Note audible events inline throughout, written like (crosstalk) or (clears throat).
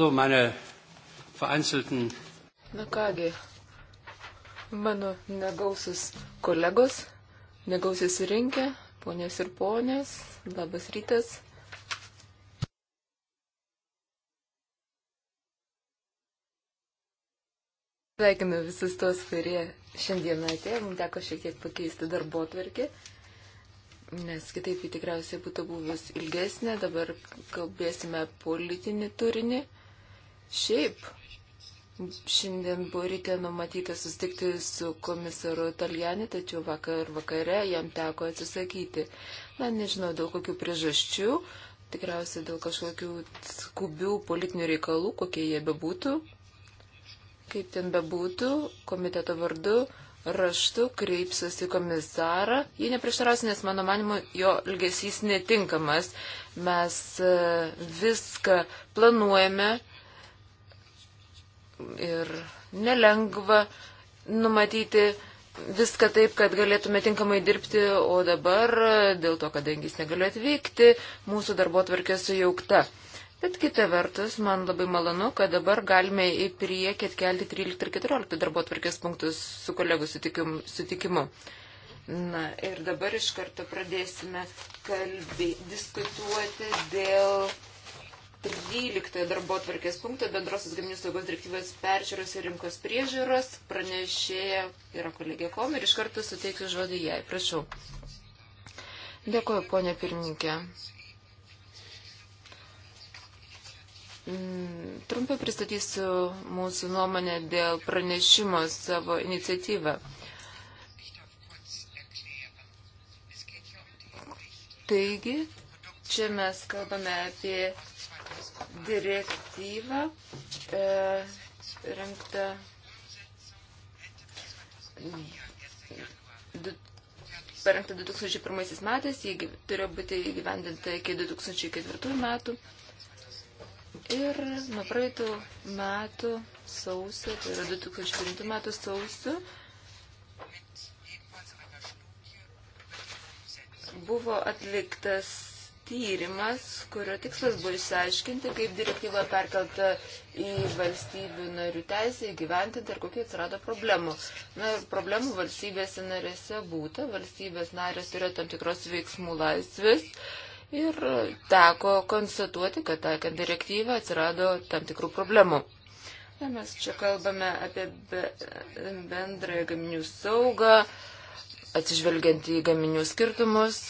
So, meine vereinzelten. Na kągi, mano negausus kolegos, negausiai rinkę, ponios ir ponios, labas rytas. Sveikinu visus tos, kurie šiandieną atėjo, mums teko šiek tiek pakeisti darbo tvarkį nes kitaip ji tikriausiai būtų buvus ilgesnė. Dabar kalbėsime politinį turinį. Šiaip Šiandien buvo ryte numatyta sustikti su komisaru Taljani, tačiau vakar vakare jam teko atsisakyti. Na, nežinau, dėl kokių priežasčių, tikriausiai dėl kažkokių skubių politinių reikalų, kokie jie bebūtų. Kaip ten bebūtų, komiteto vardu raštu kreipsiuosi komisarą. Jie neprieštaraus, nes mano manimu, jo elgesys netinkamas. Mes e, viską planuojame ir nelengva numatyti viską taip, kad galėtume tinkamai dirbti, o dabar dėl to, kadangi jis negaliu atvykti, mūsų darbo tvarkė sujaukta. Bet kita vertus, man labai malonu, kad dabar galime į priekį atkelti 13 ir 14 darbo tvarkės punktus su kolegų sutikim, sutikimu. Na ir dabar iš karto pradėsime kalbį, diskutuoti dėl 13 darbo atvarkės punktą bendrosios gaminių saugos direktyvos peržiūros ir rinkos priežiūros pranešėja yra kolegė Kom ir iš karto suteiksiu žodį jai. Prašau. Dėkuoju, ponė pirmininkė. Mm, trumpai pristatysiu mūsų nuomonę dėl pranešimo savo iniciatyvą. Taigi, čia mes kalbame apie direktyva e, rengta parengta 2001 metais, jie turėjo būti įgyvendinta iki 2004 metų. Ir nuo praeitų metų sausio, tai yra 2009 metų sausio, buvo atliktas tyrimas, kurio tikslas buvo išsiaiškinti, kaip direktyva perkelta į valstybių narių teisę įgyventinti ir kokie atsirado problemų. Na ir problemų valstybėse narėse būta, valstybės narės turėjo tam tikros veiksmų laisvės. Ir teko konstatuoti, kad taikant direktyvą atsirado tam tikrų problemų. Na, mes čia kalbame apie be, bendrąją gaminių saugą, atsižvelgiant į gaminių skirtumus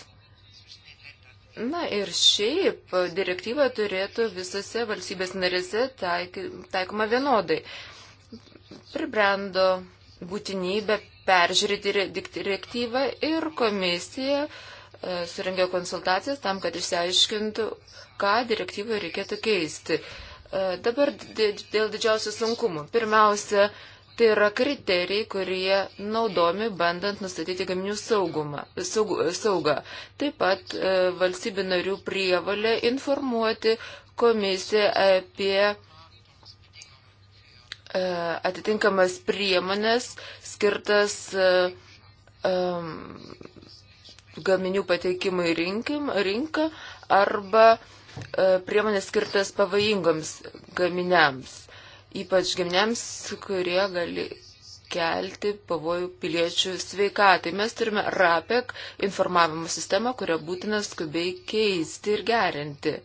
Na ir šiaip direktyva turėtų visose valstybės narėse taik, taikoma vienodai. Pribrendo būtinybę peržiūrėti direktyvą ir komisija e, surinkė konsultacijas tam, kad išsiaiškintų, ką direktyvoje reikėtų keisti. E, dabar dėl didžiausių sunkumų. Pirmiausia, Tai yra kriterijai, kurie naudomi bandant nustatyti gaminių saugumą, saug, saugą. Taip pat e, valstybių narių prievalė informuoti komisiją apie e, atitinkamas priemonės skirtas e, e, gaminių pateikimui rinkim, rinką arba e, priemonės skirtas pavojingoms gaminiams ypač gimnėms, kurie gali kelti pavojų piliečių sveikatai. Mes turime RAPEC informavimo sistemą, kurią būtina skubiai keisti ir gerinti.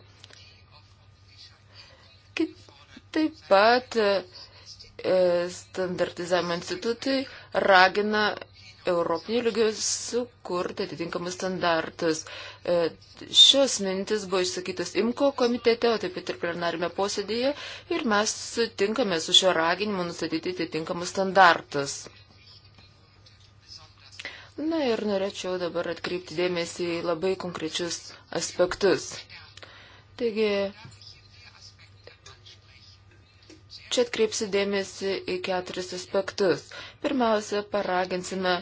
Taip pat e, standartizavimo institutai ragina europinių lygių sukurti atitinkamus standartus. E, šios mintis buvo išsakytas IMKO komitete, o taip pat ir plenarime posėdėje, ir mes sutinkame su šio raginimu nustatyti atitinkamus standartus. Na ir norėčiau dabar atkreipti dėmesį į labai konkrečius aspektus. Taigi, čia atkreipsiu dėmesį į keturis aspektus. Pirmiausia, paraginsime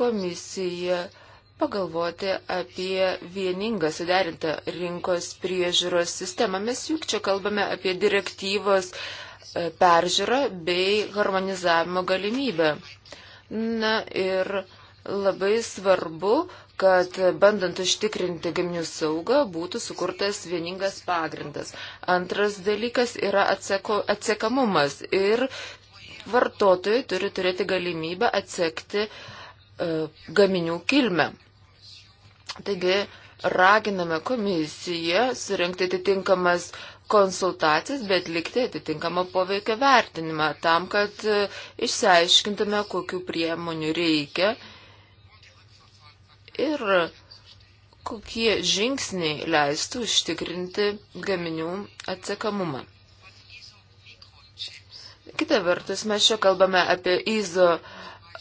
komisiją pagalvoti apie vieningą suderintą rinkos priežiūros sistemą. Mes juk čia kalbame apie direktyvos e, peržiūrą bei harmonizavimo galimybę. Na ir labai svarbu, kad bandant užtikrinti gaminių saugą būtų sukurtas vieningas pagrindas. Antras dalykas yra atseko, atsekamumas ir vartotojai turi turėti galimybę atsekti uh, E, gaminių kilmę. Taigi raginame komisiją surinkti atitinkamas konsultacijas, bet likti atitinkamą poveikio vertinimą tam, kad e, išsiaiškintume, kokiu priemonių reikia ir kokie žingsniai leistų užtikrinti gaminių atsekamumą. Kita vertus, mes čia kalbame apie izo uh,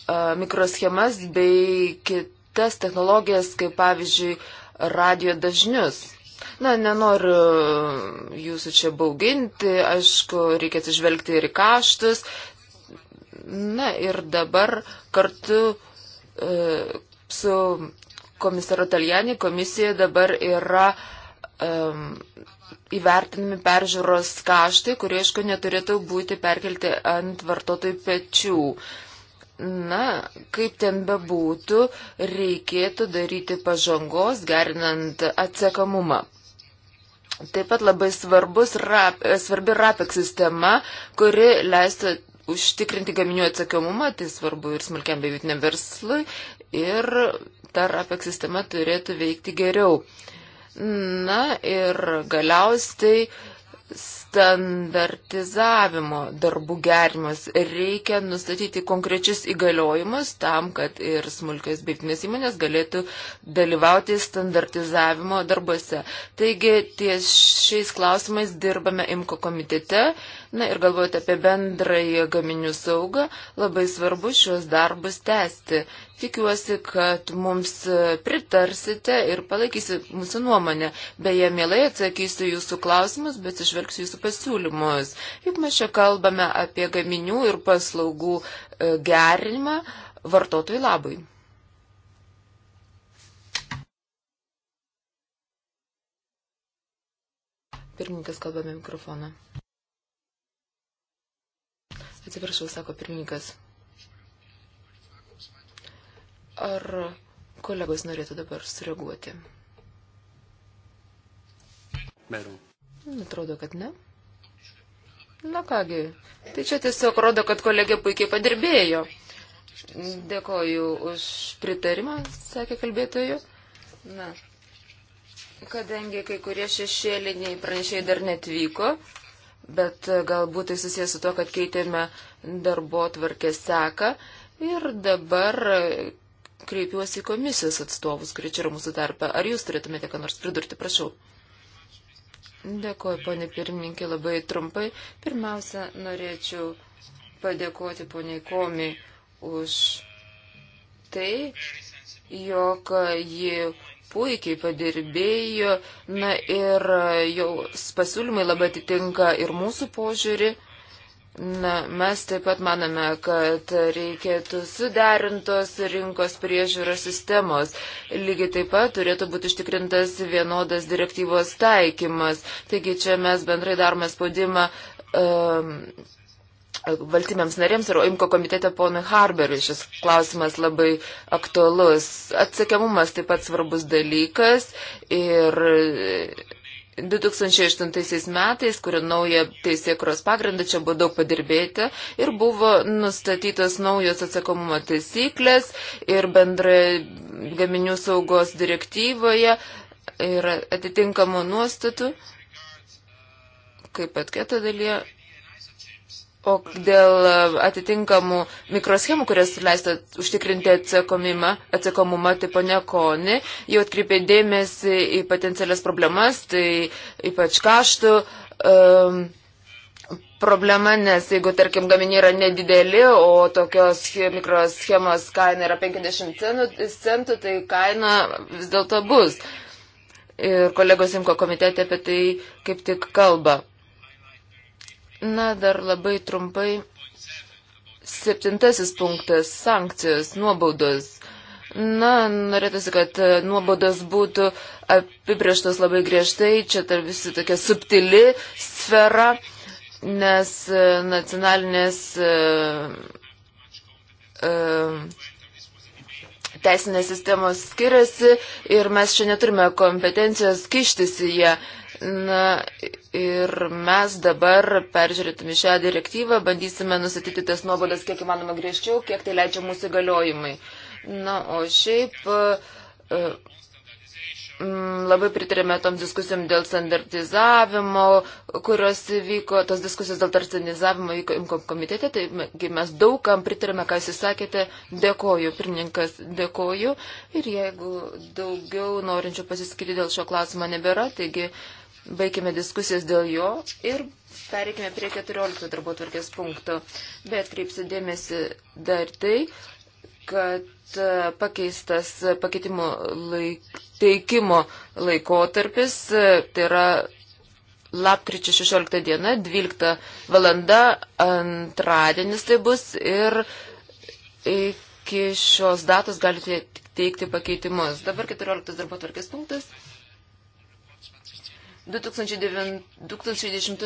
mikroschemas bei kitas technologijas, kaip pavyzdžiui, radio dažnius. Na, nenoriu jūsų čia bauginti, aišku, reikia atsižvelgti ir į kaštus. Na ir dabar kartu e, su komisaro Taljani komisija dabar yra e, įvertinami peržiūros kaštai, kurie, aišku, neturėtų būti perkelti ant vartotojų pečių. E, Na, kaip ten bebūtų, reikėtų daryti pažangos, gerinant atsekamumą. Taip pat labai svarbus, rap, svarbi RAPEX sistema, kuri leistų užtikrinti gaminių atsakomumą, tai svarbu ir smulkiam bei vidiniam verslui, ir ta RAPEX sistema turėtų veikti geriau. Na ir galiausiai standartizavimo darbų gerimas. Reikia nustatyti konkrečius įgaliojimus tam, kad ir smulkios beitinės įmonės galėtų dalyvauti standartizavimo darbuose. Taigi ties šiais klausimais dirbame IMKO komitete. Na ir galvojate apie bendrąją gaminių saugą, labai svarbu šios darbus tęsti. Tikiuosi, kad mums pritarsite ir palaikysit mūsų nuomonę. Beje, mielai atsakysiu jūsų klausimus, bet išvelgsiu jūsų pasiūlymus. Juk mes čia kalbame apie gaminių ir paslaugų e, gerinimą vartotojų labui. Pirmininkas kalbame mikrofoną. Atsiprašau, sako pirmininkas. Ar kolegos norėtų dabar sureaguoti? Merų. Atrodo, kad ne. Na kągi, tai čia tiesiog rodo, kad kolegė puikiai padirbėjo. Dėkoju už pritarimą, sakė kalbėtojų. Na, kadangi kai kurie šešėliniai pranešiai dar netvyko, bet galbūt tai susijęs su to, kad keitėme darbo tvarkę seką ir dabar kreipiuosi į komisijos atstovus, kurie čia yra mūsų tarpe. Ar jūs turėtumėte ką nors pridurti, prašau? Dėkuoju, ponė pirmininkė, labai trumpai. Pirmiausia, norėčiau padėkoti poniai Komi už tai, jog ji puikiai padirbėjo, na ir jau pasiūlymai labai atitinka ir mūsų požiūrį. Na, mes taip pat manome, kad reikėtų suderintos rinkos priežiūros sistemos. Lygiai taip pat turėtų būti ištikrintas vienodas direktyvos taikymas. Taigi čia mes bendrai darome spaudimą. Um, valstybėms narėms ir OIMKO komitete ponui Harberiui šis klausimas labai aktualus. Atsakiamumas taip pat svarbus dalykas ir 2008 metais, kurio nauja teisėkros pagrindą čia buvo daug padirbėti ir buvo nustatytos naujos atsakomumo taisyklės ir bendrai gaminių saugos direktyvoje ir atitinkamo nuostatų, kaip pat keto dalyje, O dėl e, atitinkamų mikroschemų, kurias leista užtikrinti atsakomumą, tai ponia Koni jau atkreipė dėmesį į potencialias problemas, tai ypač kaštų um, problema, nes jeigu, tarkim, gaminiai yra nedideli, o tokios mikroschemos kaina yra 50 centų, centų tai kaina vis dėlto bus. Ir kolegos Imko komitete apie tai kaip tik kalba. Na, dar labai trumpai. Septintasis punktas - sankcijos, nuobaudos. Na, norėtųsi, kad e, nuobodas būtų apibrieštas labai griežtai, čia tarp visi tokia subtili sfera, nes e, nacionalinės e, teisinės sistemos skiriasi ir mes čia neturime kompetencijos kištis į ją. Na, Ir mes dabar, peržiūrėtume šią direktyvą, bandysime nusatyti tas nuobodas kiek įmanoma griežčiau, kiek tai leidžia mūsų galiojimai. Na, o šiaip e, mm, labai pritarėme tom diskusijom dėl standartizavimo, kurios vyko, tos diskusijos dėl standartizavimo vyko IMKOM komitete, taigi mes daugam pritarėme, ką jūs sakėte, dėkoju, pirmininkas, dėkoju. Ir jeigu daugiau norinčių pasiskirti dėl šio klausimo nebėra, taigi Baigėme diskusijas dėl jo ir pereikime prie 14 darbo tvarkės punkto. Bet kreipsiu dėmesį dar tai, kad e, pakeistas pakeitimo laik, teikimo laikotarpis, e, tai yra lapkričio 16 diena, 12 valanda, antradienis tai bus ir iki šios datos galite teikti pakeitimus. Dabar 14 darbo tvarkės punktas. 2010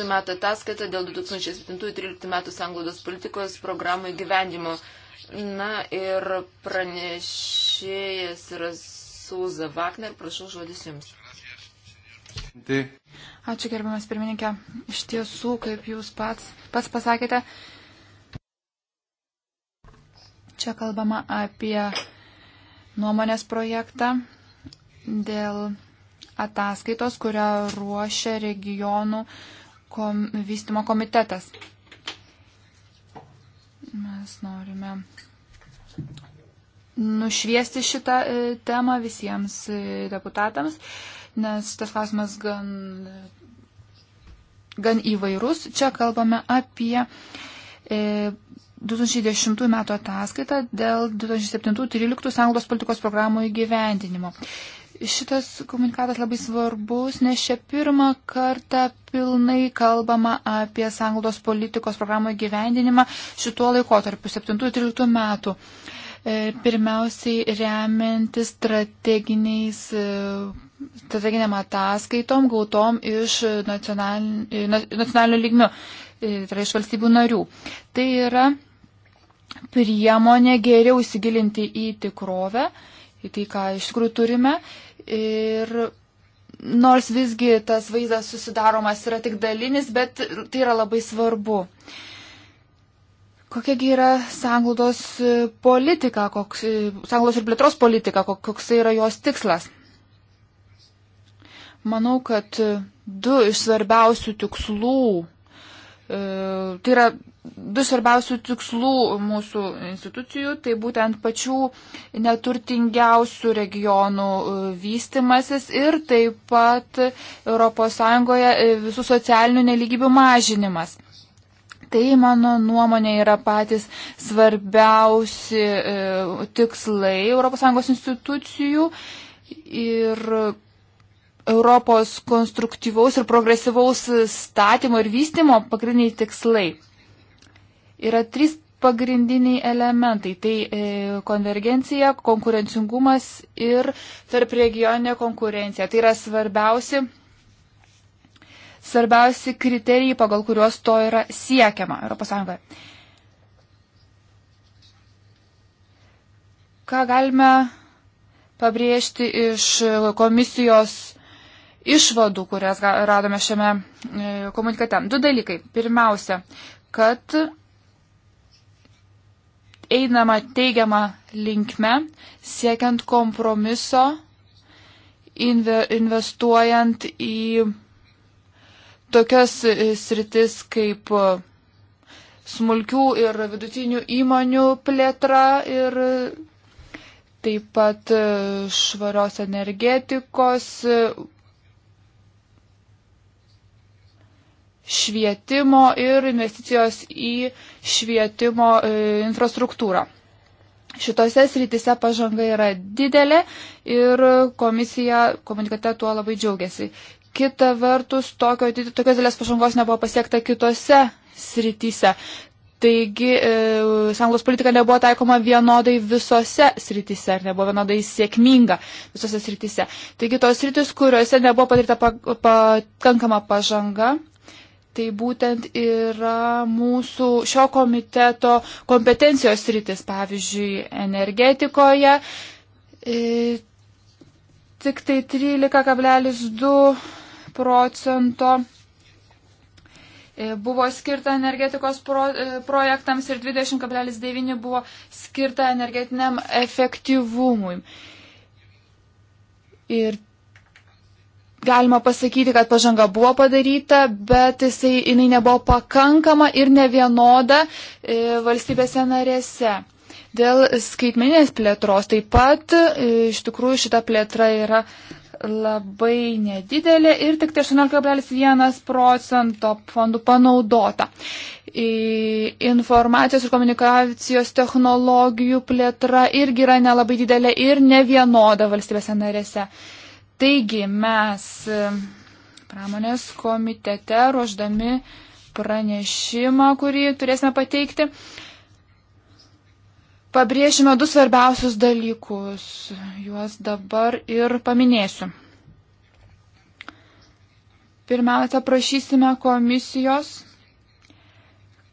m. ataskaita dėl 2007-2013 m. sanglaudos politikos programų įgyvendimo. Na ir pranešėjas yra Sūza Vakner, prašau žodis jums. Tai. Ačiū gerbiamas pirmininkė. Iš tiesų, kaip jūs pats, pats pasakėte, čia kalbama apie nuomonės projektą dėl ataskaitos, kurią ruošia regionų kom, vystimo komitetas. Mes norime nušviesti šitą e, temą visiems e, deputatams, nes tas klausimas gan, gan įvairus. Čia kalbame apie 2010 e, metų ataskaitą dėl 2007-2013 sąjungos politikos programų įgyvendinimo. Šitas komunikatas labai svarbus, nes čia pirmą kartą pilnai kalbama apie sanglaudos politikos programų gyvendinimą šituo laikotarpiu 7-13 metų. E, pirmiausiai remiantis strateginiais, e, strateginiam ataskaitom gautom iš e, nacionalinio lygmių, tai yra iš valstybių narių. Tai yra priemonė geriau įsigilinti į tikrovę į tai, ką iš tikrųjų turime Ir nors visgi tas vaizdas susidaromas yra tik dalinis, bet tai yra labai svarbu. Kokiagi yra sanglaudos politika, koks, sanglaudos ir plėtros politika, koks tai yra jos tikslas? Manau, kad du iš svarbiausių tikslų E, tai yra du svarbiausių tikslų mūsų institucijų, tai būtent pačių neturtingiausių regionų e, vystimasis ir taip pat ES e, visų socialinių neligybių mažinimas tai, mano nuomonė, yra patys svarbiausi tikslai ES institucijų. Ir Europos konstruktyvaus ir progresyvaus statymo ir vystimo pagrindiniai tikslai. Yra trys pagrindiniai elementai. Tai e, konvergencija, konkurencingumas ir tarp regioninė konkurencija. Tai yra svarbiausi, svarbiausi kriterijai, pagal kuriuos to yra siekiama ES. Ką galime pabrėžti iš komisijos išvadų, kurias radome šiame e, komunikate. Du dalykai. Pirmiausia, kad einama teigiama linkme, siekiant kompromiso, investuojant į tokias e, sritis kaip e, smulkių ir vidutinių įmonių plėtra ir taip pat švarios energetikos, švietimo ir investicijos į švietimo e, infrastruktūrą. Šitose srityse pažanga yra didelė ir komisija komunikate tuo labai džiaugiasi. Kita vertus, tokio, tokios dėlės pažangos nebuvo pasiekta kitose srityse. Taigi, e, sąjungos politika nebuvo taikoma vienodai visose srityse ir nebuvo vienodai sėkminga visose srityse. Taigi, tos sritis, kuriuose nebuvo padaryta pakankama pažanga, Tai būtent yra mūsų šio komiteto kompetencijos rytis, pavyzdžiui, energetikoje. E, tik tai 13,2 procento e, buvo skirta energetikos pro, e, projektams ir 20,9 buvo skirta energetiniam efektyvumui. Ir galima pasakyti, kad pažanga buvo padaryta, bet jisai, jinai nebuvo pakankama ir nevienoda e, valstybėse narėse. Dėl skaitmeninės plėtros taip pat e, iš tikrųjų šita plėtra yra labai nedidelė ir tik tai 18,1 procento fondų panaudota. E, informacijos ir komunikacijos technologijų plėtra irgi yra nelabai didelė ir nevienoda valstybėse narėse. E, Taigi mes e, pramonės komitete ruoždami pranešimą, kurį turėsime pateikti, pabrėšime du svarbiausius dalykus. Juos dabar ir paminėsiu. Pirmiausia, prašysime komisijos,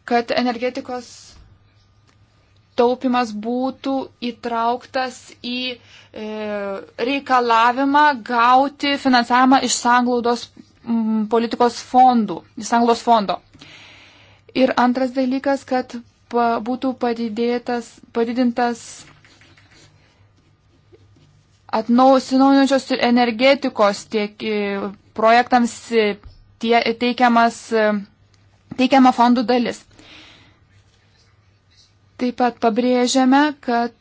kad energetikos taupimas būtų įtrauktas į e, reikalavimą gauti finansavimą iš sanglaudos m, politikos fondų, iš sanglaudos fondo. Ir antras dalykas, kad pa, būtų padidėtas, padidintas atnausinaujinančios energetikos tiek e, projektams tie, teikiamas, e, teikiama fondų dalis. Taip pat pabrėžiame, kad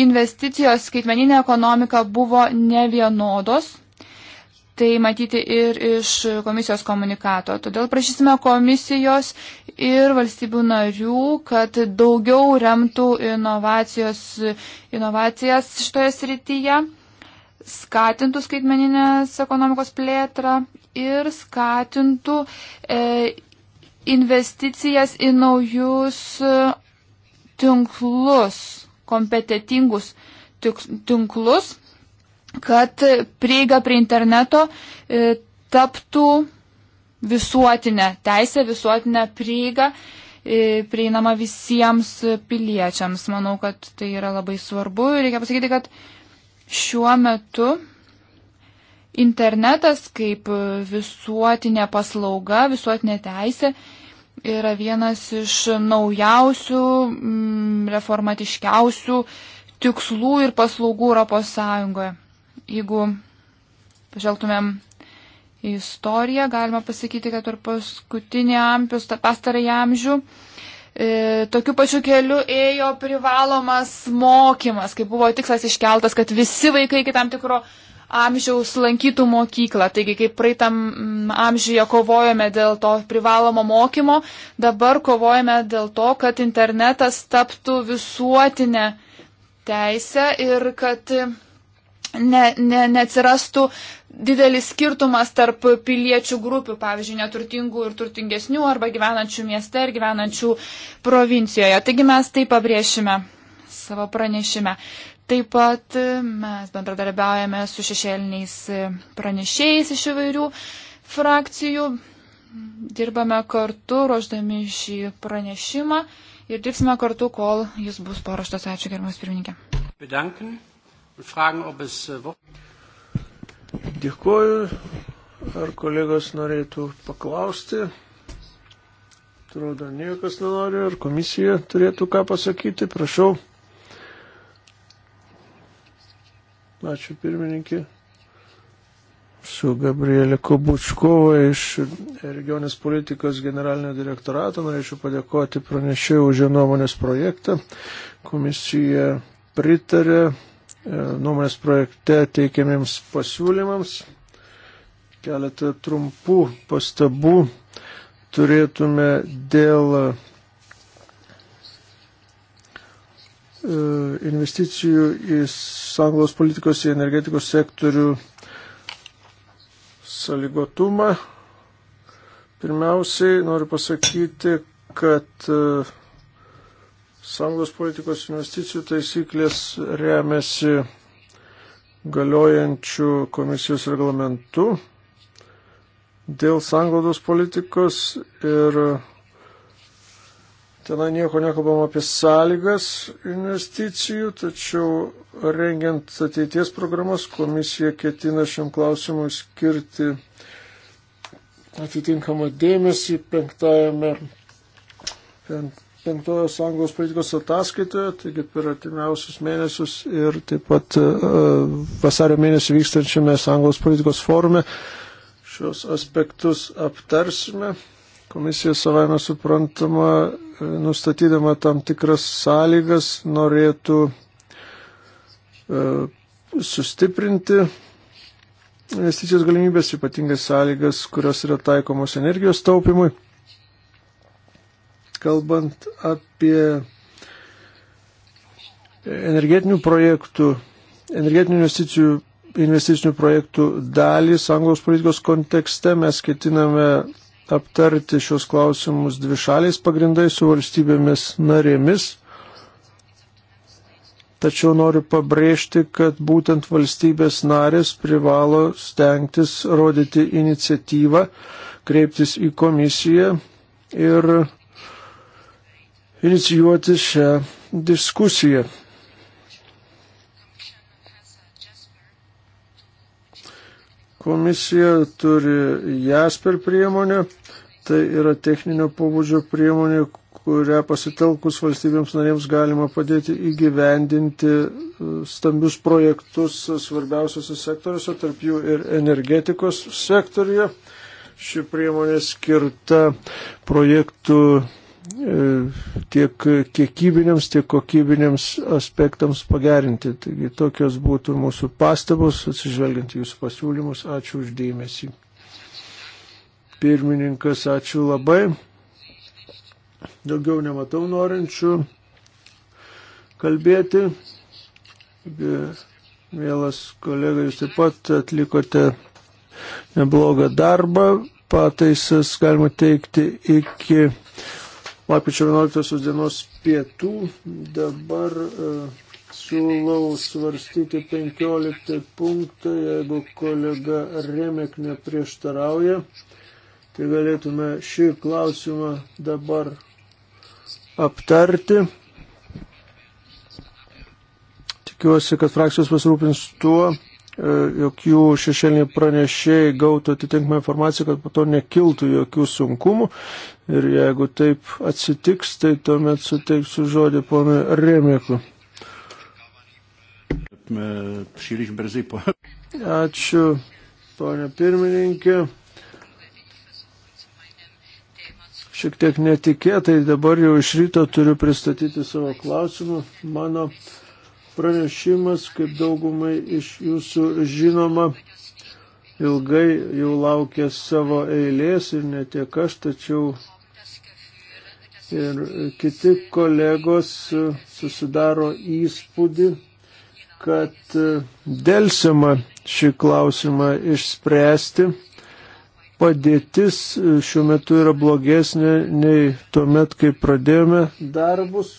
investicijos skaitmeninė ekonomika buvo nevienodos. Tai matyti ir iš komisijos komunikato. Todėl prašysime komisijos ir valstybių narių, kad daugiau remtų inovacijas šitoje srityje, skatintų skaitmeninės ekonomikos plėtrą ir skatintų e, investicijas į naujus e, tinklus, kompetitingus tinklus, kad prieiga prie interneto e, taptų visuotinę teisę, visuotinę prieigą e, prieinama visiems piliečiams. Manau, kad tai yra labai svarbu ir reikia pasakyti, kad šiuo metu internetas kaip visuotinė paslauga, visuotinė teisė yra vienas iš naujausių, mm, reformatiškiausių tikslų ir paslaugų Europos Sąjungoje. Jeigu pažvelgtumėm į istoriją, galima pasakyti, kad per paskutinį amžių, pastarąjį amžių, e, tokiu pačiu keliu ėjo privalomas mokymas, kai buvo tikslas iškeltas, kad visi vaikai iki tam tikro amžiaus lankytų mokyklą. Taigi, kaip praeitam mm, amžiuje kovojame dėl to privalomo mokymo, dabar kovojame dėl to, kad internetas taptų visuotinę teisę ir kad ne, ne, neatsirastų didelis skirtumas tarp piliečių grupių, pavyzdžiui, neturtingų ir turtingesnių arba gyvenančių mieste ir gyvenančių provincijoje. Taigi mes tai pabrėšime savo pranešime. Taip pat e, mes bendradarbiaujame su šešėliniais e, pranešėjais iš įvairių frakcijų. Dirbame kartu, ruoždami šį pranešimą ir dirbsime kartu, kol jis bus paruoštas. Ačiū, gerbiamas pirmininkė. Äh, Dėkuoju. Ar kolegos norėtų paklausti? Atrodo, niekas nenori. Ar komisija turėtų ką pasakyti? Prašau. Ačiū pirmininkė. Su Gabrielė Kubučkova iš regionės politikos generalinio direktorato norėčiau padėkoti pranešėjų už jo nuomonės projektą. Komisija pritarė e, nuomonės projekte teikiamiems pasiūlymams. Keletą trumpų pastabų turėtume dėl E, investicijų į sąjungos politikos į energetikos sektorių sąlygotumą. Pirmiausiai noriu pasakyti, kad e, sąjungos politikos investicijų taisyklės remiasi galiojančių komisijos reglamentų dėl sąjungos politikos ir Tenai nieko nekalbam apie sąlygas investicijų, tačiau rengiant ateities programas komisija ketina šiam klausimui skirti atitinkamą dėmesį penktajame, penktojo sąjungos politikos ataskaitoje, taigi per artimiausius mėnesius ir taip pat e, vasario mėnesį vykstančiame sąjungos politikos forume šios aspektus aptarsime. Komisija savame suprantama nustatydama tam tikras sąlygas norėtų e, sustiprinti investicijos galimybės, ypatingai sąlygas, kurios yra taikomos energijos taupimui. Kalbant apie energetinių projektų, energetinių investicijų, investicinių projektų dalį sąjungos politikos kontekste, mes ketiname aptarti šios klausimus dvi šaliais pagrindai su valstybėmis narėmis. Tačiau noriu pabrėžti, kad būtent valstybės narės privalo stengtis rodyti iniciatyvą, kreiptis į komisiją ir inicijuoti šią diskusiją. Komisija turi JASPER priemonę, tai yra techninio pobūdžio priemonė, kurią pasitelkus valstybėms narėms galima padėti įgyvendinti e, stambius projektus svarbiausiose sektoriuose, tarp jų ir energetikos sektoriuje. Ši priemonė skirta projektų E, tiek kiekybiniams, tiek kokybiniams aspektams pagerinti. Taigi tokios būtų mūsų pastabos, atsižvelgiant jūsų pasiūlymus. Ačiū uždėmesį. Pirmininkas, ačiū labai. Daugiau nematau norinčių kalbėti. Mielas kolega, jūs taip pat atlikote neblogą darbą. Pataisas galima teikti iki lapkričio 11 dienos pietų. Dabar e, siūlau svarstyti 15 punktą, jeigu kolega Remek neprieštarauja. Tai galėtume šį klausimą dabar aptarti. Tikiuosi, kad frakcijos pasirūpins tuo, E, jog jų šešėliniai pranešėjai gautų atitinkamą informaciją, kad po to nekiltų jokių sunkumų. Ir jeigu taip atsitiks, tai tuomet suteiksiu žodį ponui Remėku. Ačiū, ponė pirmininkė. Šiek tiek netikėtai dabar jau iš ryto turiu pristatyti savo klausimą. Mano uh, pranešimas, kaip daugumai iš jūsų žinoma, ilgai jau laukė savo eilės ir ne tiek aš, tačiau ir kiti kolegos susidaro įspūdį, kad dėlsima šį klausimą išspręsti. Padėtis šiuo metu yra blogesnė nei tuo met, kai pradėjome darbus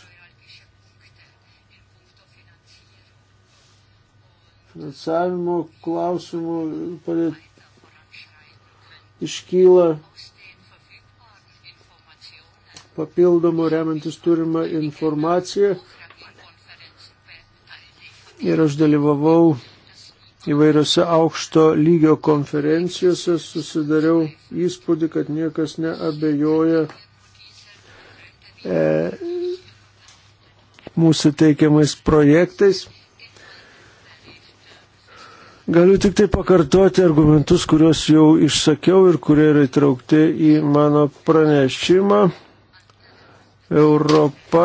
finansavimo klausimų iškyla papildomų remiantis turimą informaciją. Ir aš dalyvavau įvairiose aukšto lygio konferencijose, susidariau įspūdį, kad niekas neabejoja e, mūsų teikiamais projektais. Galiu tik tai pakartoti argumentus, kuriuos jau išsakiau ir kurie yra įtraukti į mano pranešimą. Europa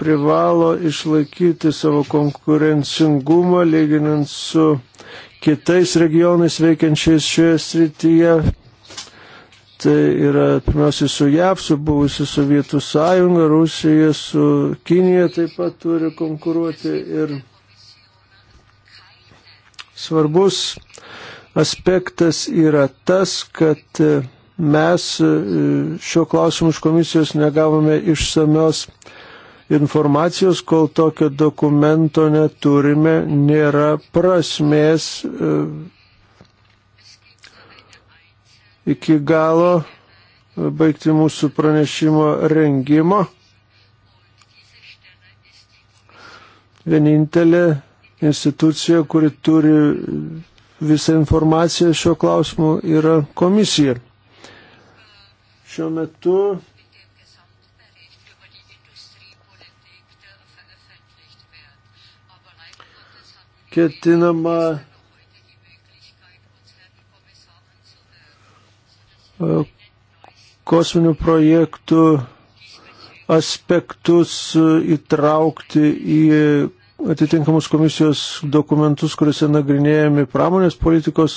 privalo išlaikyti savo konkurencingumą lyginant su kitais regionais veikiančiais šioje srityje. Tai yra pirmiausiai su JAV, su buvusi Sovietų sąjunga, Rusija, su Kinija taip pat turi konkuruoti ir svarbus aspektas yra tas, kad e, mes e, šio klausimu iš komisijos negavome išsamios informacijos, kol tokio dokumento neturime, nėra prasmės e, iki galo baigti mūsų pranešimo rengimo. Vienintelė institucija, kuri turi visą informaciją šio klausimu, yra komisija. Šiuo metu ketinama e, kosminių projektų aspektus e, įtraukti į atitinkamus komisijos dokumentus, kuriuose nagrinėjami pramonės politikos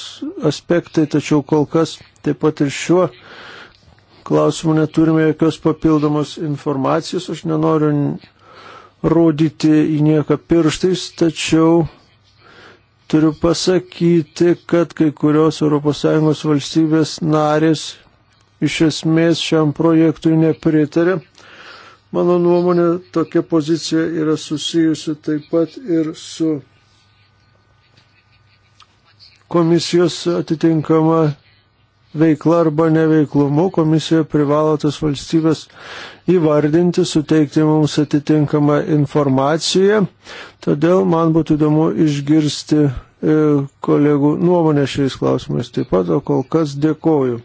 aspektai, tačiau kol kas taip pat ir šiuo klausimu neturime jokios papildomos informacijos. Aš nenoriu rodyti į nieką pirštais, tačiau turiu pasakyti, kad kai kurios ES valstybės narės iš esmės šiam projektui nepritarė Mano nuomonė, tokia pozicija yra susijusi taip pat ir su komisijos atitinkama veikla arba neveiklumu. Komisija privalo tas valstybės įvardinti, suteikti mums atitinkamą informaciją. Todėl man būtų įdomu išgirsti e, kolegų nuomonę šiais klausimais taip pat, o kol kas dėkoju.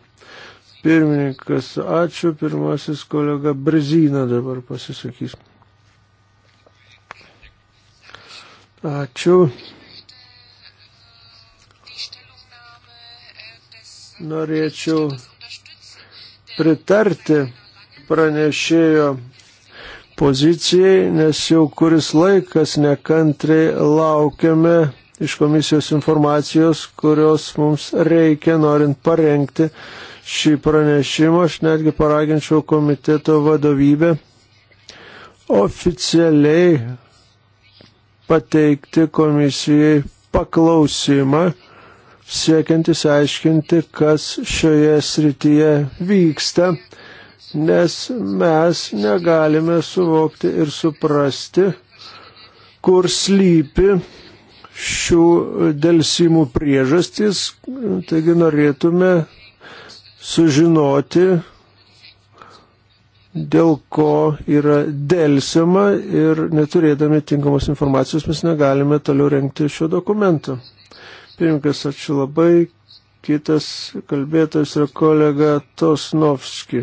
Pirmininkas, ačiū. Pirmasis kolega Brezina dabar pasisakys. Ačiū. Norėčiau pritarti pranešėjo pozicijai, nes jau kuris laikas nekantriai laukiame iš komisijos informacijos, kurios mums reikia, norint parengti šį pranešimą. Aš netgi paraginčiau komiteto vadovybę oficialiai pateikti komisijai paklausimą, siekiant įsiaiškinti, kas šioje srityje vyksta, nes mes negalime suvokti ir suprasti, kur slypi šių dėlsimų priežastys, taigi norėtume sužinoti, dėl ko yra dėlsiama ir neturėdami tinkamos informacijos mes negalime toliau renkti šio dokumento. Pirmkas, ačiū labai. Kitas kalbėtojas yra kolega Tosnovski.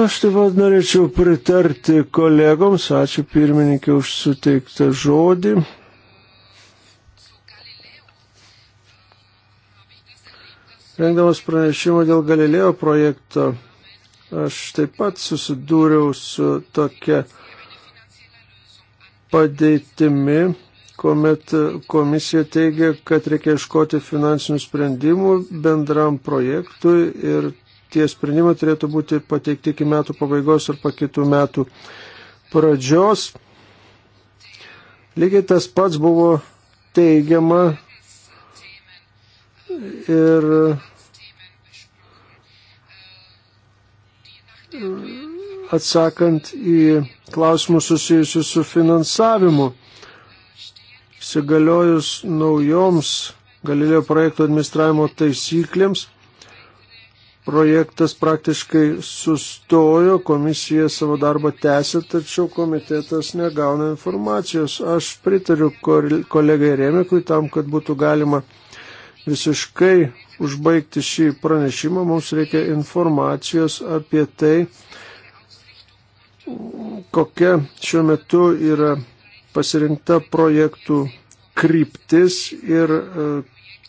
Aš taip pat norėčiau pritarti kolegoms, ačiū pirmininkė už suteiktą žodį. Rengdamas pranešimą dėl Galilėjo projekto, aš taip pat susidūriau su tokia padėtimi, kuomet komisija teigia, kad reikia iškoti finansinių sprendimų bendram projektui ir tie sprendimai turėtų būti pateikti iki metų pabaigos ar pakitų metų pradžios. Lygiai tas pats buvo teigiama ir atsakant į klausimus susijusius su finansavimu. Sigaliojus naujoms Galilėjo projekto administravimo taisyklėms, projektas praktiškai sustojo, komisija savo darbą tęsė, tačiau komitetas negauna informacijos. Aš pritariu kolegai Remekui tam, kad būtų galima visiškai užbaigti šį pranešimą, mums reikia informacijos apie tai, kokia šiuo metu yra pasirinkta projektų kryptis ir e,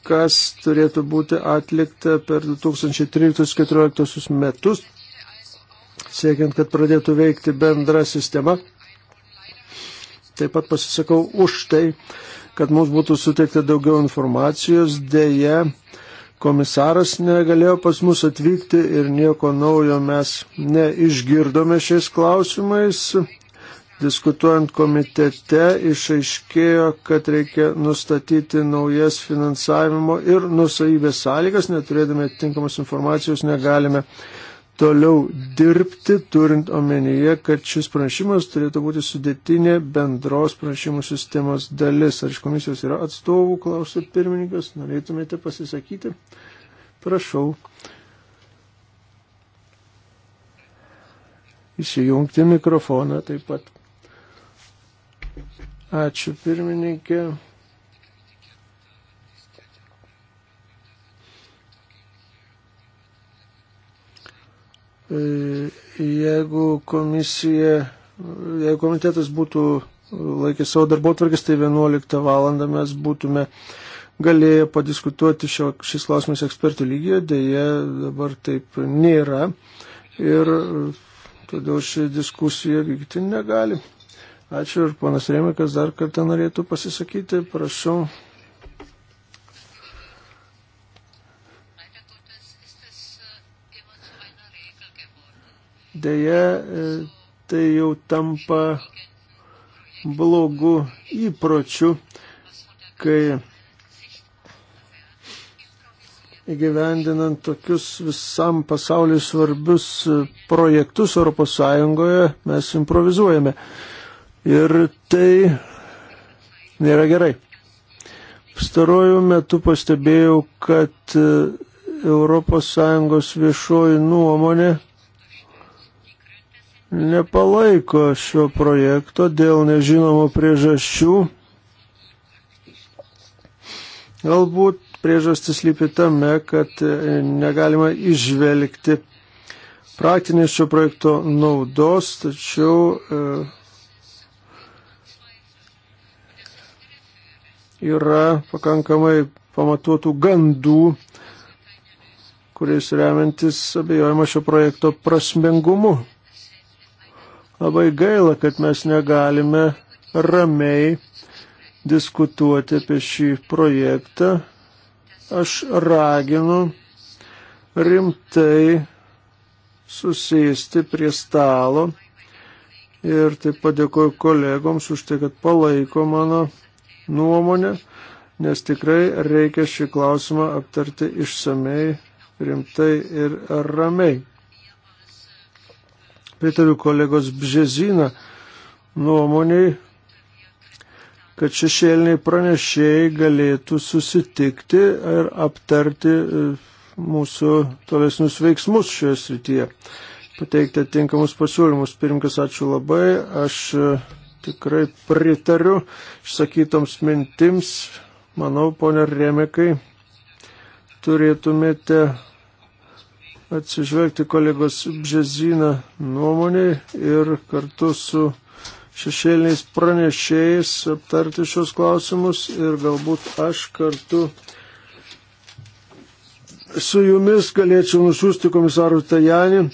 kas turėtų būti atlikta per 2013-2014 metus, siekiant, kad pradėtų veikti bendra sistema. Taip pat pasisakau už tai, kad mums būtų suteikta daugiau informacijos, dėje komisaras negalėjo pas mus atvykti ir nieko naujo mes neišgirdome šiais klausimais. Diskutuojant komitete išaiškėjo, kad reikia nustatyti naujas finansavimo ir nusaivės sąlygas, neturėdami atitinkamos informacijos negalime uh, toliau dirbti, turint omenyje, kad šis pranešimas turėtų būti sudėtinė bendros pranešimų sistemos dalis. Ar iš komisijos yra atstovų, klausė pirmininkas, norėtumėte pasisakyti? Prašau. Įsijungti mikrofoną taip pat. Ačiū pirmininkė. Jeigu komisija, jeigu komitetas būtų laikęs savo darbo tvarkės, tai 11 valandą mes būtume galėję padiskutuoti šio, šis klausimas ekspertų lygiai, dėje dabar taip nėra ir todėl ši diskusija vykti negali. Ačiū ir panas Remikas dar kartą norėtų pasisakyti, prašau. Deja, e, tai jau tampa blogų įpročių, kai įgyvendinant tokius visam pasauliu svarbius projektus ES mes improvizuojame. Ir tai nėra gerai. Pastaruoju metu pastebėjau, kad ES viešoji nuomonė nepalaiko šio projekto dėl nežinomų priežasčių. Galbūt priežastis lypi tame, kad e, negalima išvelgti praktinės šio projekto naudos, tačiau e, yra pakankamai pamatuotų gandų, kuriais remiantis abejojama šio projekto prasmingumu. Labai gaila, kad mes negalime ramiai diskutuoti apie šį projektą. Aš raginu rimtai susėsti prie stalo ir taip padėkoju kolegoms už tai, kad palaiko mano nuomonę, nes tikrai reikia šį klausimą aptarti išsamei, rimtai ir ramiai pritariu kolegos Bžezina nuomoniai, kad šešėliniai pranešėjai galėtų susitikti ir aptarti e, mūsų tolesnius veiksmus šioje srityje, pateikti atinkamus pasiūlymus. Pirmkas, ačiū labai, aš e, tikrai pritariu išsakytoms mintims. Manau, ponė Remekai, turėtumėte atsižvelgti kolegos Bžezina nuomonį ir kartu su šešėliniais pranešėjais aptarti šios klausimus ir galbūt aš kartu su jumis galėčiau nusiųsti komisarų Tajanį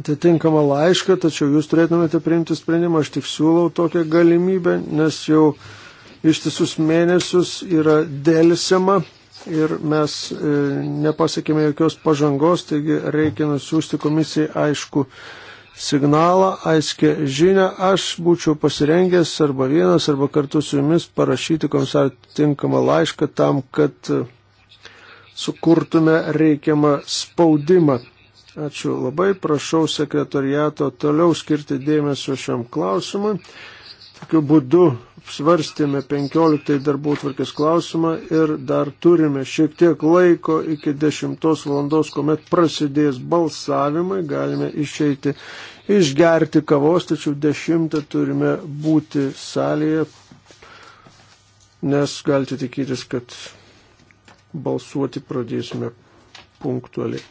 atitinkamą laišką, tačiau jūs turėtumėte priimti sprendimą, aš tik siūlau tokią galimybę, nes jau ištisus mėnesius yra dėlsiama ir mes e, nepasiekėme jokios pažangos, taigi reikia nusiųsti komisijai aišku signalą, aiškę žinę. Aš būčiau pasirengęs arba vienas, arba kartu su jumis parašyti komisarą tinkamą laišką tam, kad e, sukurtume reikiamą spaudimą. Ačiū labai, prašau sekretariato toliau skirti dėmesio šiam klausimui. Tokiu būdu apsvarstėme 15 darbų tvarkės klausimą ir dar turime šiek tiek laiko iki 10 valandos, kuomet prasidės balsavimai, galime išeiti išgerti kavos, tačiau 10 turime būti salėje, nes galite tikėtis, kad balsuoti pradėsime punktualiai.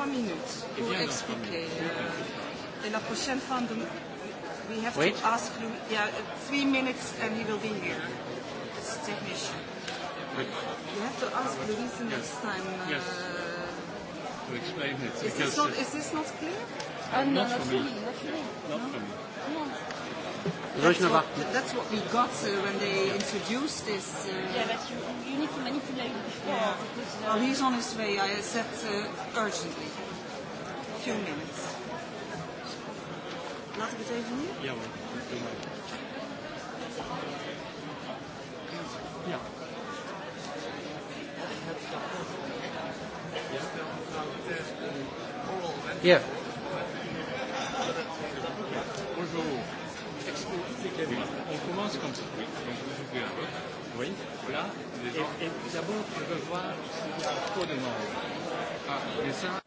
trois minutes pour eh expliquer. Euh, et la prochaine fois, de, we have Wait. to ask Louis. Yeah, three minutes and he will be here. It's technician. But you have to ask Louise the next yes. time. Uh, yes. To explain it. Is this not, is this not clear? Uh, uh no, not, not for me. me. Not for me. Not no? for me. No. That's what, that's what we got uh, when they introduced this. Uh, yeah, but you, you need to manipulate before. Yeah. Because, uh, well, oh, he's on his way. I said uh, urgently few minutes. Laten we het even nu? Ja hoor. Ja. Yeah. Bonjour. On commence comme ça. Donc vous ouvrez la boîte. Oui. Voilà. Et, et d'abord, je veux voir s'il y a trop de monde. Ah, mais ça,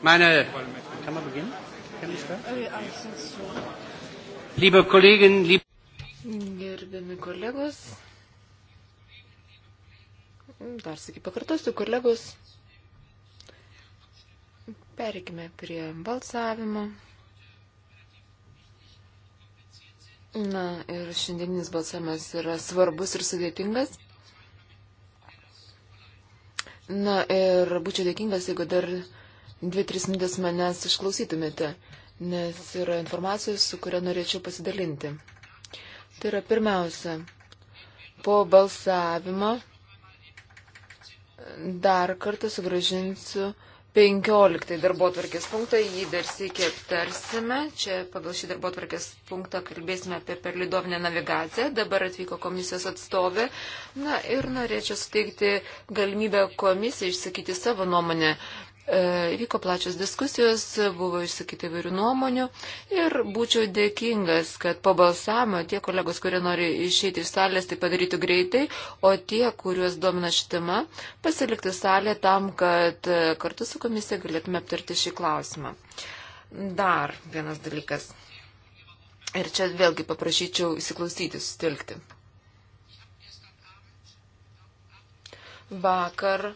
Meine, kann man beginnen? Kann ich liebe Kolleginnen, liebe Gerbiami kolegos, dar sakį pakartosiu, kolegos, pereikime prie balsavimo. Na ir šiandieninis balsavimas yra svarbus ir sudėtingas. Na ir būčiau dėkingas, jeigu dar 2-3 minutės manęs išklausytumėte, nes yra informacijos, su kuria norėčiau pasidalinti. Tai yra pirmiausia, po balsavimo dar kartą sugražinsiu 15 darbo tvarkės punktą, jį dar sėkiai aptarsime. Čia pagal šį darbo tvarkės punktą kalbėsime apie perlidovinę navigaciją. Dabar atvyko komisijos atstovė. Na ir norėčiau suteikti galimybę komisijai išsakyti savo nuomonę E, vyko plačios diskusijos, buvo išsakyti vairių nuomonių ir būčiau dėkingas, kad po balsavimo tie kolegos, kurie nori išeiti iš salės, tai padarytų greitai, o tie, kuriuos domina šitima, pasiliktų salę tam, kad e, kartu su komisija galėtume aptarti šį klausimą. Dar vienas dalykas. Ir čia vėlgi paprašyčiau įsiklausyti, sustilgti. Vakar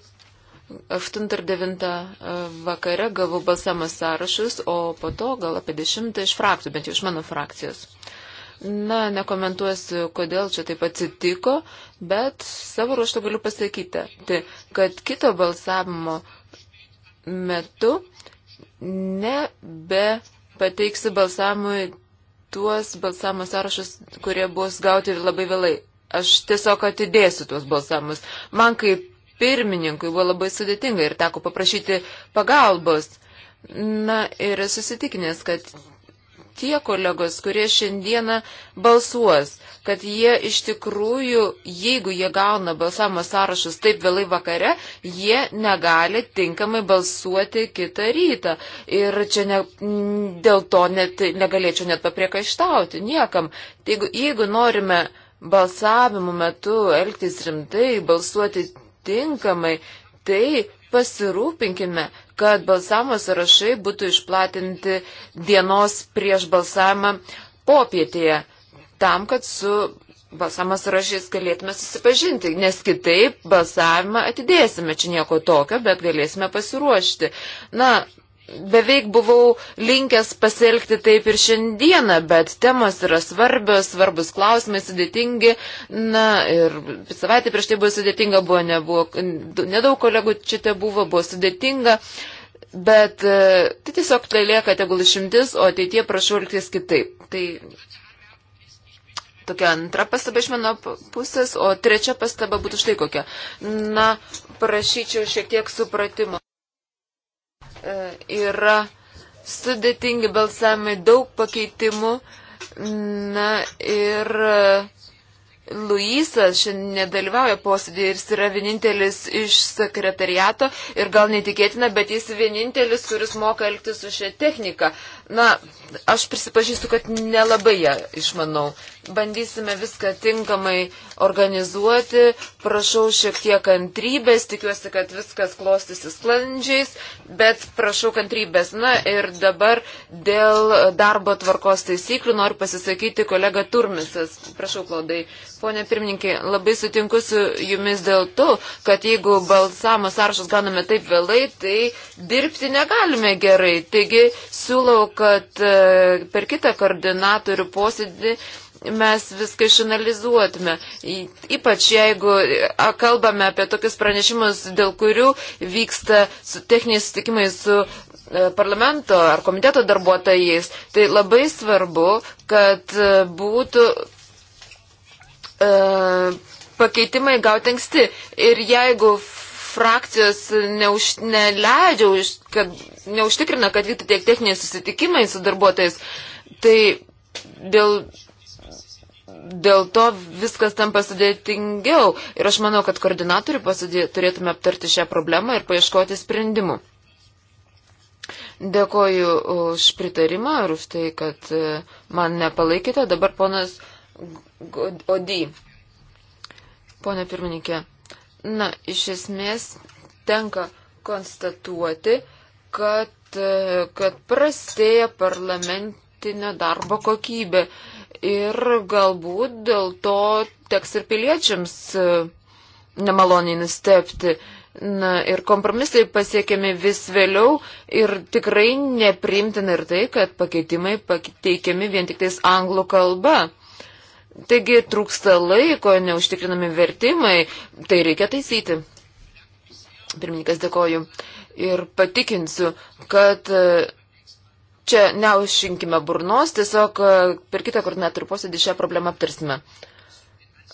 8 ir 9 vakare gavau balsamą sąrašus, o po to gal apie 10 iš frakcijų, bent jau iš mano frakcijos. Na, nekomentuosiu, kodėl čia taip atsitiko, bet savo ruoštų galiu pasakyti, tai, kad kito balsavimo metu nebe pateiksiu balsamui tuos balsamo sąrašus, kurie bus gauti labai vėlai. Aš tiesiog atidėsiu tuos balsamus. Man kaip pirmininkui buvo labai sudėtinga ir teko paprašyti pagalbos. Na ir susitikinęs, kad tie kolegos, kurie šiandieną balsuos, kad jie iš tikrųjų, jeigu jie gauna balsavimo sąrašus taip vėlai vakare, jie negali tinkamai balsuoti kitą rytą. Ir čia ne, dėl to net, negalėčiau net papriekaištauti niekam. Tai jeigu, jeigu norime balsavimo metu elgtis rimtai, balsuoti tinkamai, tai pasirūpinkime, kad balsavimo sąrašai būtų išplatinti dienos prieš balsavimą popietėje, tam, kad su balsavimo sąrašais galėtume susipažinti, nes kitaip balsavimą atidėsime, čia nieko tokio, bet galėsime pasiruošti. Na, beveik buvau linkęs pasielgti taip ir šiandieną, bet temos yra svarbios, svarbus klausimai, sudėtingi. Na ir savaitę prieš tai buvo sudėtinga, buvo, nebuvo, nedaug kolegų čia te buvo, buvo sudėtinga. Bet e, tai tiesiog tai lieka tegul išimtis, o ateitie prašau elgtis kitaip. Tai tokia antra pastaba iš mano pusės, o trečia pastaba būtų štai kokia. Na, prašyčiau šiek tiek supratimo. E, yra sudėtingi balsavimai, daug pakeitimų. Na ir e, Luisas šiandien nedalyvauja posėdėje ir jis yra vienintelis iš sekretariato ir gal netikėtina, bet jis vienintelis, kuris moka elgtis su šia technika. Na, aš prisipažįstu, kad nelabai ją išmanau. Bandysime viską tinkamai organizuoti. Prašau šiek tiek kantrybės, tikiuosi, kad viskas klostysis sklandžiais, bet prašau kantrybės. Na ir dabar dėl darbo tvarkos taisyklių noriu pasisakyti kolega Turmisas. Prašau, Klaudai. Pone pirmininkai, labai sutinku su jumis dėl to, kad jeigu balsamo sąrašus gauname taip vėlai, tai dirbti negalime gerai. Taigi siūlau, kad e, per kitą koordinatorių posėdį mes viską išanalizuotume. Ypač jeigu kalbame apie tokius pranešimus, dėl kurių vyksta su techniniai sutikimai su e, parlamento ar komiteto darbuotojais, tai labai svarbu, kad e, būtų e, pakeitimai gauti anksti. Ir jeigu frakcijos neuž, neleidžia, už, kad neužtikrina, kad vyktų tiek techniniai susitikimai su darbuotojais, tai dėl, dėl to viskas tampa sudėtingiau. Ir aš manau, kad koordinatorių pasidė, turėtume aptarti šią problemą ir paieškoti sprendimų. Dėkoju už pritarimą ir už tai, kad e, man nepalaikėte. Dabar ponas Odį. Pone pirmininkė, Na, iš esmės tenka konstatuoti, kad, kad prastėja parlamentinio darbo kokybė ir galbūt dėl to teks ir piliečiams e, nemaloniai nustepti. Na ir kompromisai pasiekiami vis vėliau ir tikrai neprimtina ir tai, kad pakeitimai pateikiami vien tik tais anglų kalba. Taigi trūksta laiko, neužtikrinami vertimai, tai reikia taisyti. Pirmininkas dėkoju. Ir patikinsiu, kad e, čia neužšinkime burnos, tiesiog e, per kitą koordinatorių posėdį šią problemą aptarsime.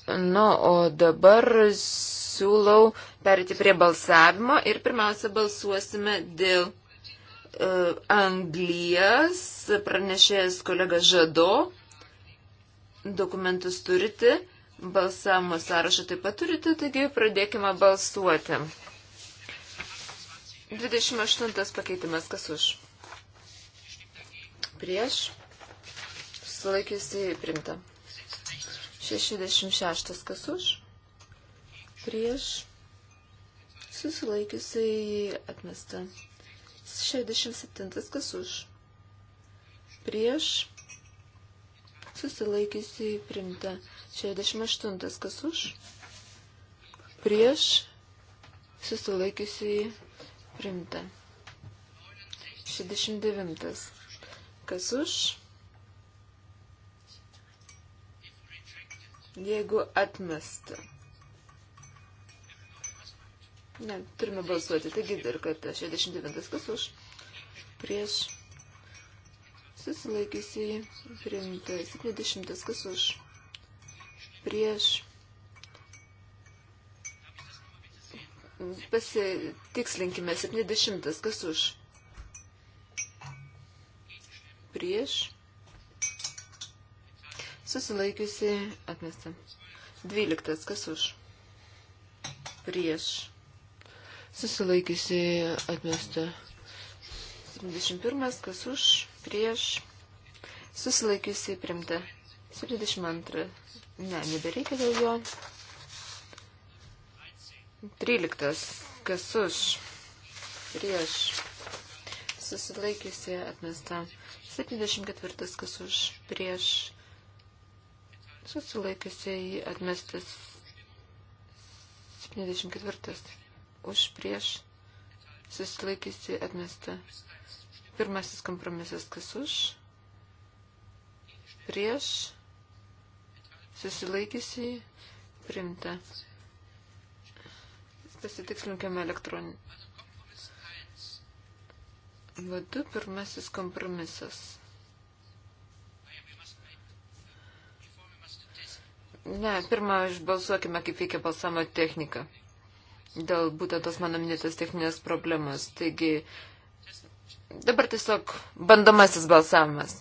Nu, o dabar siūlau perėti prie balsavimo ir pirmiausia balsuosime dėl uh, e, Anglijas, pranešėjas kolega Žado Dokumentus turite, balsavimo sąrašą taip pat turite, taigi pradėkime balsuoti. 28 pakeitimas, kas už? Prieš. Sulaikiusi primta. 66 kas už, prieš, susilaikiusiai atmesta. 67 kas už, prieš, susilaikiusiai primta. 68. Kas už? Prieš susilaikiusiai primta. 69. Kas už? Jeigu atmesta. Ne, turime balsuoti. Taigi dar kartą. 69. Kas už? Prieš susilaikiusiai priimta. 70 kas už prieš pasitikslinkime 70 kas už prieš susilaikiusiai atmesta. 12 kas už prieš susilaikiusiai atmesta. 71 kas už prieš prieš, susilaikiusi primta. 72. Ne, nebereikia dėl jo. 13. Kas už, prieš, susilaikiusi atmesta. 74. Kas už, prieš, susilaikiusi atmestas. 74. Už, prieš, susilaikiusi atmesta. Pirmasis kompromisas kas už, prieš, susilaikysi, primta. Pasitikslinkime elektroninį. Vadu pirmasis kompromisas. Ne, pirmą išbalsuokime, kaip veikia balsamo technika. Dėl būtent tos mano minėtos techninės problemas. Taigi, Dabar tiesiog bandomasis balsavimas.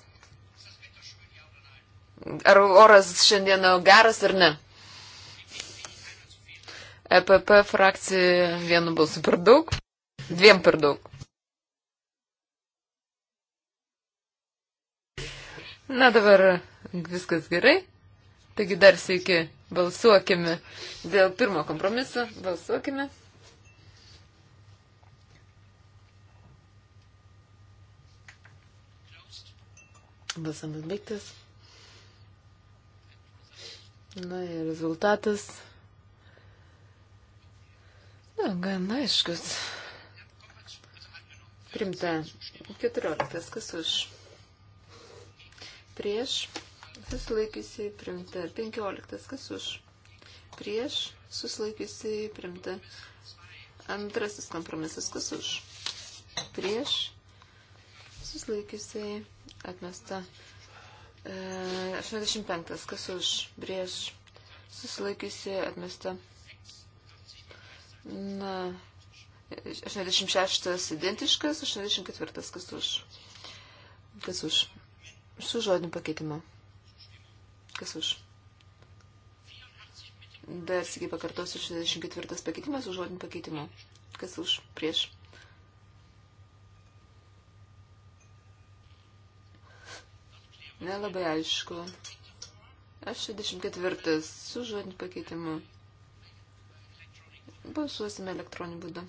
Ar oras šiandieną geras ar ne? EPP frakcija vienu balsu per daug, dviem per daug. Na dabar viskas gerai. Taigi dar sveiki, balsuokime dėl pirmo kompromiso, balsuokime. Balsamas baigtas. Na ir rezultatas. Na, gan aiškus. Primta 14. Kas už? Prieš. Susilaikiusi primta 15. Kas už? Prieš. Susilaikiusi primta antrasis kompromisas. Kas už? Prieš. Susilaikiusi primta atmesta. 85. E, kas už prieš susilaikiusi atmesta. Na, 86 identiškas, 84 kas už. Kas už. Su žodiniu pakeitimu. Kas už. Dar sėkiai pakartosiu 64 pakeitimas su žodiniu pakeitimu. Kas už prieš Nelabai aišku. Aš 24 su žodiniu pakeitimu. Balsuosime elektroniniu būdu.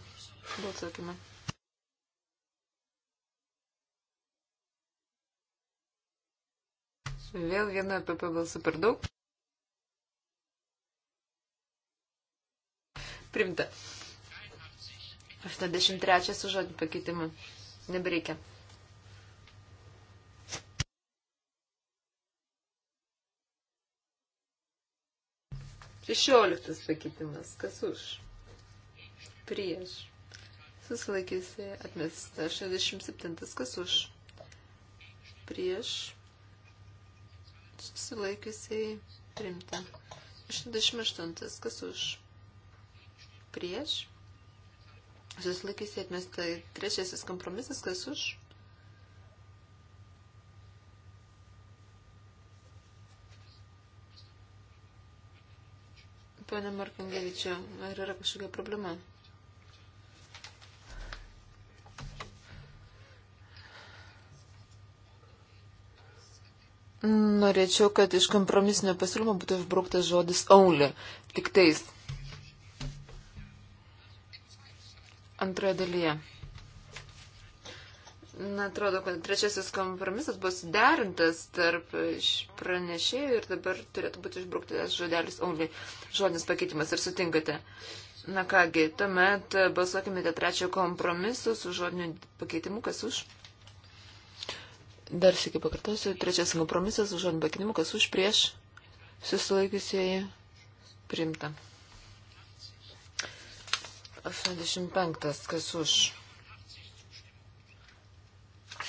Balsuokime. Vėl viena e PP balsų per daug. Primta. 83 su žodiniu pakeitimu. Nebereikia. Šešioliktas pakeitimas. Kas už? Prieš. Susilaikysi atmesta. 67. Kas už? Prieš. Susilaikysiai primta. 68. Kas už? Prieš. Susilaikysiai atmesta. Trečiasis kompromisas. Kas už? Pane Markangevičia, ar yra kažkokia problema? Norėčiau, kad iš kompromisinio pasiūlymo būtų išbrauktas žodis only, tik tais. Antroje dalyje. Na, atrodo, kad trečiasis kompromisas bus derintas tarp pranešėjų ir dabar turėtų būti išbrauktas žodelis only, žodinis pakeitimas, ar sutinkate? Na kągi, tuomet balsuokime dėl trečiojo kompromiso su žodiniu pakeitimu, kas už? Dar sėkiu pakartosiu, trečiasis kompromisas su žodiniu pakeitimu, kas už prieš susilaikiusieji primta. 85. Kas už?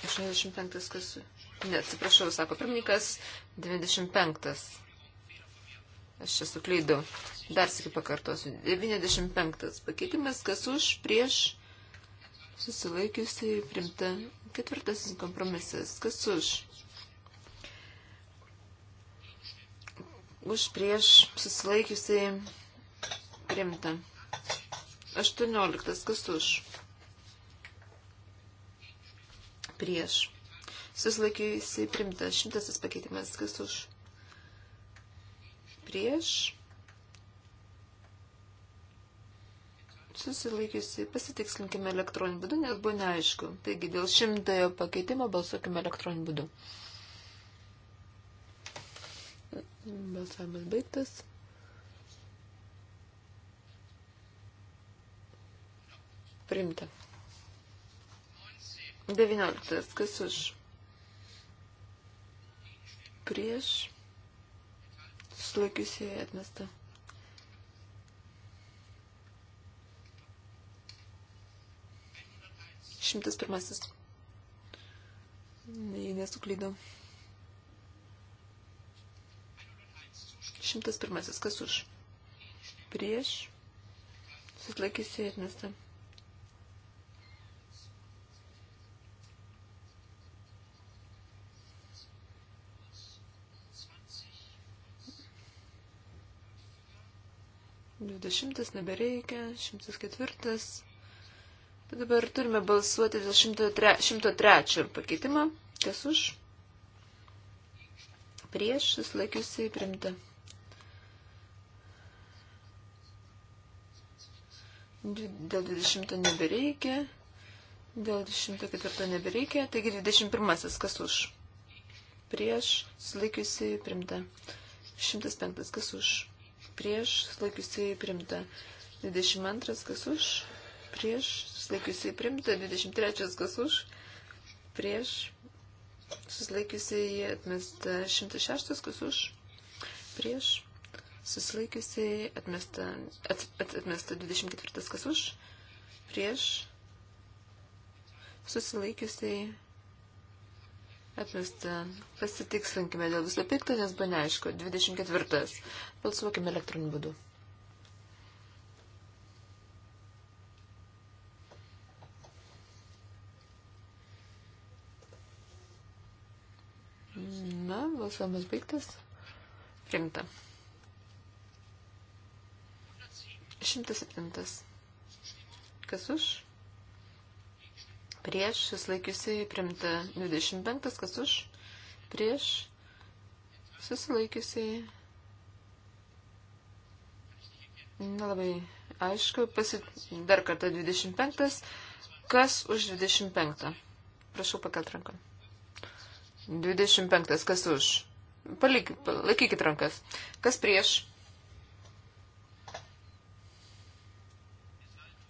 85 kas. Ne, atsiprašau, sako pirmininkas, 95. Aš čia suklydau. Dar sėki pakartosiu. 95 pakeitimas, kas už, prieš, susilaikiusi, primta. Ketvirtasis kompromisas, kas už. Už, prieš, susilaikiusi, primta. 18, kas už prieš. Susilaikiusi primtas šimtasis pakeitimas, kas už prieš. Susilaikiusi pasitikslinkime elektroniniu būdu, nes buvo neaišku. Taigi dėl šimtojo pakeitimo balsuokime elektroniniu būdu. Balsavimas baigtas. Primta. 19. Kas už? Prieš. Sulaikiusiai atmesta. Šimtas pirmasis. Jei nesuklydau. Šimtas pirmasis. Kas už? Prieš. Susilaikysi ir nesta. 20 nebereikia, 104. Bet tai dabar turime balsuoti dėl 103, 103 pakeitimą. Kas už? Prieš, jis laikiusiai primta. 2, dėl 20 nebereikia, dėl 104 nebereikia, taigi 21 kas už. Prieš sulaikiusi primta. 105 kas už prieš, susilaikiusiai primta. 22 kas už, prieš, susilaikiusiai primta. 23 kas už, prieš, susilaikiusiai atmesta. 106 kas už, prieš, susilaikiusiai atmesta. At, at, atmesta 24 kas už, prieš, susilaikiusiai Atmesta. Pasitikslinkime dėl viso pikto, nes buvo neaišku. 24. Balsuokime elektroniniu būdu. Na, balsavimas baigtas. Primta. 107. Kas už? prieš, jis laikiusi primta 25, kas už, prieš, susilaikiusi. Nelabai aišku, pasi... dar kartą 25, kas už 25. Prašau pakelt ranką. 25, kas už. Palik, palaikykit rankas. Kas prieš?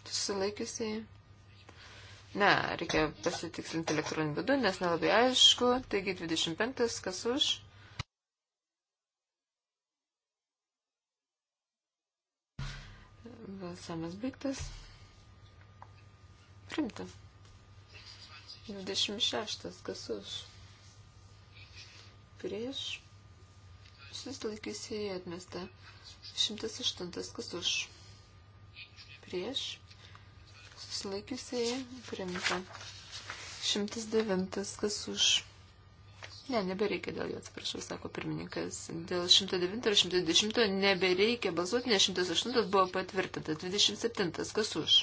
Susilaikiusiai. Ne, reikia pasitikslinti elektroniniu būdu, nes nelabai aišku. Taigi 25, kas už? Balsamas baigtas. Primta. 26, kas už? Prieš. Šis laikys į atmestą. 108, kas už? Prieš susilaikiusiai primta. 109. Kas už? Ne, nebereikia dėl jo, atsiprašau, sako pirmininkas. Dėl 109 ir 110 nebereikia balsuoti, nes 108 buvo patvirtintas. 27. Kas už?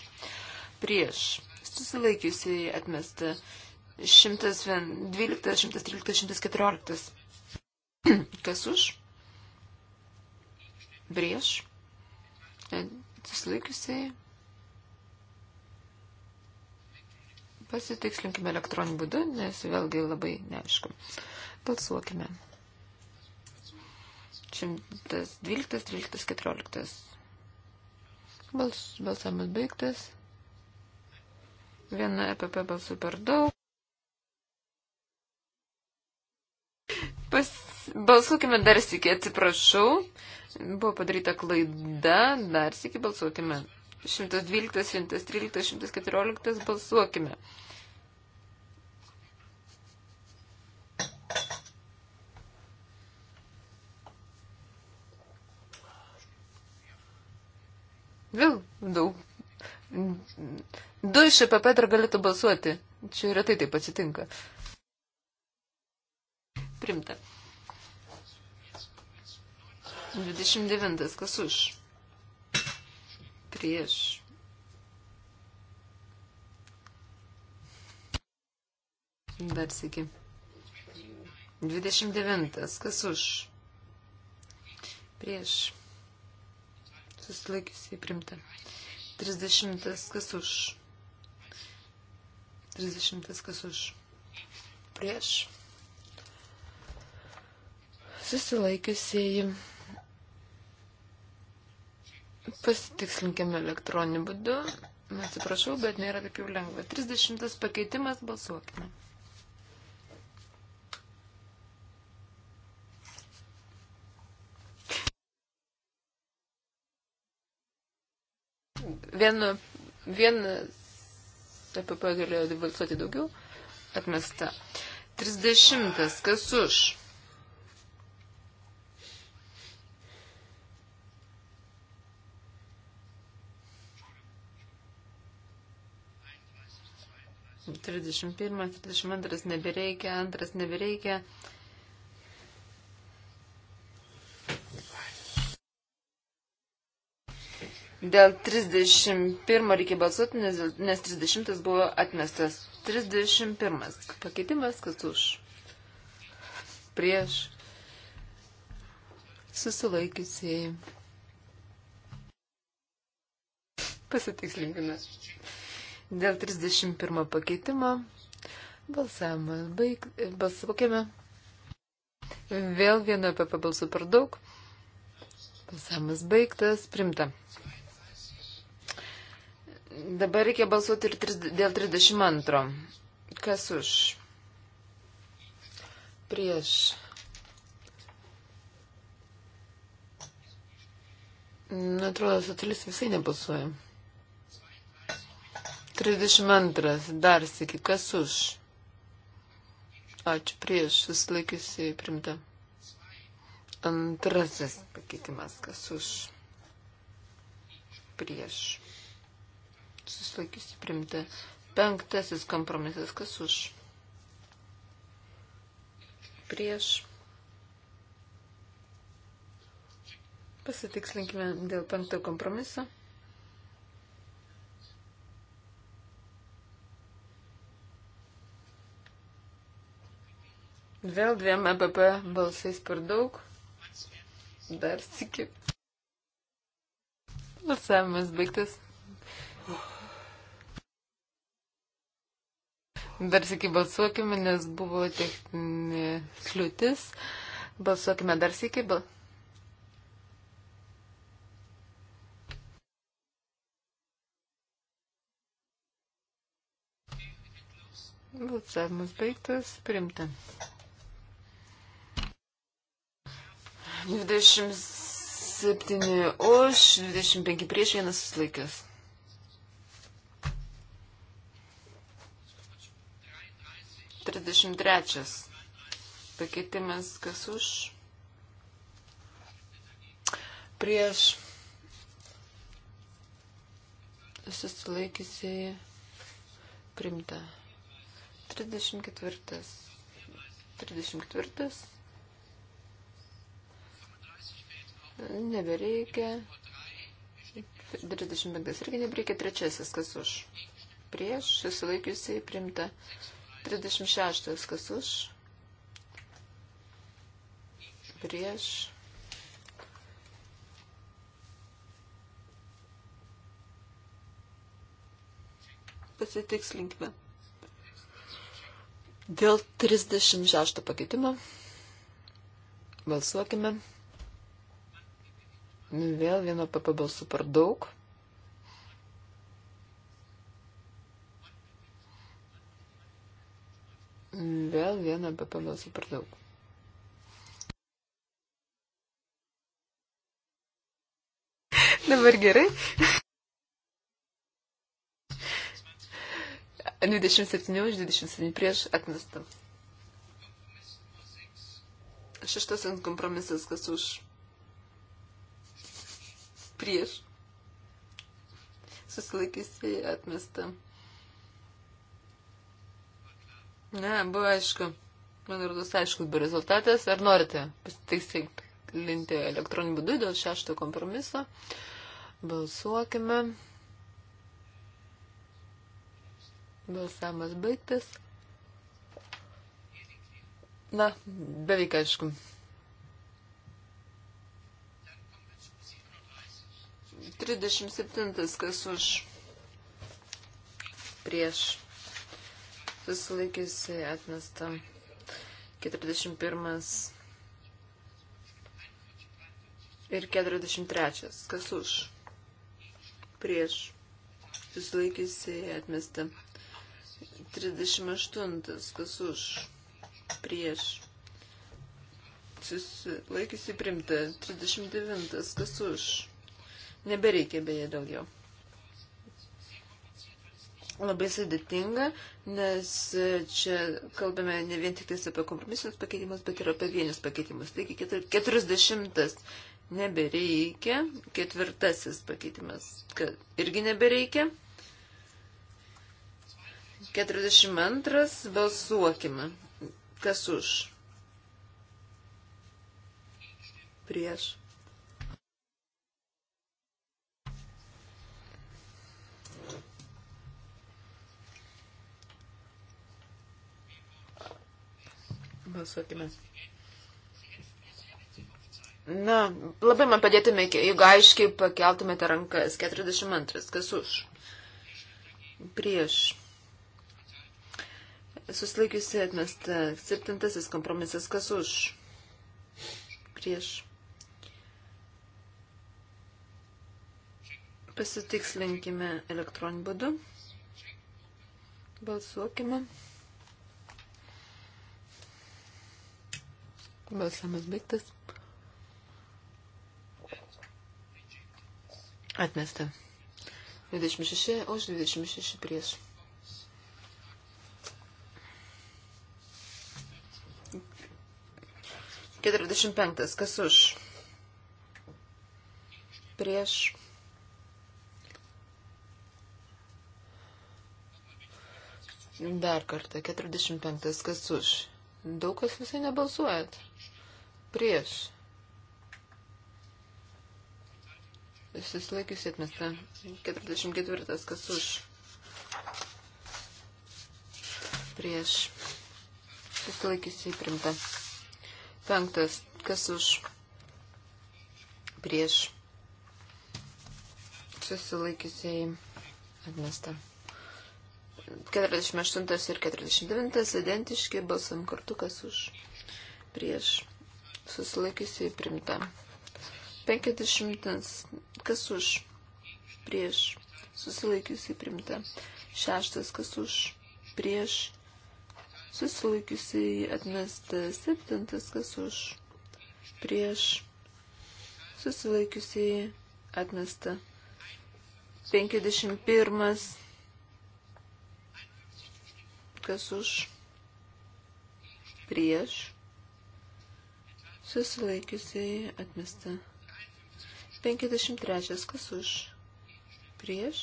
Prieš. Susilaikiusiai atmesta. 112, 113, 114. Kas už? Prieš. Susilaikiusiai Pasitikslinkime elektroniniu būdu, nes vėlgi labai neaišku. Balsuokime. 112, 13, 14. Bals, balsamas baigtas. Viena EPP balsų per daug. Pas, balsuokime dar sėki, atsiprašau. Buvo padaryta klaida, dar sėki balsuokime. 112, 113, 114 balsuokime. Vėl daug. Du iš EPP dar galėtų balsuoti. Čia retai taip atsitinka. Primta. 29. Kas už? prieš. Dar sėki. 29. Kas už? Prieš. Susilaikiusi primta. 30. Kas už? 30. Kas už? Prieš. Susilaikiusiai Pasitikslinkime elektroniniu būdu. Atsiprašau, bet nėra taip jau lengva. 30 pakeitimas, balsuokime. Vienu, vienas apie galėjo balsuoti daugiau. Atmesta. 30. Kas už? 31, 32 nebereikia, antras nebereikia. Dėl 31 reikia balsuoti, nes, nes 30 buvo atmestas. 31 pakeitimas, kas už. Prieš. Susilaikysiai. Pasitikslinkime. Dėl 31 pakeitimo balsavimas baig... Balsavokėme. Vėl vieno PP balsų per daug. Balsavimas baigtas. Primta. Dabar reikia balsuoti ir dėl 32. Kas už? Prieš. Na, nu, atrodo, satelis visai nebalsuoja. 32. Dar sėki, kas už? Ačiū prieš, susilaikiusi primta. Antrasis pakeitimas, kas už? Prieš. Susilaikiusi primta. Penktasis kompromisas, kas už? Prieš. Pasitikslinkime dėl penkto kompromiso. Vėl dviem EBP balsais per daug. Dar sėki. Balsavimas baigtas. Dar sėki balsuokime, nes buvo techninė kliūtis. Balsuokime dar sėki. Bal... Balsavimas baigtas, primta. 27 už, 25 prieš, vienas susilaikęs. Trisdešimt trečias. Pakeitimas kas už? Prieš susilaikysiai primta. 34. 34. nebereikia. 35 irgi nebereikia. Trečiasis, kas už. Prieš, susilaikiusiai primta. 36, kas už. Prieš. Pasitikslinkime. Dėl 36 pakeitimo balsuokime. Vėl vieno PP balsų per daug. Vėl vieno PP balsų per daug. Dabar gerai. 27 už 27 prieš atmestam. Šeštas kompromisas, kas už prieš, susilaikysiai atmesta. Ne, buvo aišku. Man rodos aiškus buvo rezultatas. Ar norite pasiteisinti elektroniniu būdu dėl šešto kompromiso? Balsuokime. Balsamas baigtas. Na, beveik aišku. 37. Kas už? Prieš. Susilaikiusi atmesta. 41. Ir 43. Kas už? Prieš. Susilaikiusi atmesta. 38. Kas už? Prieš laikėsi primta 39, kas už, Nebereikia beje daugiau. Labai sudėtinga, nes čia kalbame ne vien tik apie kompromisinius pakeitimus, bet ir apie vienius pakeitimus. Taigi keturisdešimtas nebereikia, ketvirtasis pakeitimas irgi nebereikia. 42 balsuokime. Kas už? Prieš. Balsuokime. Na, labai man padėtume, jeigu aiškiai pakeltumėte rankas. 42. Kas už? Prieš. Suslaikiusi atmesta. Septintasis kompromisas. Kas už? Prieš. Pasitikslinkime elektroninį būdu. Balsuokime. Balsamas baigtas. Atmesta. 26 už 26 prieš. Keturiasdešimt penktas. Kas už? Prieš. Dar kartą. Keturiasdešimt penktas. Kas už? Daug kas visai nebalsuojat prieš. Susilaikiusi atmesta. 44. Kas už? Prieš. Susilaikiusi primta. 5. Kas už? Prieš. Susilaikiusiai atmesta. 48 ir 49 identiški, balsam kartu, kas už prieš susilaikiusiai primta. 50. Kas už? Prieš. Susilaikiusiai primta. 6. Kas už? Prieš. Susilaikiusiai atmesta. 7. Kas už? Prieš. Susilaikiusiai atmesta. 51. Kas už? Prieš susilaikiusiai atmesta. 53. Kas už? Prieš.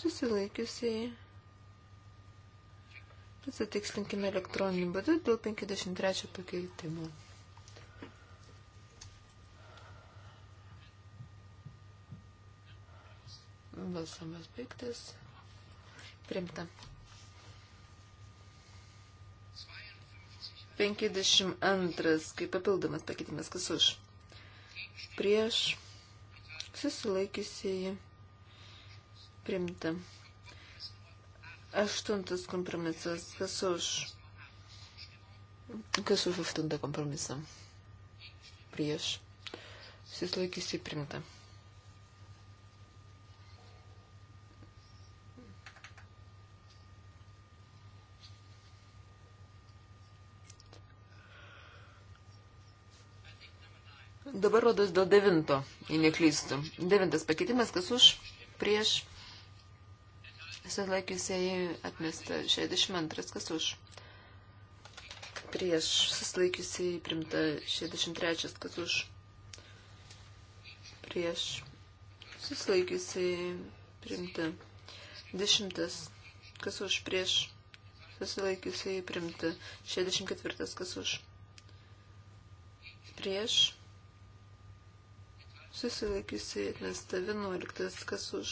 Susilaikiusiai. Pasitikslinkime elektroninį būdų dėl 53 pakeitimo. Balsamas baigtas. Primta. 52 kaip papildomas pakeitimas, kas už. Prieš susilaikiusieji primta. Aštuntas kompromisas, kas už. Kas už aštuntą kompromisą? Prieš. Susilaikiusi primta. Dabar rodos dėl devinto, jei neklystu. Devintas pakeitimas, kas už, prieš, susilaikiusiai atmesta 62, kas už. Prieš susilaikiusiai primta 63, kas už. Prieš susilaikiusiai primta 10, kas už. Prieš susilaikiusiai primta 64, kas už. Prieš susilaikiusi atmesta 11, kas už.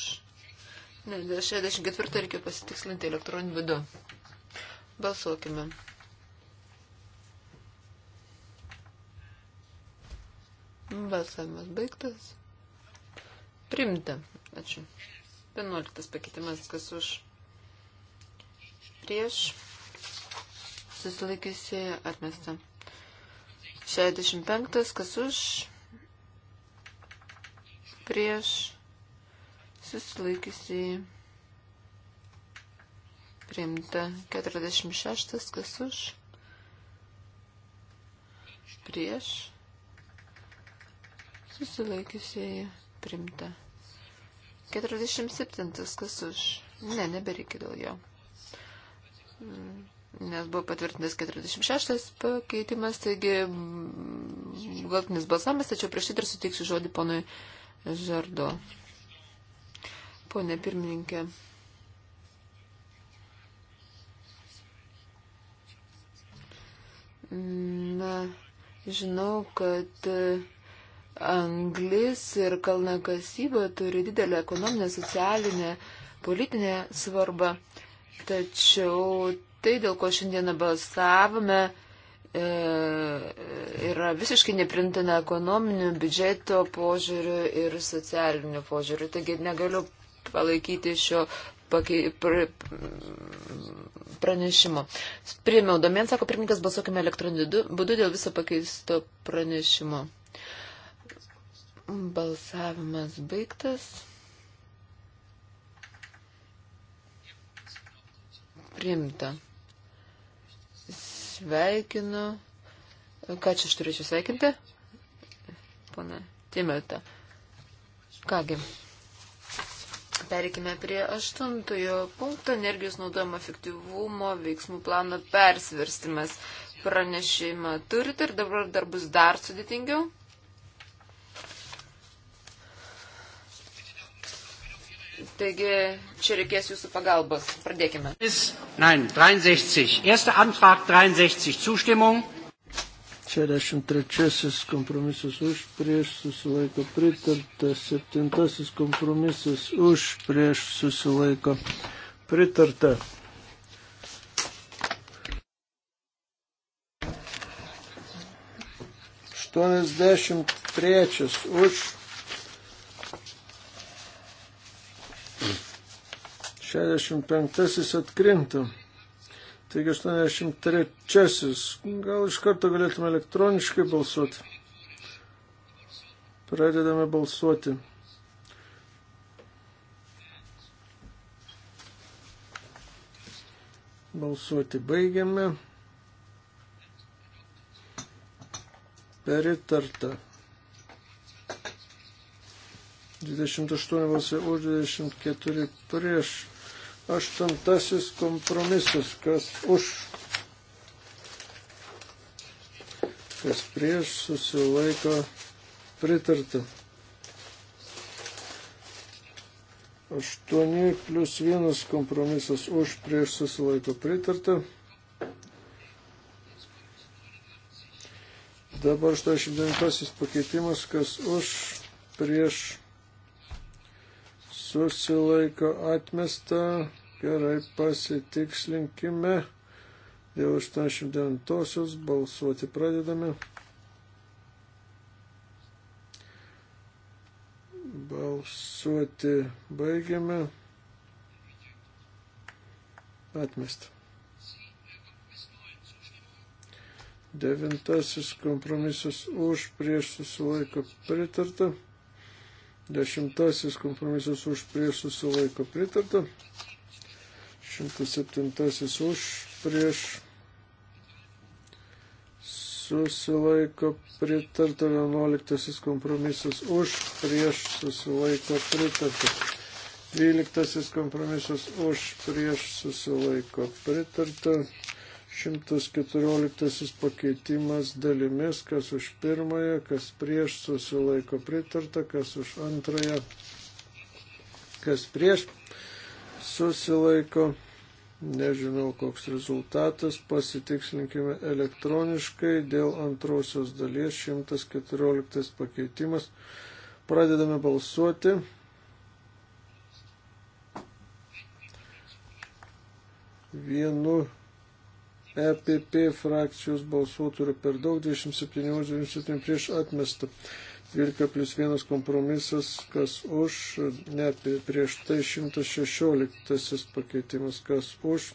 Ne, dėl 64 reikia pasitikslinti elektroniniu būdu. Balsuokime. Balsavimas baigtas. Primta. Ačiū. 11 pakeitimas, kas už. Prieš. Susilaikiusi atmesta. 65, kas už prieš susilaikiusiai priimta 46, kas už, prieš susilaikiusiai priimta 47, kas už, ne, nebereikia dėl jo. Nes buvo patvirtintas 46 pakeitimas, taigi galtinis balsavimas, tačiau prieš tai dar suteiksiu žodį ponui Žardo. Pone pirmininkė. Na, žinau, kad anglis ir kalnakasyba turi didelę ekonominę, socialinę, politinę svarbą. Tačiau tai, dėl ko šiandieną balsavome, E, yra visiškai neprintina ekonominių biudžeto požiūrių ir socialinių požiūrių. Taigi negaliu palaikyti šio pakei, pr, pranešimo. Priėmiau domen, sako pirmininkas, balsuokime elektroniniu būdu dėl viso pakeisto pranešimo. Balsavimas baigtas. Priimta sveikinu. Ką čia aš turėčiau sveikinti? Pana Timeta. Kągi. Pereikime prie aštuntojo punkto energijos naudojimo efektyvumo veiksmų plano persvirstimas. Pranešimą turite ir dabar dar bus dar sudėtingiau. Taigi čia reikės jūsų pagalbos. Pradėkime. Nein, 63. Erste antrag 63. Zustimmung. 63 kompromisas už, prieš susilaiko pritarta. 7 kompromisas už, prieš susilaiko pritarta. Aštuoniasdešimt trečias už 65 atkrinta. Taigi 83. Gal iš karto galėtume elektroniškai balsuoti. Pradedame balsuoti. Balsuoti baigiame. Peritarta. 28 balsai už 24 prieš. Aštuntasis kompromisas, kas už, kas prieš susilaiko pritarta. 8 plus 1 kompromisas už prieš susilaiko pritarta. Dabar 89 pakeitimas, kas už prieš susilaiko atmesta. Gerai, pasitikslinkime. Dėl 89-osios balsuoti pradedame. Balsuoti baigiame. Atmesta. Devintasis kompromisas už prieš susilaiko pritarta. Dešimtasis kompromisas už prieš susilaiko pritarta. Šimtas septintasis už prieš susilaiko pritarta. Vienuoliktasis kompromisas už prieš susilaiko pritarta. Dvyliktasis kompromisas už prieš susilaiko pritarta. 114 pakeitimas dalimis, kas už pirmąją, kas prieš susilaiko pritarta, kas už antrąją, kas prieš susilaiko. Nežinau, koks rezultatas, pasitikslinkime elektroniškai dėl antrosios dalies 114 pakeitimas. Pradedame balsuoti. Vienu EPP frakcijos balsų turi per daug, 27 už, 27 prieš atmestą. 12 plus 1 kompromisas, kas už, ne, prieš tai 116 pakeitimas, kas už,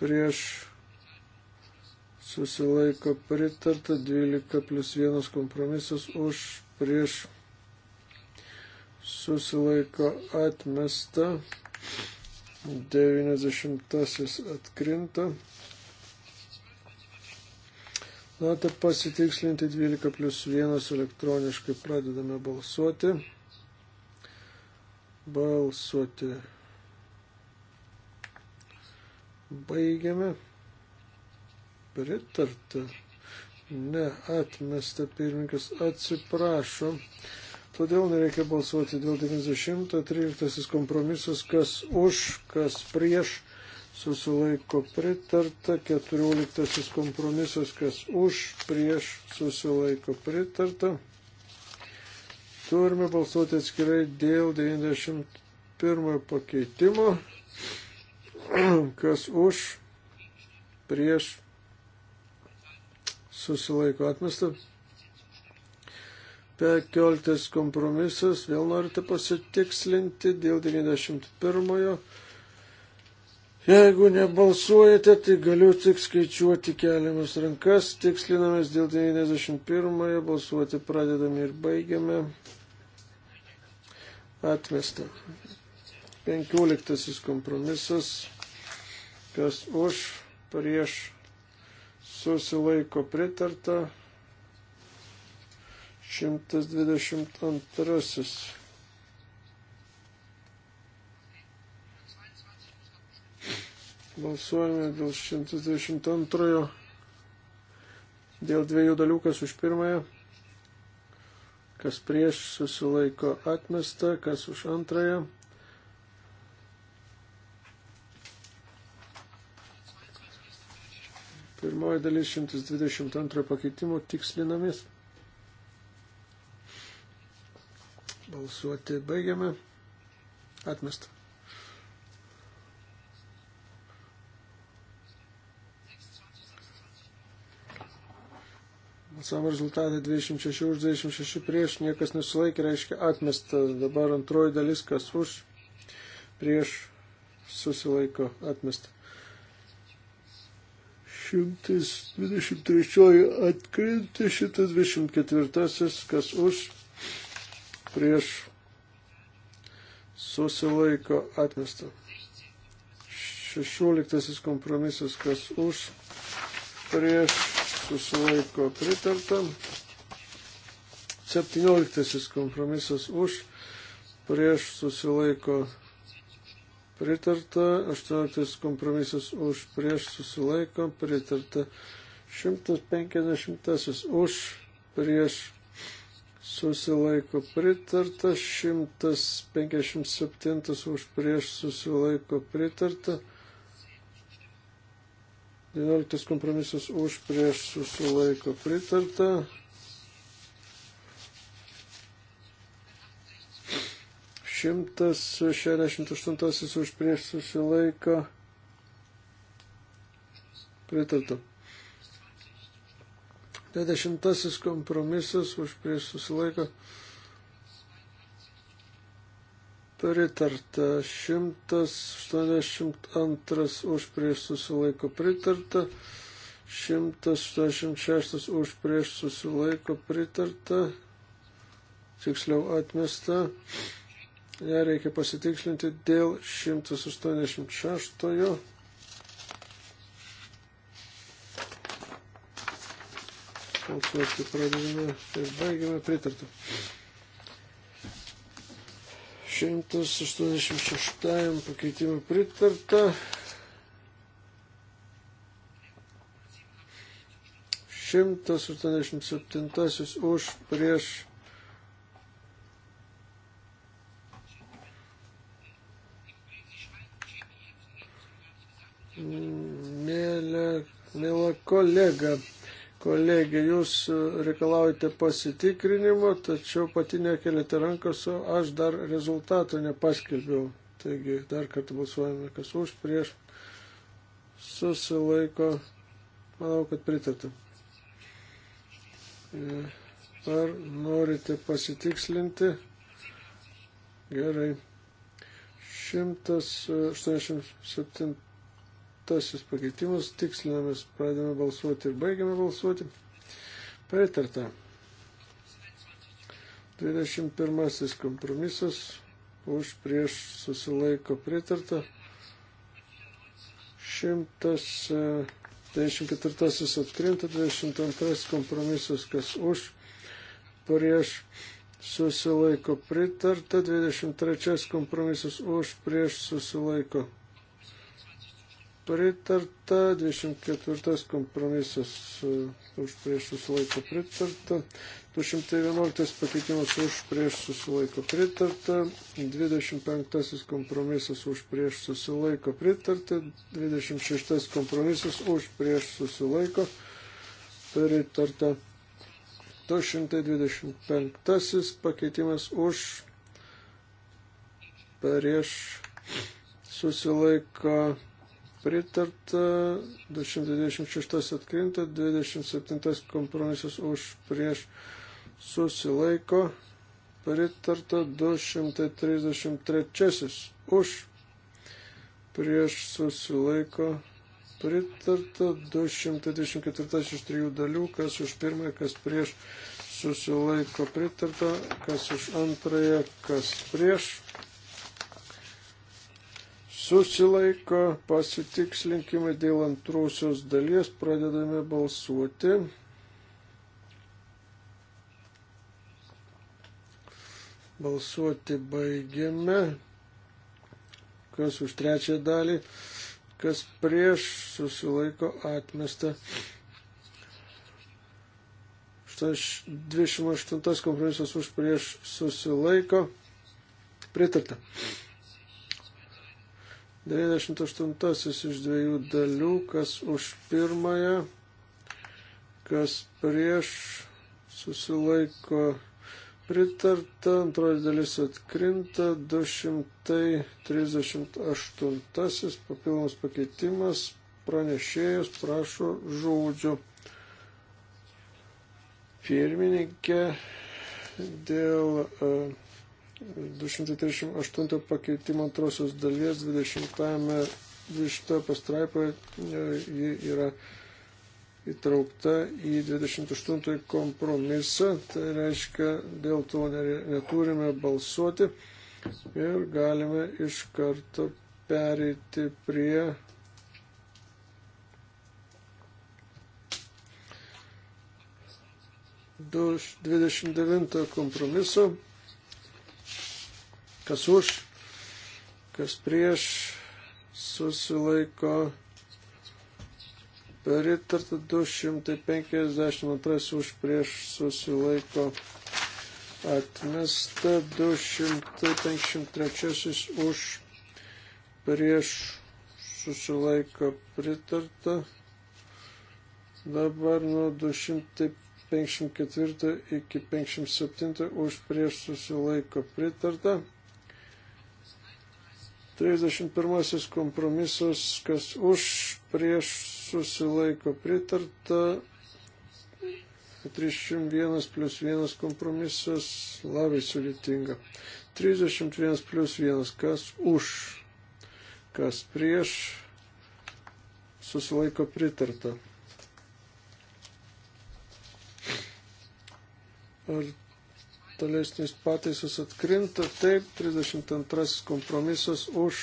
prieš susilaiko pritarta, 12 plus 1 kompromisas už, prieš susilaiko atmesta, 90 atkrinta. Norite pasitikslinti 12 plus 1 elektroniškai pradedame balsuoti. Balsuoti. Baigiame. Pritarta. Ne, atmesta pirmininkas atsiprašo. Todėl nereikia balsuoti dėl 90, 13 kompromisas, kas už, kas prieš susilaiko pritarta, 14 kompromisas, kas už, prieš, susilaiko pritarta. Turime balsuoti atskirai dėl 91 pakeitimo, (clears throat) kas už, prieš, susilaiko atmesta. 15 kompromisas, vėl norite pasitikslinti dėl 91. -ojo. Jeigu nebalsuojate, tai galiu tik skaičiuoti keliamas rankas, tikslinamės dėl 91-ojo, balsuoti pradedame ir baigiame. Atmesta. 15 kompromisas. Kas už, prieš, susilaiko pritarta. 122. Balsuojame dėl 122, dėl dviejų dalių, kas už pirmąją, kas prieš susilaiko atmesta, kas už antrąją. Pirmoji dalis 122 pakeitimų tikslinamis. Balsuoti baigiame. Atmesta. Balsavimo rezultatai 26 už, 26 prieš, niekas nesilaikė, reiškia atmesta. Dabar antroji dalis, kas už, prieš, susilaiko atmesta. 123 atkrinti, 124, kas už, prieš, susilaiko atmesta. 16 kompromisas, kas už, prieš, susilaiko pritarta. 17 kompromisas už, prieš susilaiko pritarta, 18 kompromisas už, prieš susilaiko pritarta, 150 už, prieš susilaiko pritarta, 157 už, prieš susilaiko pritarta. 11 kompromisas už prieš susilaiko pritarta. 168 už prieš susilaiko pritarta. 20 kompromisas už prieš susilaiko pritarta pritarta. 182 už prieš susilaiko pritarta. 186 už prieš susilaiko pritarta. Tiksliau atmesta. Ja reikia pasitikslinti dėl 186. Balsuoti pradedame ir baigiame pritartą. 186 pakeitimui pritarta. 187 už prieš mėlę, mėlą kolegą. Kolegė, jūs reikalaujate pasitikrinimo, tačiau pati nekelėte rankas, o aš dar rezultato nepaskelbiau. Taigi dar kartą balsuojame, kas už, prieš, susilaiko, manau, kad pritartų. Ar norite pasitikslinti? Gerai. 187 Penktasis pakeitimas tikslinamės, pradėjome balsuoti ir baigėme balsuoti. Pritarta. 21 kompromisas už prieš susilaiko pritarta. 194 e, atkrinta, 22 kompromisas, kas už prieš susilaiko pritarta, 23 kompromisas už prieš susilaiko pritarta, 24 e, kompromisas už prieš susilaiko pritarta, 211 pakeitimas už prieš susilaiko pritarta, 25 kompromisas už prieš susilaiko pritarta, 26 kompromisas už prieš susilaiko pritarta, 225 pakeitimas už prieš susilaiko pritarta pritarta, 226 atkrinta, 27 kompromisas už prieš susilaiko, pritarta 233 už prieš susilaiko, pritarta 224 iš trijų dalių, kas už pirmąją, kas prieš susilaiko, pritarta, kas už antrąją, kas prieš susilaiko, pasitikslinkime dėl antrosios dalies, pradedame balsuoti. Balsuoti baigiame. Kas už trečią dalį, kas prieš susilaiko atmesta. 28 kompromisas už prieš susilaiko. Pritarta. 98 iš dviejų dalių, kas už pirmąją, kas prieš susilaiko pritarta, antroji dalis atkrinta, 238 papildomas pakeitimas, pranešėjas prašo žodžio. Pirmininkė dėl uh, 238 pakeitimo antrosios dalies 20-ame 20 pastraipoje e, ji yra įtraukta į 28 kompromisą, tai reiškia dėl to neturime balsuoti ir galime iš karto pereiti prie du 29 kompromiso Kas už, kas prieš, susilaiko pritarta 252 už prieš susilaiko atmesta 253 už prieš susilaiko pritarta. Dabar nuo 254 iki 57 už prieš susilaiko pritarta. 31 kompromisas, kas už, prieš susilaiko pritarta. 301 plus 1 kompromisas labai sudėtinga. 31 plus 1, kas už, kas prieš susilaiko pritarta. Ar tolesnis pataisos atkrinta. Taip, 32 kompromisas už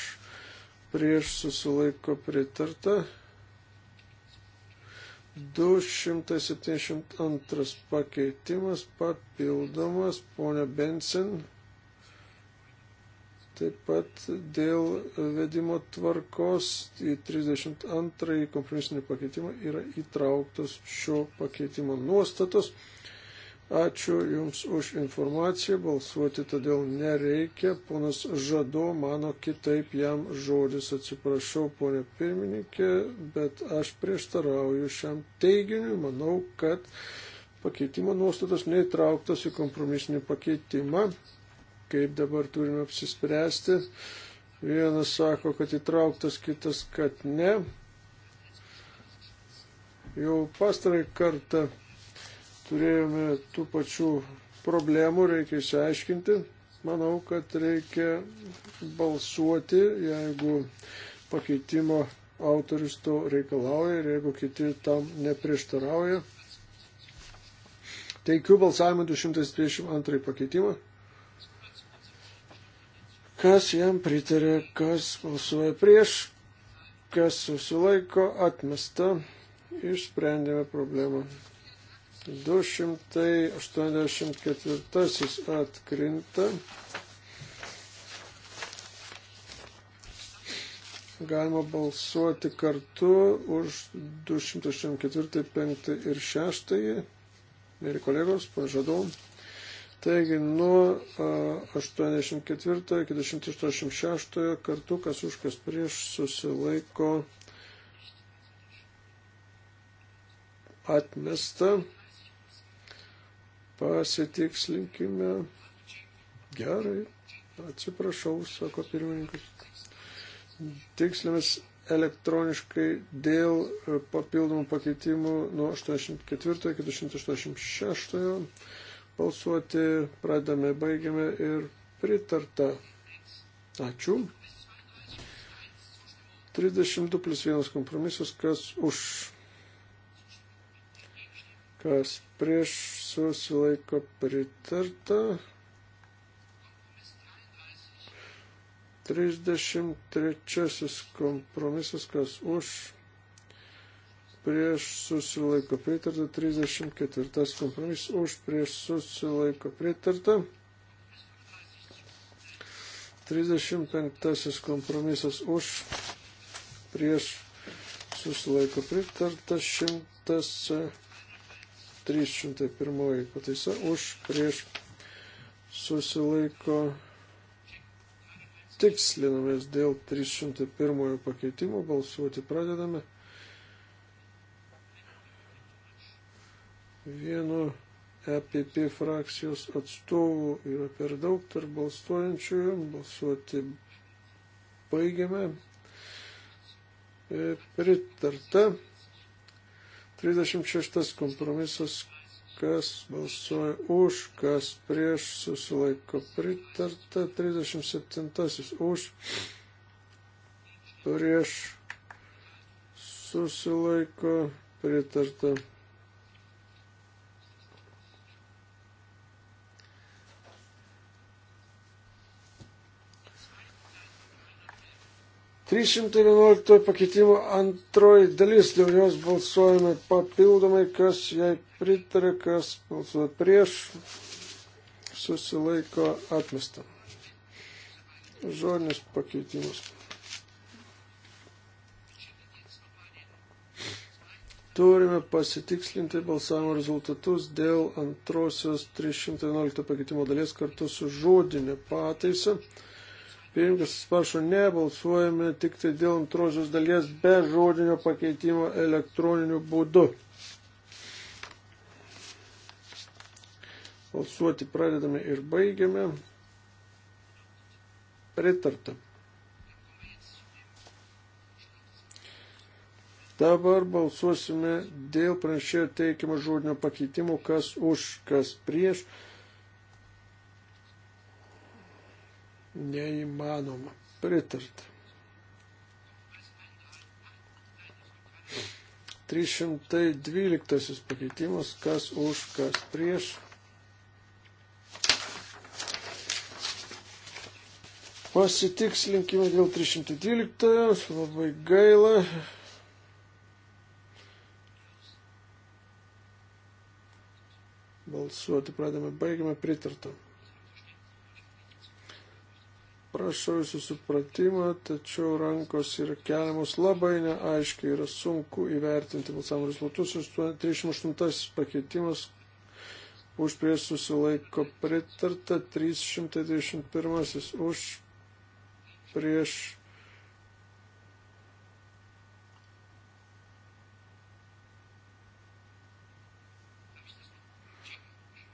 prieš susilaiko pritarta. 272 pakeitimas papildomas, ponia Bensin. Taip pat dėl vedimo tvarkos į 32 kompromisinį pakeitimą yra įtrauktos šio pakeitimo nuostatos. Ačiū Jums už informaciją, balsuoti todėl nereikia. Ponas Žado mano kitaip jam žodis, atsiprašau, ponė pirmininkė, bet aš prieštarauju šiam teiginiui, manau, kad pakeitimo nuostatos neįtrauktos į kompromisinį pakeitimą, kaip dabar turime apsispręsti. Vienas sako, kad įtrauktas, kitas, kad ne. Jau pastarai kartą turėjome tų pačių problemų, reikia išsiaiškinti. Manau, kad reikia balsuoti, jeigu pakeitimo autorius to reikalauja ir jeigu kiti tam neprieštarauja. Teikiu balsavimą 232 pakeitimą. Kas jam pritarė, kas balsuoja prieš, kas susilaiko atmesta, išsprendėme problemą. 284 atkrinta. Galima balsuoti kartu už 284, 5 ir 6. Mėly kolegos, pažadau. Taigi nuo 84 iki 286 kartu, kas už kas prieš susilaiko atmesta. Pasitikslinkime. Gerai. Atsiprašau, sako pirmininkas. Tikslinis elektroniškai dėl papildomų pakeitimų nuo 84 iki 286 balsuoti pradame, baigiame ir pritarta. Ačiū. 32 plus 1 kompromisas, kas už, kas prieš susilaiko pritarta. 33 kompromisas, kas už, prieš susilaiko pritarta. 34 kompromisas, už, prieš susilaiko pritarta. 35 kompromisas už prieš susilaiko pritarta 100. 301 pataisa už prieš susilaiko tikslinamės dėl 301 pakeitimo. Balsuoti pradedame. Vienu EPP frakcijos atstovų yra per daug tarp balsuojančiųjų. Balsuoti baigiame. E, pritarta. 36 kompromisas, kas balsuoja už, kas prieš, susilaiko pritarta. 37 už, prieš, susilaiko pritarta. 311 pakeitimo antroji dalis, dėl jos balsuojame papildomai, kas jai pritarė, kas balsuoja prieš, susilaiko atmestą. Žodinis pakeitimas. Turime pasitikslinti balsavimo rezultatus dėl antrosios 311 pakeitimo dalies kartu su žodinė pataisa. Pirmininkas atsiprašo, nebalsuojame tik tai dėl antrosios dalies be žodinio pakeitimo elektroniniu būdu. Balsuoti pradedame ir baigiame. Pritarta. Dabar balsuosime dėl pranešėjo teikimo žodinio pakeitimo, kas už, kas prieš. neįmanoma pritarti. 312 pakeitimas, kas už, kas prieš. Pasitikslinkime dėl 312, labai gaila. Balsuoti pradame, baigiame pritartą. Prašau jūsų supratimą, tačiau rankos yra keliamos labai neaiškiai, yra sunku įvertinti balsavimo rezultatus. 38 pakeitimas už prieš susilaiko pritarta, 321 už prieš.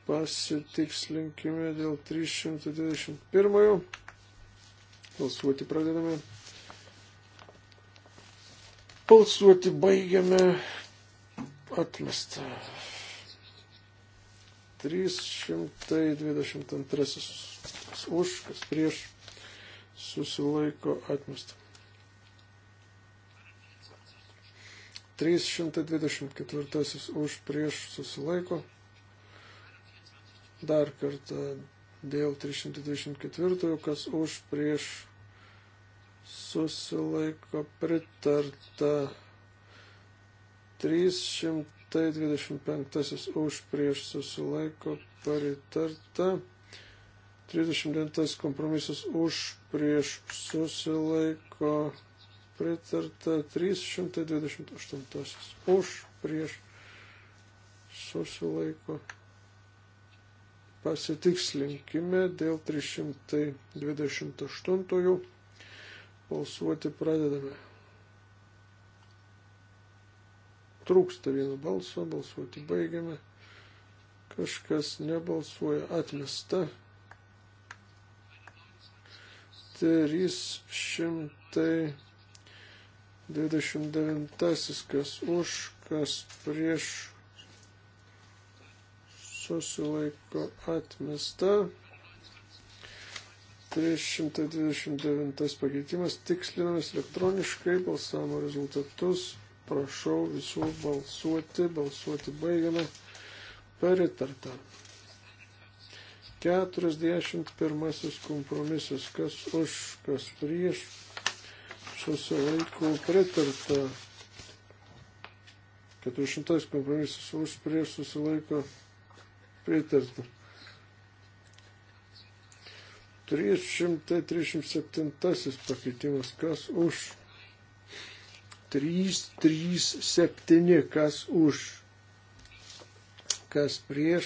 Pasitikslinkime dėl 321. Balsuoti pradedame. Balsuoti baigiame. Atmesta. 322 už, kas prieš susilaiko atmesta. 324 už prieš susilaiko. Dar kartą dėl 324, kas už prieš susilaiko pritarta 325 už prieš susilaiko pritarta 39 kompromisas už prieš susilaiko pritarta 328 už prieš susilaiko pritarta Pasitikslinkime dėl 328. Balsuoti pradedame. Trūksta vieno balso, balsuoti baigiame. Kažkas nebalsuoja, atmesta. 329. Kas už, kas prieš susilaiko atmesta. 329 pakeitimas tikslinamas elektroniškai balsavimo rezultatus. Prašau visų balsuoti, balsuoti baigiame. Peritarta. 41 kompromisas, kas už, kas prieš, susilaiko pritarta. 400 kompromisas už, prieš susilaiko pritarta pritarta. 337 pakeitimas, kas už. 337, kas už. Kas prieš.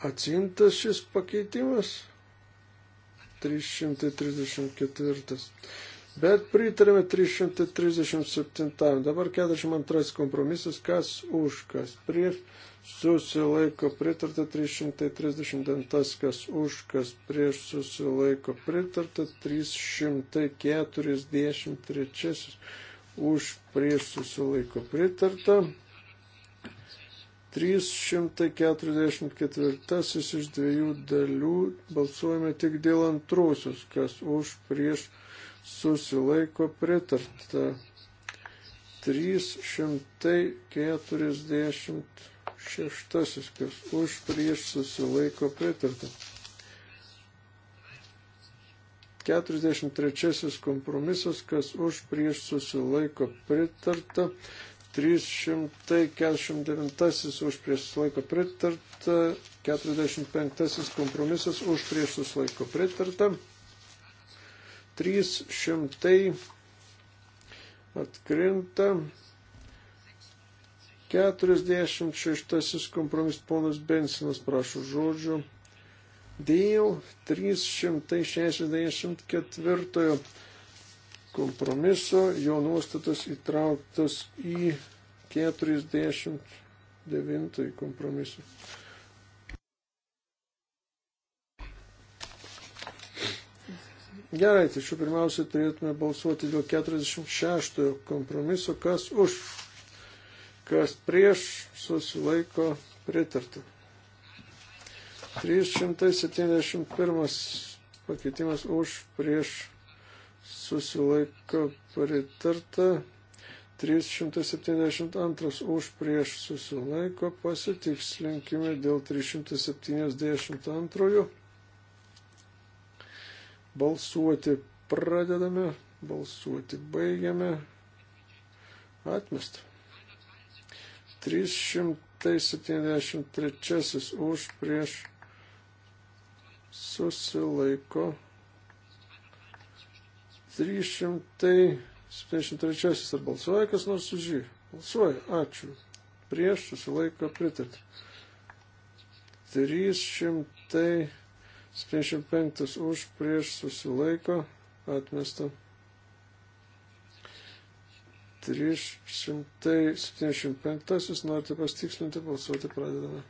Atsimtas šis pakeitimas. 334. Bet pritarėme 337. Dabar 42 kompromisas, kas už, kas prieš susilaiko pritarta 339, kas už, kas prieš susilaiko pritarta 343, už, prieš susilaiko pritarta 344 iš dviejų dalių balsuojame tik dėl antrosios, kas už prieš susilaiko pritarta. 345 šeštasis, kas už prieš susilaiko pritarta. 43 kompromisas, kas už prieš susilaiko pritarta. 349 už prieš susilaiko pritarta. 45 kompromisas už prieš susilaiko pritarta. 300 atkrinta. 46 kompromis ponas Bensinas prašo žodžių. Dėl 364 kompromiso jo nuostatas įtrauktas į 49 kompromisą. Gerai, tačiau pirmiausia turėtume balsuoti dėl 46 kompromiso, kas už kas prieš susilaiko pritarta. 371 pakeitimas už prieš susilaiko pritarta. 372 už prieš susilaiko pasitikslinkime dėl 372. Balsuoti pradedame, balsuoti baigiame. Atmestą. 373 už prieš susilaiko 373 ar balsuoja kas nors už jį? Balsuoja, ačiū. Prieš susilaiko pritarti. 375 už prieš susilaiko atmestą. 375. Norite pastikslinti, balsuoti pradedame.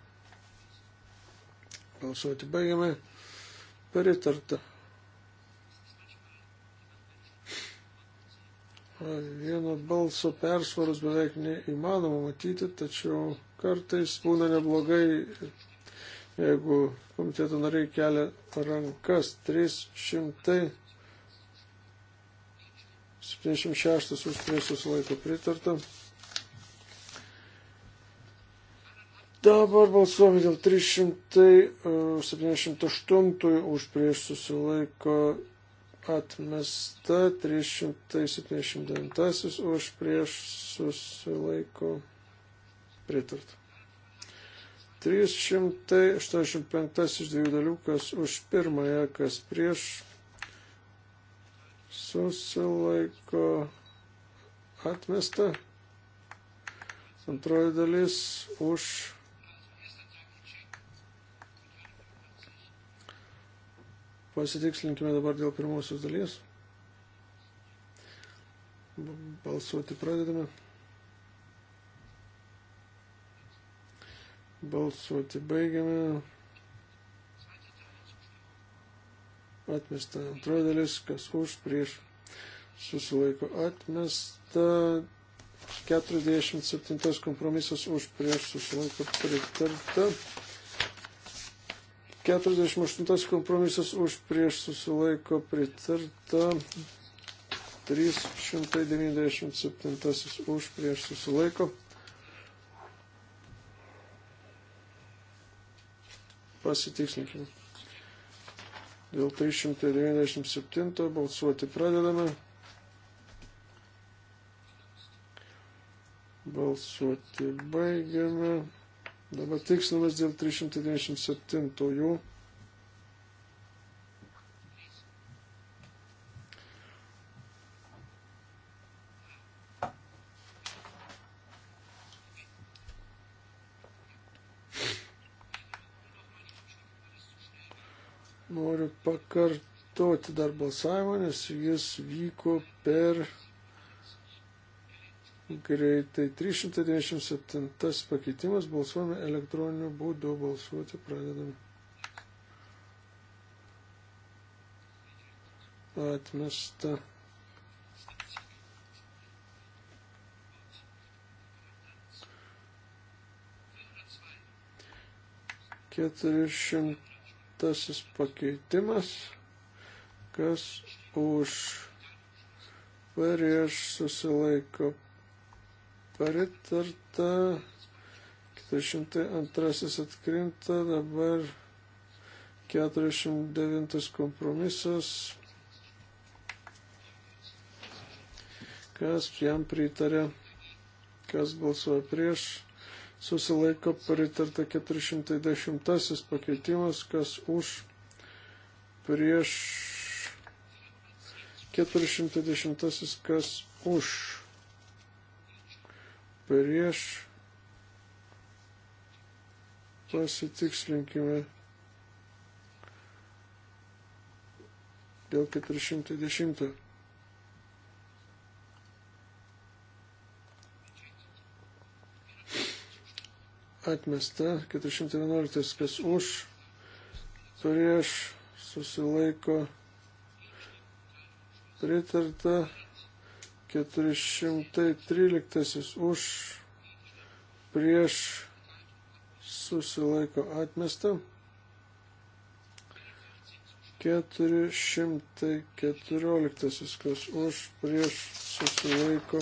Balsuoti baigiame. Pritarta. Vieno balso persvaros beveik neįmanoma matyti, tačiau kartais būna neblogai, jeigu komiteto nariai kelia rankas 300. 76 už prieš susilaiko pritarta. Dabar balsuojame dėl 378 e, už prieš susilaiko atmesta, 379 už prieš susilaiko pritarta. 385 iš dviejų dalių, kas už pirmąją, kas prieš susilaiko atmesta. Antroji dalis už pasitikslinkime dabar dėl pirmosios dalies. Balsuoti pradedame. Balsuoti baigiame. atmesta. Antroji dalis, kas už, prieš, susilaiko atmesta. 47 kompromisas už, prieš, susilaiko pritarta. 48 kompromisas už, prieš, susilaiko pritarta. 397 už, prieš, susilaiko. Pasitikslinkime. Dėl 397 balsuoti pradedame. Balsuoti baigiame. Dabar tikslumas dėl 397 jų. pakartoti dar balsavimą, nes jis vyko per greitai. 397 pakeitimas balsuojame elektroniniu būdu, balsuoti pradedame. Atmesta. Keturi šimtai. Penktasis pakeitimas, kas už prieš susilaiko pritarta. 402 atkrinta, dabar 49 kompromisas, kas jam pritarė, kas balsuoja prieš, susilaiko pritarta 410 pakeitimas, kas už prieš 410 kas už prieš pasitikslinkime dėl 410. atmesta, 411 kas už, prieš susilaiko pritarta, 413 už, prieš susilaiko atmesta. 414, kas už prieš susilaiko.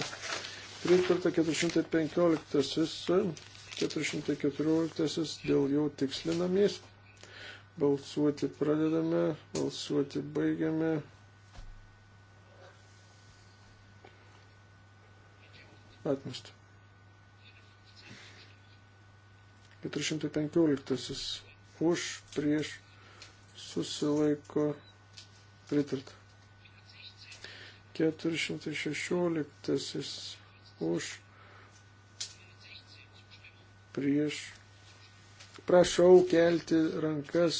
Pritarta 415 414 dėl jau tikslinamis. Balsuoti pradedame, balsuoti baigiame. Atmestų. 415 už prieš susilaiko pritarta. 416 už prieš. Prašau kelti rankas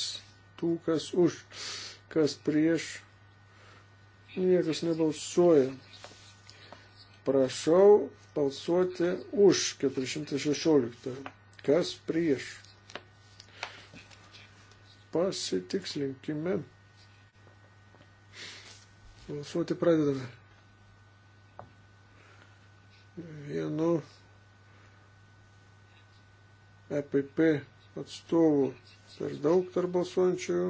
tų, kas už, kas prieš. Niekas nebalsuoja. Prašau balsuoti už 416. Kas prieš? Pasitikslinkime. Balsuoti pradedame. Vienu EPP atstovų per daug tarp balsuojančiųjų.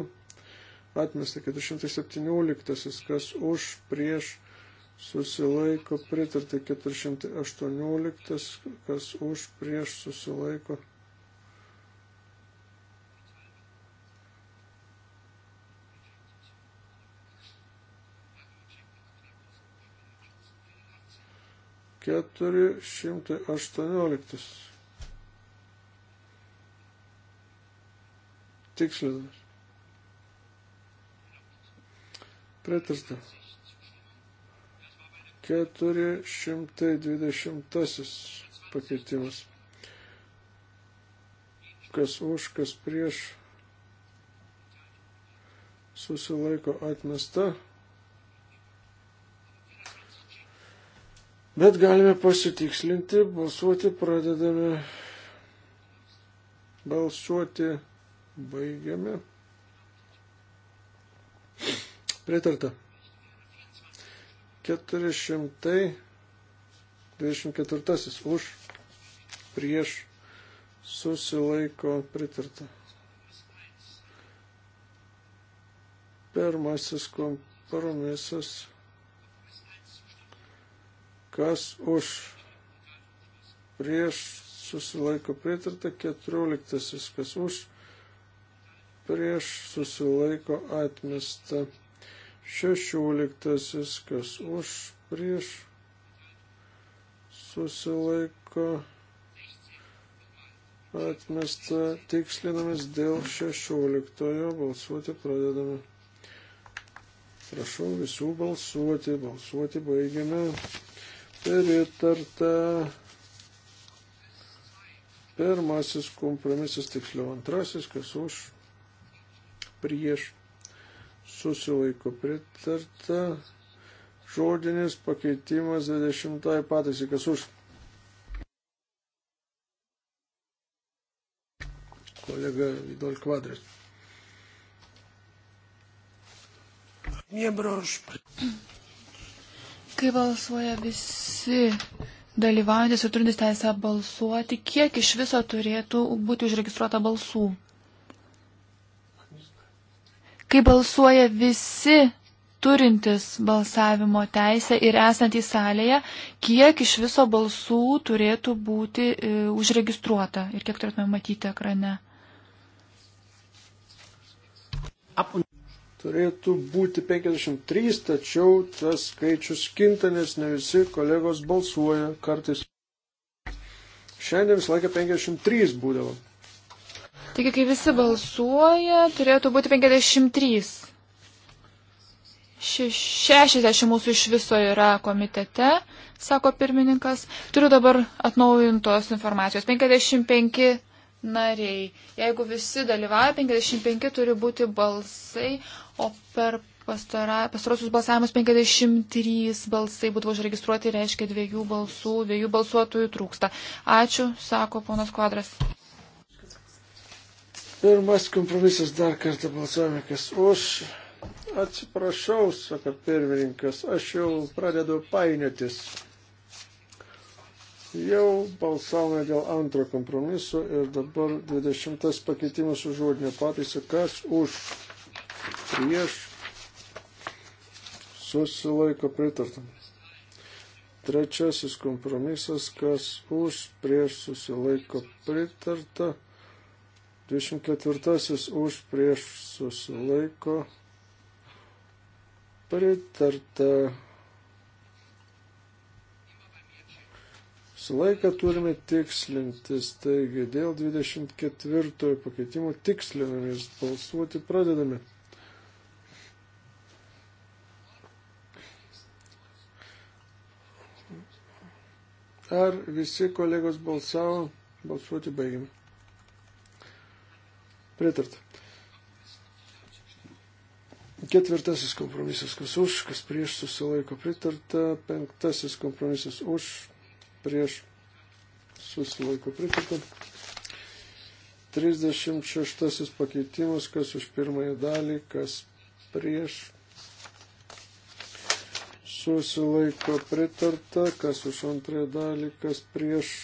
Atmesta 417, kas už, prieš, susilaiko, pritarta 418, kas už, prieš, susilaiko. Keturi šimtai aštuonioliktas. patikslinamas. Pritarta. 420 pakeitimas. Kas už, kas prieš susilaiko atmesta. Bet galime pasitikslinti, balsuoti pradedame balsuoti Baigiame. Pritarta. 424 už prieš susilaiko pritarta. Pirmasis kompromisas. Kas už prieš susilaiko pritarta. Keturioliktasis kas už prieš susilaiko atmesta. Šešioliktasis, kas už prieš susilaiko atmesta. Tikslinamis dėl šešioliktojo balsuoti pradedame. Prašau visų balsuoti, balsuoti baigiame. Pritarta pirmasis kompromisas, tiksliau antrasis, kas už prieš susilaiko pritarta. Žodinis pakeitimas 20 pataisai, kas už. Kolega Vidal Kvadras. Miebroš. Kai balsuoja visi dalyvaujantis ir turintis teisę balsuoti, kiek iš viso turėtų būti užregistruota balsų? kai balsuoja visi turintis balsavimo teisę ir esantys salėje, kiek iš viso balsų turėtų būti e, užregistruota ir kiek turėtume matyti ekrane. Turėtų būti 53, tačiau tas skaičius kinta, nes ne visi kolegos balsuoja kartais. Šiandien visą laiką 53 būdavo. Taigi, kai visi balsuoja, turėtų būti 53. 60 mūsų iš viso yra komitete, sako pirmininkas. Turiu dabar atnaujintos informacijos. 55 nariai. Jeigu visi dalyvauja, 55 turi būti balsai, o per pastarosius balsavimus 53 balsai būtų užregistruoti, reiškia dviejų balsų, dviejų balsuotojų trūksta. Ačiū, sako ponas Kvadras. Pirmas kompromisas dar kartą balsuojame, kas už. Atsiprašau, sako pirmininkas, aš jau pradedu painiotis. Jau balsavome dėl antro kompromiso ir dabar 20 pakeitimas už žodinę pataisą, kas už prieš susilaiko pritartam. Trečiasis kompromisas, kas už prieš susilaiko pritarta. 24 už prieš susilaiko pritarta. Sulaiką turime tikslintis, taigi dėl 24 pakeitimo tikslinamės, balsuoti pradedame. Ar visi kolegos balsavo? Balsuoti baigiame. Pritart. Ketvirtasis kompromisas, kas už, kas prieš susilaiko pritarta. Penktasis kompromisas už, prieš susilaiko pritarta. 36 pakeitimas, kas už pirmąją dalį, kas prieš susilaiko pritarta, kas už antrąją dalį, kas prieš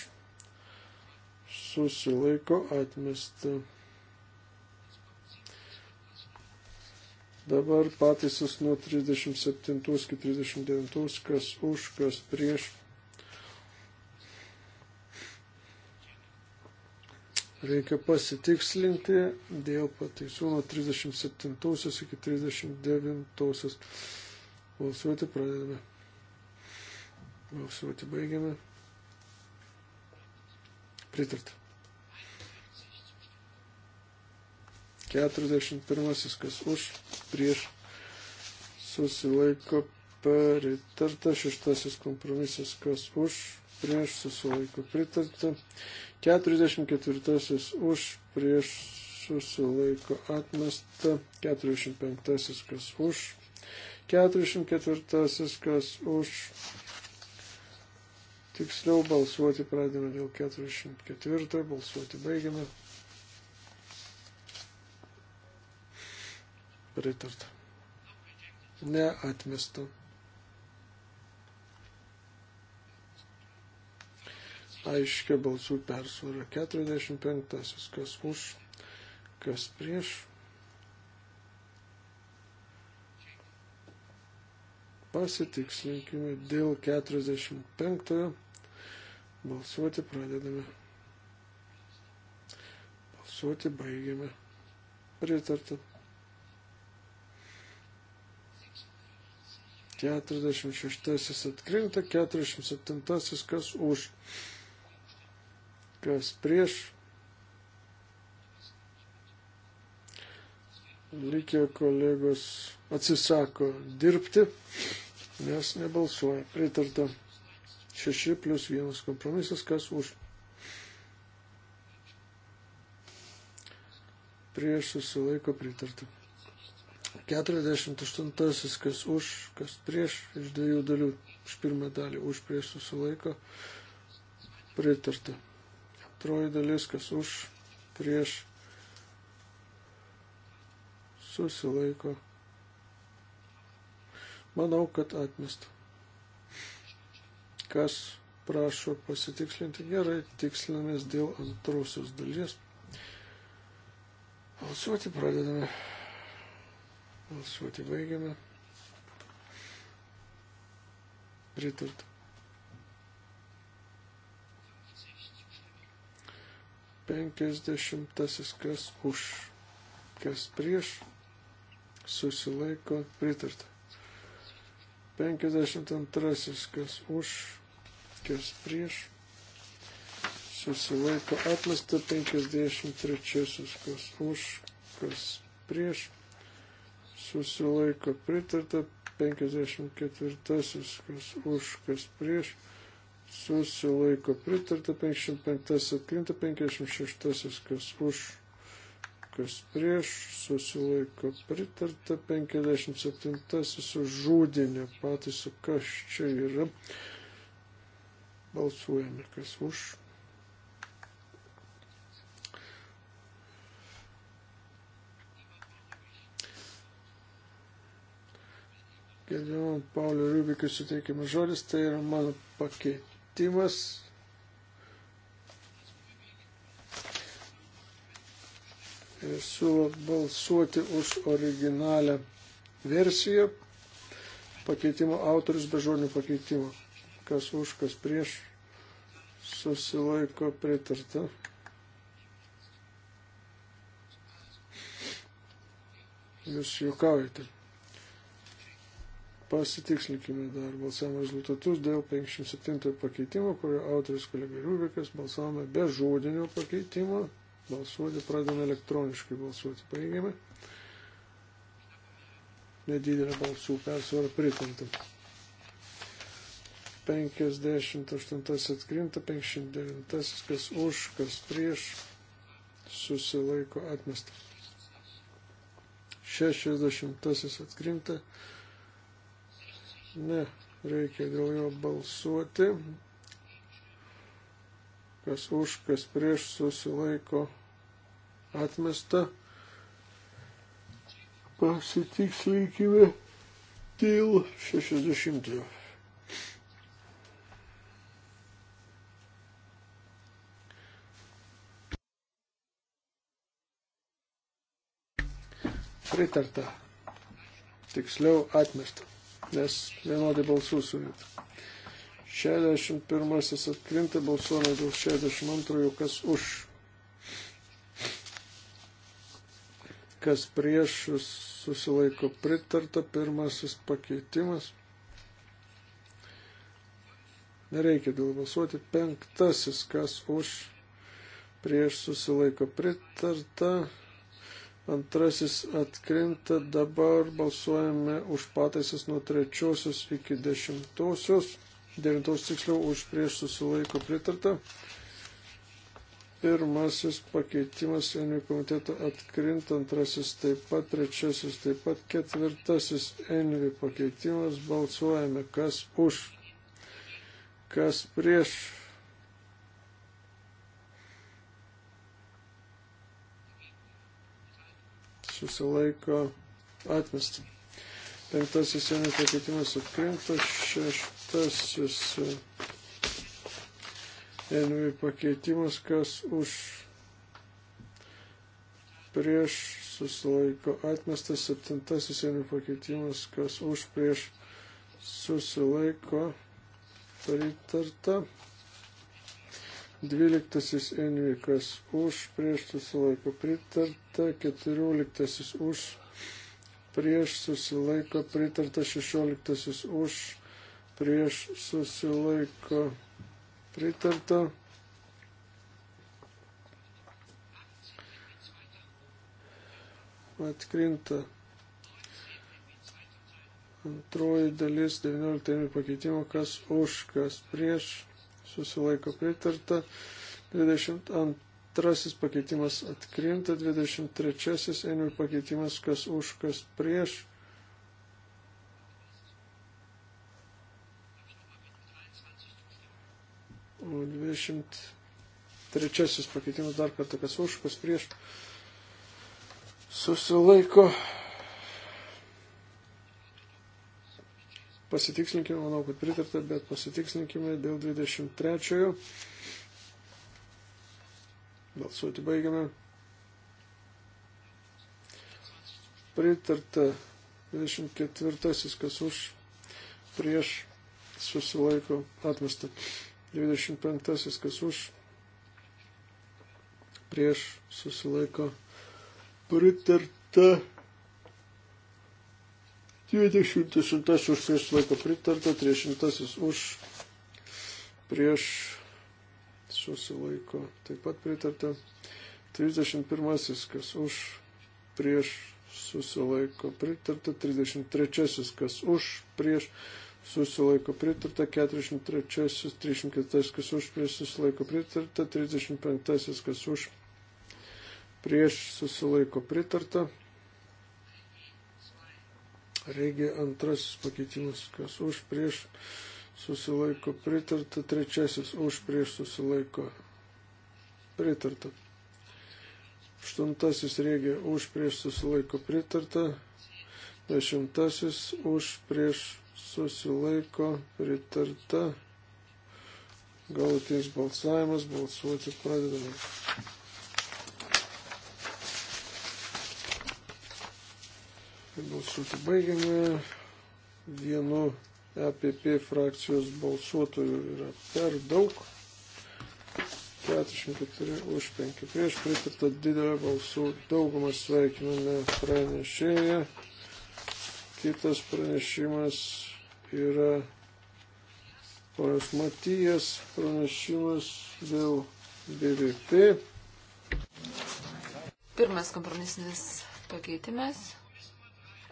susilaiko atmesta. Dabar pataisos nuo 37 iki 39, kas už, kas prieš. Reikia pasitikslinti dėl pataisų nuo 37 iki 39. Balsuoti pradedame. Balsuoti baigiame. Pritartą. 41. Kas už, prieš susilaiko pritarta. Šeštasis kompromisas. Kas už, prieš susilaiko pritarta. 44. Už, prieš susilaiko atmesta. 45. Kas už, 44 kas už. Tiksliau balsuoti pradėjome dėl 44, balsuoti baigiame. pritarta. Neatmesta. Aiškia balsų persvara. 45. Kas už, kas prieš. Pasitikslinkime dėl 45. Balsuoti pradedame. Balsuoti baigiame. Pritartam. 46 atkrinta, 47 kas už, kas prieš. Likė kolegos atsisako dirbti, nes nebalsuoja. Pritarta 6 plus 1 kompromisas, kas už. Prieš susilaiko pritarta. 48, kas už, kas prieš, iš dviejų dalių, iš pirmą dalį už prieš susilaiko, pritarta. Antroji dalis, kas už, prieš, susilaiko. Manau, kad atmesta. Kas prašo pasitikslinti gerai, tikslinamės dėl antrosios dalies. Balsuoti pradedame. Balsuoti baigiame. Pritarta. Penkiasdešimtasis kas už, kas prieš, susilaiko pritarta. Penkiasdešimt antrasis kas už, kas prieš, susilaiko atmesta. Penkiasdešimt trečiasis kas už, kas prieš susilaiko pritarta, 54 kas už, kas prieš susilaiko pritarta, 55 atkrinta, 56 kas už, kas prieš, susilaiko pritarta, 57 sužūdinė patys, kas čia yra. Balsuojame, kas už, Gerbiamam Paulio Rubikui suteikiamas žodis, tai yra mano pakeitimas. Ir siūlo balsuoti už originalią versiją. Pakeitimo autorius be žodžių pakeitimo. Kas už, kas prieš. Susilaiko pritarta. Jūs juokaujate. Pasitikslinkime dar balsavimo rezultatus dėl 57 pakeitimo, kurio autoris kolega Rubikas balsavome be žodinio pakeitimo. Balsuoti pradame elektroniškai balsuoti. Paėgėme. Nedidelė balsų persvara pritinta. 58 atkrinta, 59 kas už, kas prieš susilaiko atmestas. 60 atkrinta, Ne, reikia dėl jo balsuoti. Kas už, kas prieš susilaiko atmesta. Pasitikslinkime dėl 60. Pritarta. Tiksliau atmesta nes vienodai balsų surinkta. 61 atkrinta balsuojame dėl 62, kas už, kas prieš susilaiko pritarta, pirmasis pakeitimas. Nereikia dėl balsuoti. Penktasis, kas už, prieš susilaiko pritarta. Antrasis atkrinta, dabar balsuojame už pataisas nuo trečiosios iki dešimtosios, devintos tiksliau už prieš susilaiko pritarta. Pirmasis pakeitimas Envi komiteto atkrinta, antrasis taip pat, trečiasis taip pat, ketvirtasis Envi pakeitimas, balsuojame kas už, kas prieš susilaiko atmesti. Penktasis sienos pakeitimas atkrinta, šeštasis envi pakeitimas, kas už prieš susilaiko atmestas, septintasis envi pakeitimas, kas už prieš susilaiko pritarta. Dvyliktasis Envikas už, prieš susilaiko pritarta, keturioliktasis už, prieš susilaiko pritarta, šešioliktasis už, prieš susilaiko pritarta. Atkrinta antroji dalis 19 pakeitimo, kas už, kas prieš susilaiko pritarta, 22 pakeitimas atkrinta, 23 einių pakeitimas kas už, kas prieš. O 23 pakeitimas dar kartą kas už, kas prieš. Susilaiko pasitikslinkime, manau, kad pritarta, bet pasitikslinkime dėl 23-ojo. Balsuoti baigiame. Pritarta 24-asis, kas už prieš susilaiko atmestą. 25-asis, kas už prieš susilaiko pritarta. 28 už prieš laiko pritarta, 300 už prieš susilaiko taip pat pritarta, 31 kas už prieš susilaiko pritarta, 33 kas už prieš susilaiko pritarta, 43 34 kas už prieš susilaiko pritarta, 35 kas už prieš susilaiko pritarta. Regi antrasis pakeitimas, kas už prieš susilaiko pritarta, trečiasis už prieš susilaiko pritarta. Aštuntasis regi už prieš susilaiko pritarta, dešimtasis už prieš susilaiko pritarta. Galutinis balsavimas, balsuoti pradedame. Balsuoti baigiame. Vienu EPP frakcijos balsuotojų yra per daug. 44 už 5 prieš pritarta didelė balsų daugumą sveikiname pranešėją. Kitas pranešimas yra ponas Matijas pranešimas dėl BVP. Pirmas kompromisinis pakeitimas.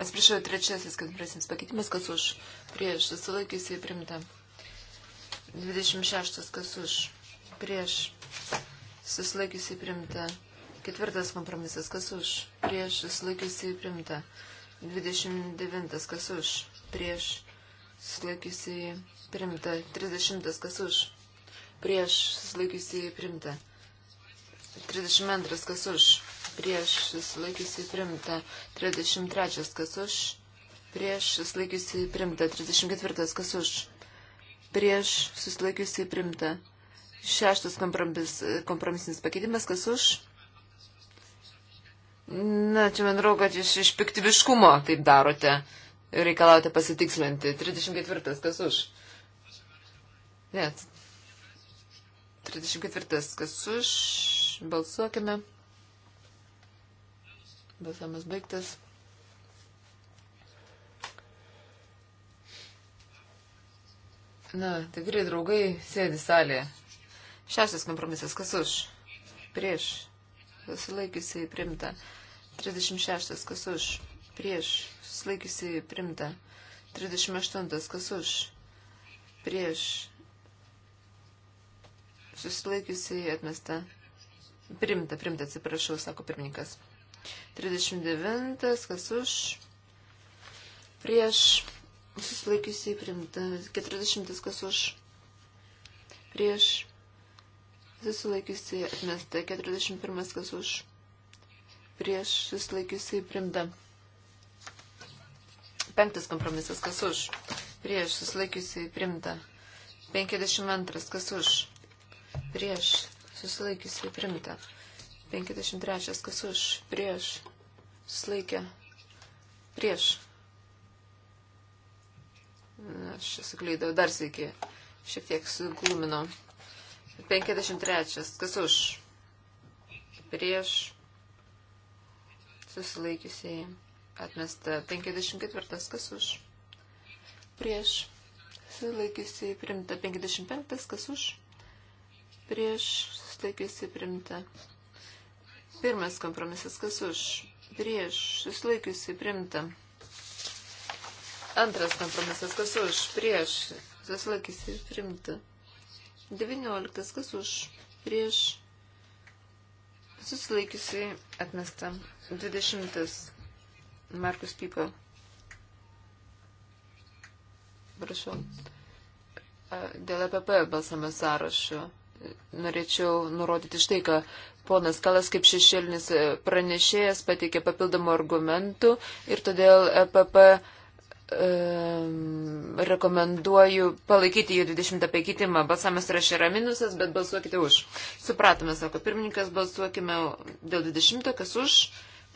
Atsiprašau, trečiasis kompresinis pakeitimas, kas už, prieš, susilaikiusiai primta. 26, kas už, prieš, susilaikiusiai primta. Ketvirtas kompromisas, kas už, prieš, susilaikiusiai primta. 29, kas už, prieš, susilaikiusiai primta. 30, kas už, prieš, susilaikiusiai primta. 32, kas už, prieš susilaikiusi primta. 33. Kas už? Prieš susilaikiusi primta. 34. Kas už? Prieš susilaikiusi primta. Šeštas kompromis, kompromisinis pakeitimas. Kas už? Na, čia manau, kad jūs iš piktybiškumo taip darote. Reikalavote pasitikslinti. 34. Kas už? Net. 34. Kas už? Balsuokime. Balsavimas baigtas. Na, tikrai draugai sėdi salėje. Šeštas kompromisas. Kas už? Prieš. Susilaikiusiai primta. 36. Kas už? Prieš. Susilaikiusiai primta. 38. Kas už? Prieš. Susilaikiusiai atmesta. Primta, primta, atsiprašau, sako pirmininkas. 39, kas už, prieš, susilaikiusiai priimta, 40, kas už, prieš, susilaikiusiai atmesta, 41, kas už, prieš, susilaikiusiai priimta. Penktas kompromisas, kas už, prieš, susilaikiusiai priimta. 52, kas už, prieš, susilaikiusiai priimta. 53. Kas už? Prieš. Susilaikė. Prieš. Na, aš suklydau. Dar sveiki. Šiek tiek suglumino. 53. Kas už? Prieš. Susilaikiusiai. Atmesta. 54. Kas už? Prieš. Susilaikiusiai. Primta. 55. Kas už? Prieš. Susilaikiusiai. Primta. Pirmas kompromisas, kas už, prieš, susilaikiusi, primta. Antras kompromisas, kas už, prieš, susilaikiusi, primta. Devinioliktas, kas už, prieš, susilaikiusi, atmesta. Dvidešimtas, Markus Pipa. Prašau. Dėl APP e balsame sąrašo norėčiau nurodyti štai, ką ponas Kalas kaip šešėlinis e, pranešėjas pateikė papildomų argumentų ir todėl EPP e, rekomenduoju palaikyti jų 20 pakeitimą. Balsavimas rašė yra minusas, bet balsuokite už. Supratome, sako pirmininkas, balsuokime dėl 20, kas už,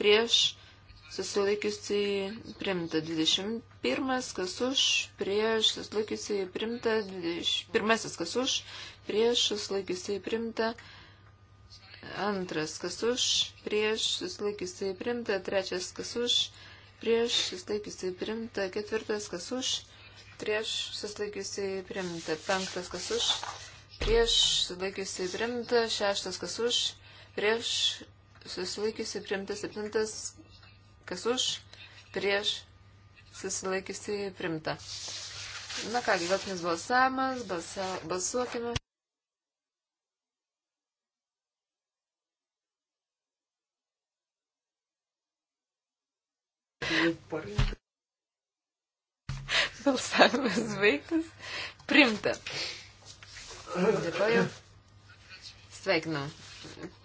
prieš, susilaikiusi primta 21, kas už, prieš, susilaikiusi primta 21, kas už, prieš, susilaikiusiai primta. Antras, kas už, prieš, susilaikiusiai primta. Trečias, kas už, prieš, susilaikiusiai primta. Ketvirtas, kas už, prieš, susilaikiusiai primta. Penktas, kas už, prieš, susilaikiusiai primta. Šeštas, kas už, prieš, susilaikiusiai primta. Septintas, kas už, prieš, susilaikiusiai primta. Na kągi, galtinis balsavimas, balsa, balsuokime. Balsavimas baigtas. Primta. Dėkoju. Sveikinu.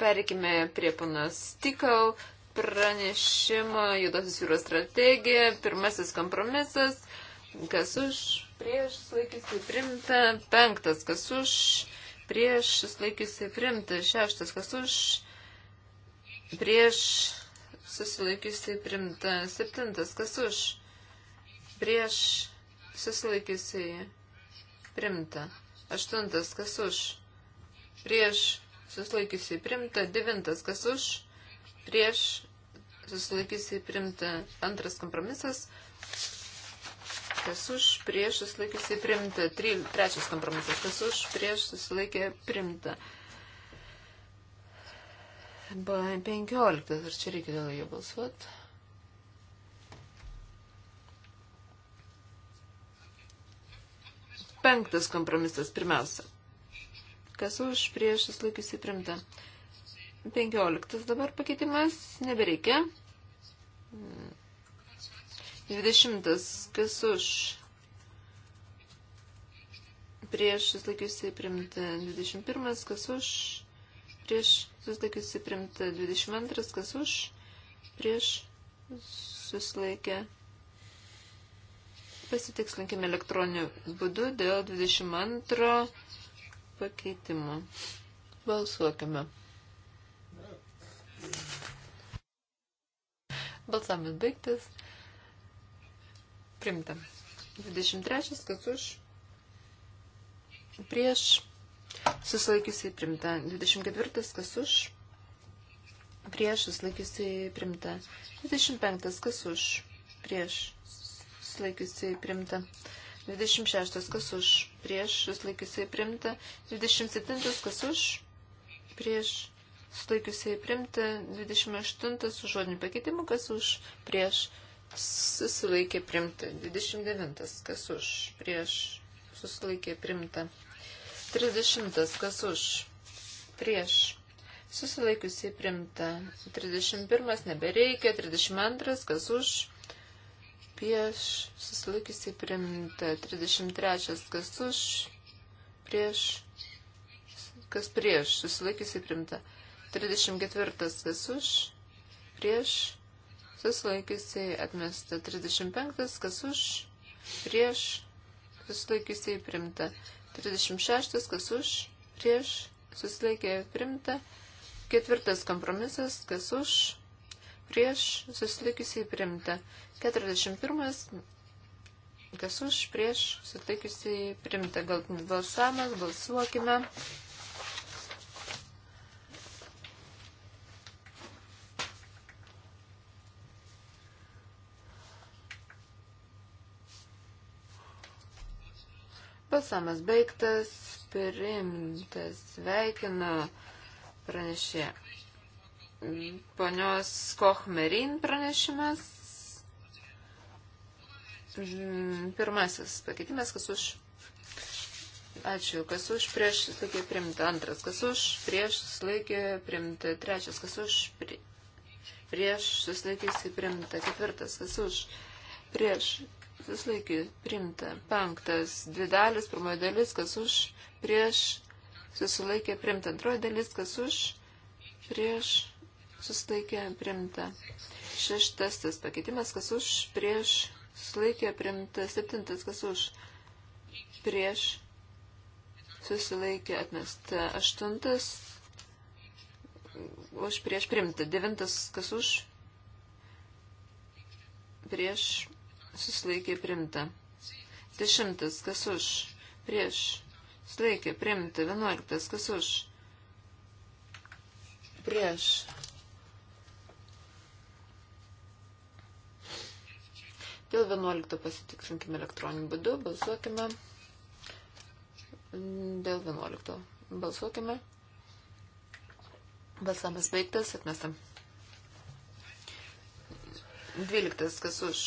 Perikime prie panos Tikau pranešimo Judosios jūros strategija. Pirmasis kompromisas. Kas už, prieš, laikysi primta. Penktas, kas už, prieš, laikysi primta. Šeštas, kas už, prieš, susilaikiusiai primta. Septintas, kas už, prieš, susilaikiusiai primta. Aštuntas, kas už, prieš, susilaikiusiai primta. Devintas, kas už, prieš, susilaikiusiai primta. Antras kompromisas, kas už, prieš, susilaikiusiai primta. Tri, trečias kompromisas, kas už, prieš, susilaikė primta. Tri, B15, ar čia reikia dėl jo balsuoti? Penktas kompromisas pirmiausia. Kas už prieš susilaikiusi primta? 15 dabar pakeitimas, nebereikia. 20. Kas už prieš susilaikiusi primta? 21. Kas už prieš susilaikiusi primta 22, kas už, prieš susilaikę. Pasitikslinkime elektroniniu būdu dėl 22 pakeitimo. Balsuokime. Balsavimas baigtas. Primta. 23, kas už, prieš susilaikiusiai primta. 24. Kas už? Prieš susilaikiusiai primta. 25. Kas už? Prieš susilaikiusiai primta. 26. Kas už? Prieš susilaikiusiai primta. 27. Kas už? Prieš susilaikiusiai primta. 28. Su žodiniu pakeitimu. Kas už? Prieš susilaikė primta. 29. Kas už? Prieš susilaikė primta. 30. Kas už? Prieš. Susilaikiusi primta. 31. Nebereikia. 32. Kas už? Prieš. Susilaikiusi primta. 33. Kas už? Prieš. Kas prieš? Susilaikiusi primta. 34. Kas už? Prieš. Susilaikiusi atmesta. 35. Kas už? Prieš susilaikiusiai primta. 36, kas už, prieš, susilaikė primta. Ketvirtas kompromisas, kas už, prieš, susilaikiusiai primta. 41, kas už, prieš, susilaikiusiai primta. Galtinis balsamas, balsuokime. Balsuokime. Balsamas baigtas, priimtas, sveikinu pranešė. Ponios Kochmerin pranešimas. Mm, pirmasis pakeitimas, kas už. Ačiū, kas už prieš laikė primta. Antras, kas už prieš laikė primta. Trečias, kas už prie, prieš susilaikysi primta. Ketvirtas, kas už prieš susilaikė primta. Penktas, dvi dalis, pirmoji dalis, kas už, prieš, susilaikė primta. Antroji dalis, kas už, prieš, susilaikė primta. Šeštas, tas pakeitimas, kas už, prieš, susilaikė primta. Septintas, kas už, prieš, susilaikė atmesta. Aštuntas, už prieš primta. Devintas, kas už, prieš, susilaikė primta. Dešimtas, kas už, prieš, susilaikė primta. Vienuoliktas, kas už, prieš. Dėl vienuolikto pasitiksinkime elektroninį būdu, balsuokime. Dėl vienuolikto balsuokime. Balsamas baigtas, atmestam. Dvyliktas, kas už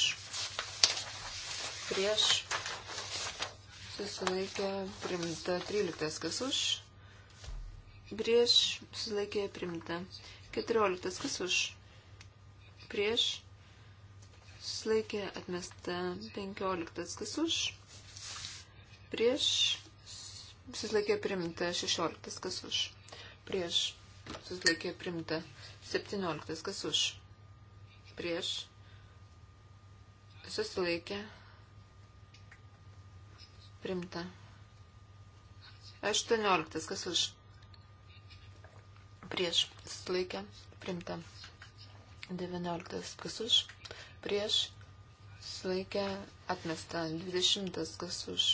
prieš susilaikė primta 13, kas už, prieš susilaikė primta 14, kas už, prieš susilaikė atmesta 15, kas už, prieš susilaikė primta 16, kas už, prieš susilaikė primta 17, kas už, prieš susilaikė primta Primta. 18. Kas už? Prieš. Susilaikė. Primta. 19. Kas už? Prieš. Susilaikė. Atmesta. 20. Kas už?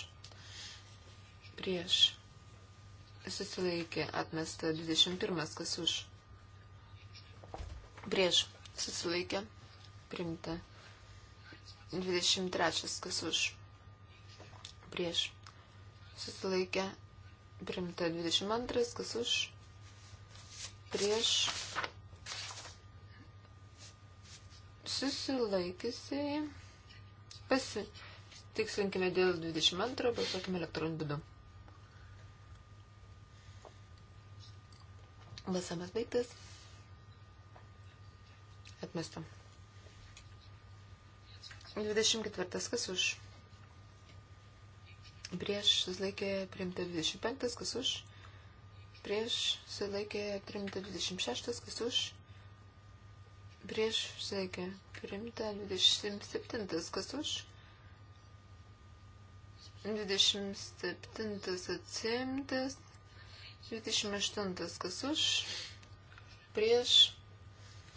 Prieš. Susilaikė. Atmesta. 21. Kas už? Prieš. Susilaikė. Primta. 23. Kas už? prieš susilaikė primta 22, kas už prieš susilaikysiai pasitikslinkime dėl 22, balsuokime elektroniniu būdu. Balsamas baigtas. Atmestam. 24. Kas už? prieš susilaikė priimta 25, kas už, prieš susilaikė priimta 26, kas už, prieš susilaikė priimta 27, kas už, 27 atsimtas, 28 kas už, prieš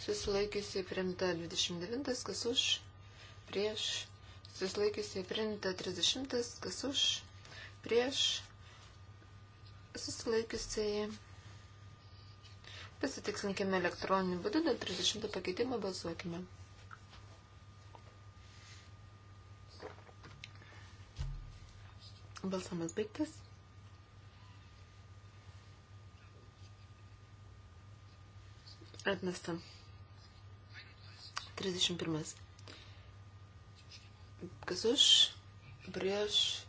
susilaikiusi priimta 29 kas už, prieš susilaikiusiai priimta 30, kas už, prieš, susilaikiusiai. Pasitikslinkime elektroninį būdų, dėl 30 pakeitimo balsuokime. Balsamas baigtas. Atmesta. 31. Kas už? Prieš.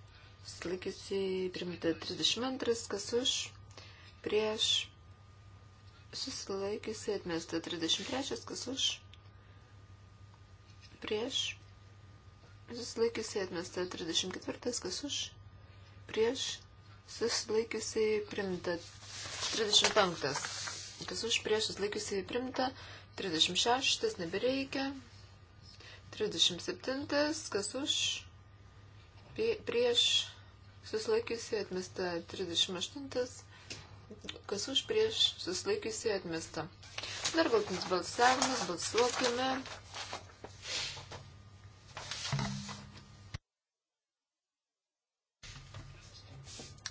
Susilaikiusi primta 32. Kas už? Prieš. Susilaikiusi atmesta 33. Kas už? Prieš. Susilaikiusi atmesta 34. Kas už? Prieš. Susilaikiusi primta 35. Kas už prieš susilaikiusi primta 36. Nebereikia. 37, kas už, prieš, susilaikiusi atmesta 38, kas už, prieš, susilaikiusi atmesta. Dar galtinis balsavimas, balsuokime.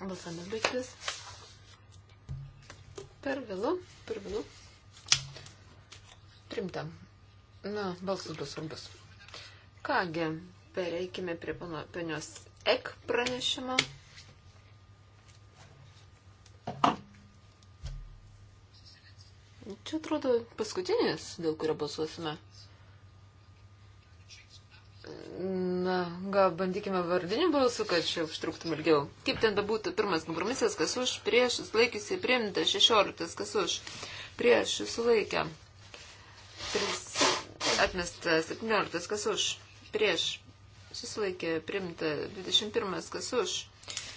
Balsavimas baigtas. Per vėlu, per vėlu. Primtam. Na, balsas bus svarbus. Kągi, pereikime prie panios Ek pranešimo. Čia atrodo paskutinis, dėl kurio balsuosime. Na, gal bandykime vardinių balsų, kad čia užtruktum ilgiau. Kaip ten bebūtų, pirmas kompromisas, kas už, prieš, sulaikysi, priimta, šešioliktas, kas už, prieš, sulaikę. Atmesta, septynioliktas, kas už, prieš, susilaikė primta, 21 kas už,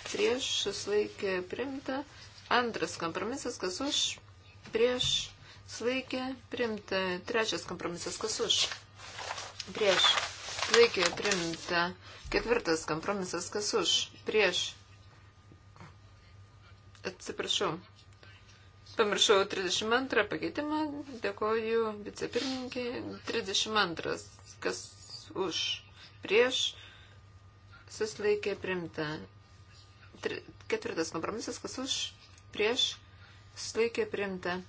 prieš, susilaikė primta, antras kompromisas kas už, prieš, susilaikė primta, trečias kompromisas kas už, prieš, susilaikė primta, ketvirtas kompromisas kas už, prieš, atsiprašau. Pamiršau 32 pakeitimą, dėkoju vicepirmininkiai. 32. Kas už, prieš, susilaikė primta. Tri, ketvirtas kompromisas, kas už, prieš, susilaikė primta.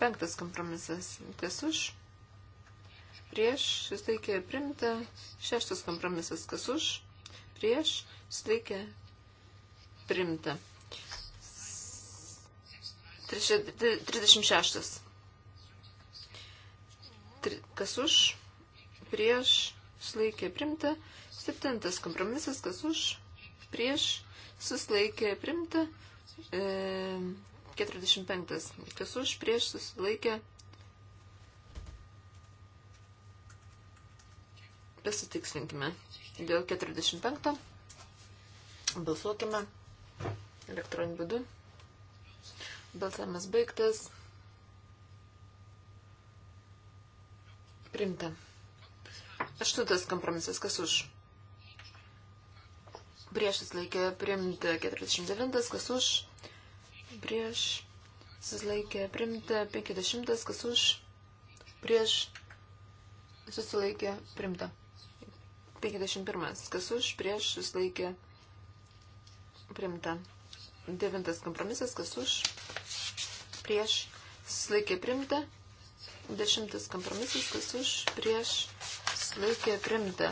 Penktas kompromisas, kas už, prieš, susilaikė primta. Šeštas kompromisas, kas už, prieš, susilaikė primta. 36. Kas už? prieš, susilaikė primta. Septintas kompromisas, kas už, prieš, susilaikė primta. E, 45. Kas už, prieš, susilaikė. Pasitikslinkime. Dėl 45. Balsuokime elektroniniu būdu. Balsavimas baigtas. Primta. Aštuntas kompromisas, kas už? Prieš susilaikė primta 49, kas už? Prieš susilaikė primta 50, kas už? Prieš susilaikė primta 51, kas už? Prieš susilaikė primta. Devintas kompromisas, kas už? Prieš susilaikė primta. Dešimtas kompromisas, kas už? Prieš susilaikė primta.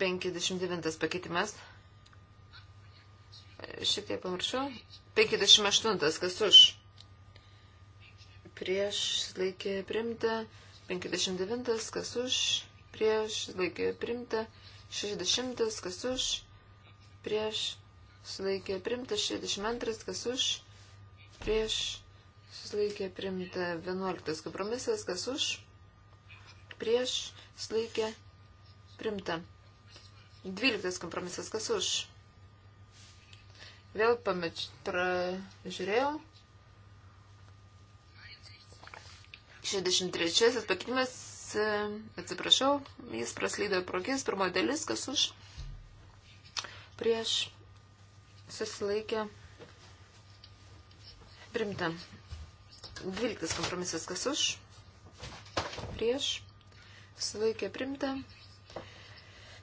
59 pakeitimas. Šiek tiek pamiršau. 58, kas už. Prieš laikė primta. 59, kas už. Prieš laikė primta. 60, kas už. Prieš sulaikė primta. 62, kas už. Prieš susilaikė primta 11 kompromisas, kas už, prieš, susilaikė primta 12 kompromisas, kas už. Vėl pažiūrėjau. 63 pakeitimas, e, atsiprašau, jis praslydo prokės, pirmo dalis, kas už, prieš, susilaikė primta. Dvyliktas kompromisas kas už, prieš, sulaikė primta.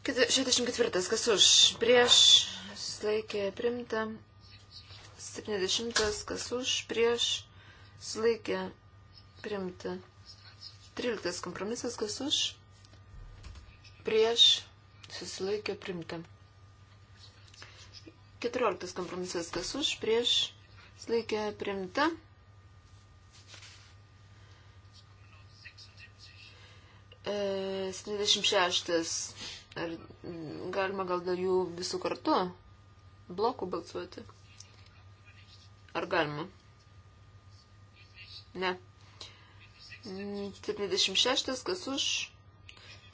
64 kas už, prieš, sulaikė primta. 70 kas už, prieš, sulaikė primta. 13 kompromisas kas už, prieš, susilaikė primta. 14 kompromisas kas už, prieš, sulaikė primta. 76. E, Ar galima gal dėl jų visų kartu blokų balsuoti? Ar galima? Ne. 76. Kas už?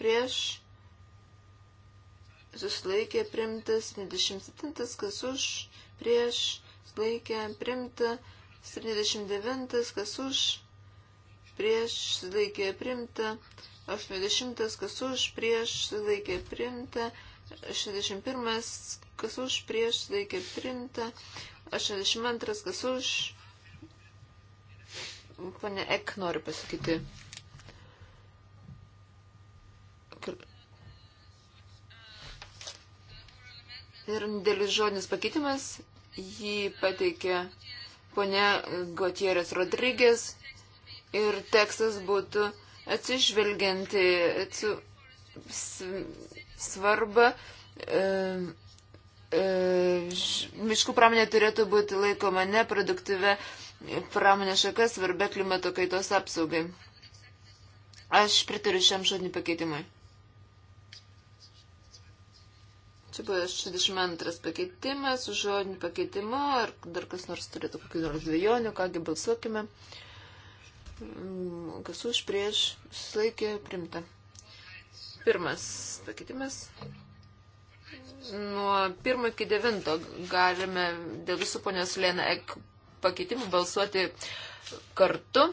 Prieš? Susilaikė primtas. 77. Kas už? Prieš? Susilaikė primta. 79. Kas už? Prieš? Susilaikė primta. 80, kas už, prieš, laikė primta, 61, kas už, prieš, laikė primta, 82, kas už. Pane Ek nori pasakyti. Ir dėlis žodinis pakeitimas jį pateikė ponia Gutierrez Rodrygės ir tekstas būtų atsižvelgianti su svarba. E, e, miškų pramonė turėtų būti laikoma neproduktyve pramonė šaka svarbia klimato kaitos apsaugai. Aš pritariu šiam žodiniu pakeitimui. Čia buvo 62 pakeitimas, žodiniu pakeitimu, ar dar kas nors turėtų kokių nors dviejonių, kągi balsuokime. Uh, Mm, kas už prieš susilaikė primta. Pirmas pakeitimas. Nuo pirmo iki devinto galime dėl visų ponios Lėna Ek pakeitimų balsuoti kartu.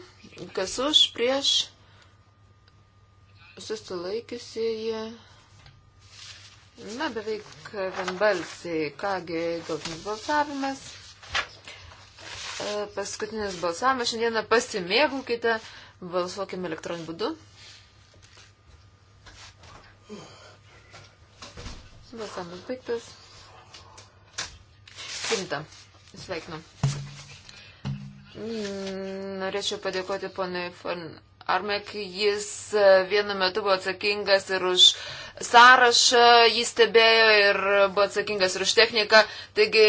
Kas už prieš susilaikiusieji. Na, beveik vienbalsiai. Kągi, galtinis balsavimas. Paskutinis balsavimas. Šiandieną pasimėgaukite. Balsuokime elektroniniu būdu. Balsavimas baigtas. Primta. Sveikinu. Mm, norėčiau padėkoti ponui Armek. Jis e, vienu metu buvo atsakingas ir už uh, sąrašą, jis stebėjo ir buvo atsakingas ir už techniką. Taigi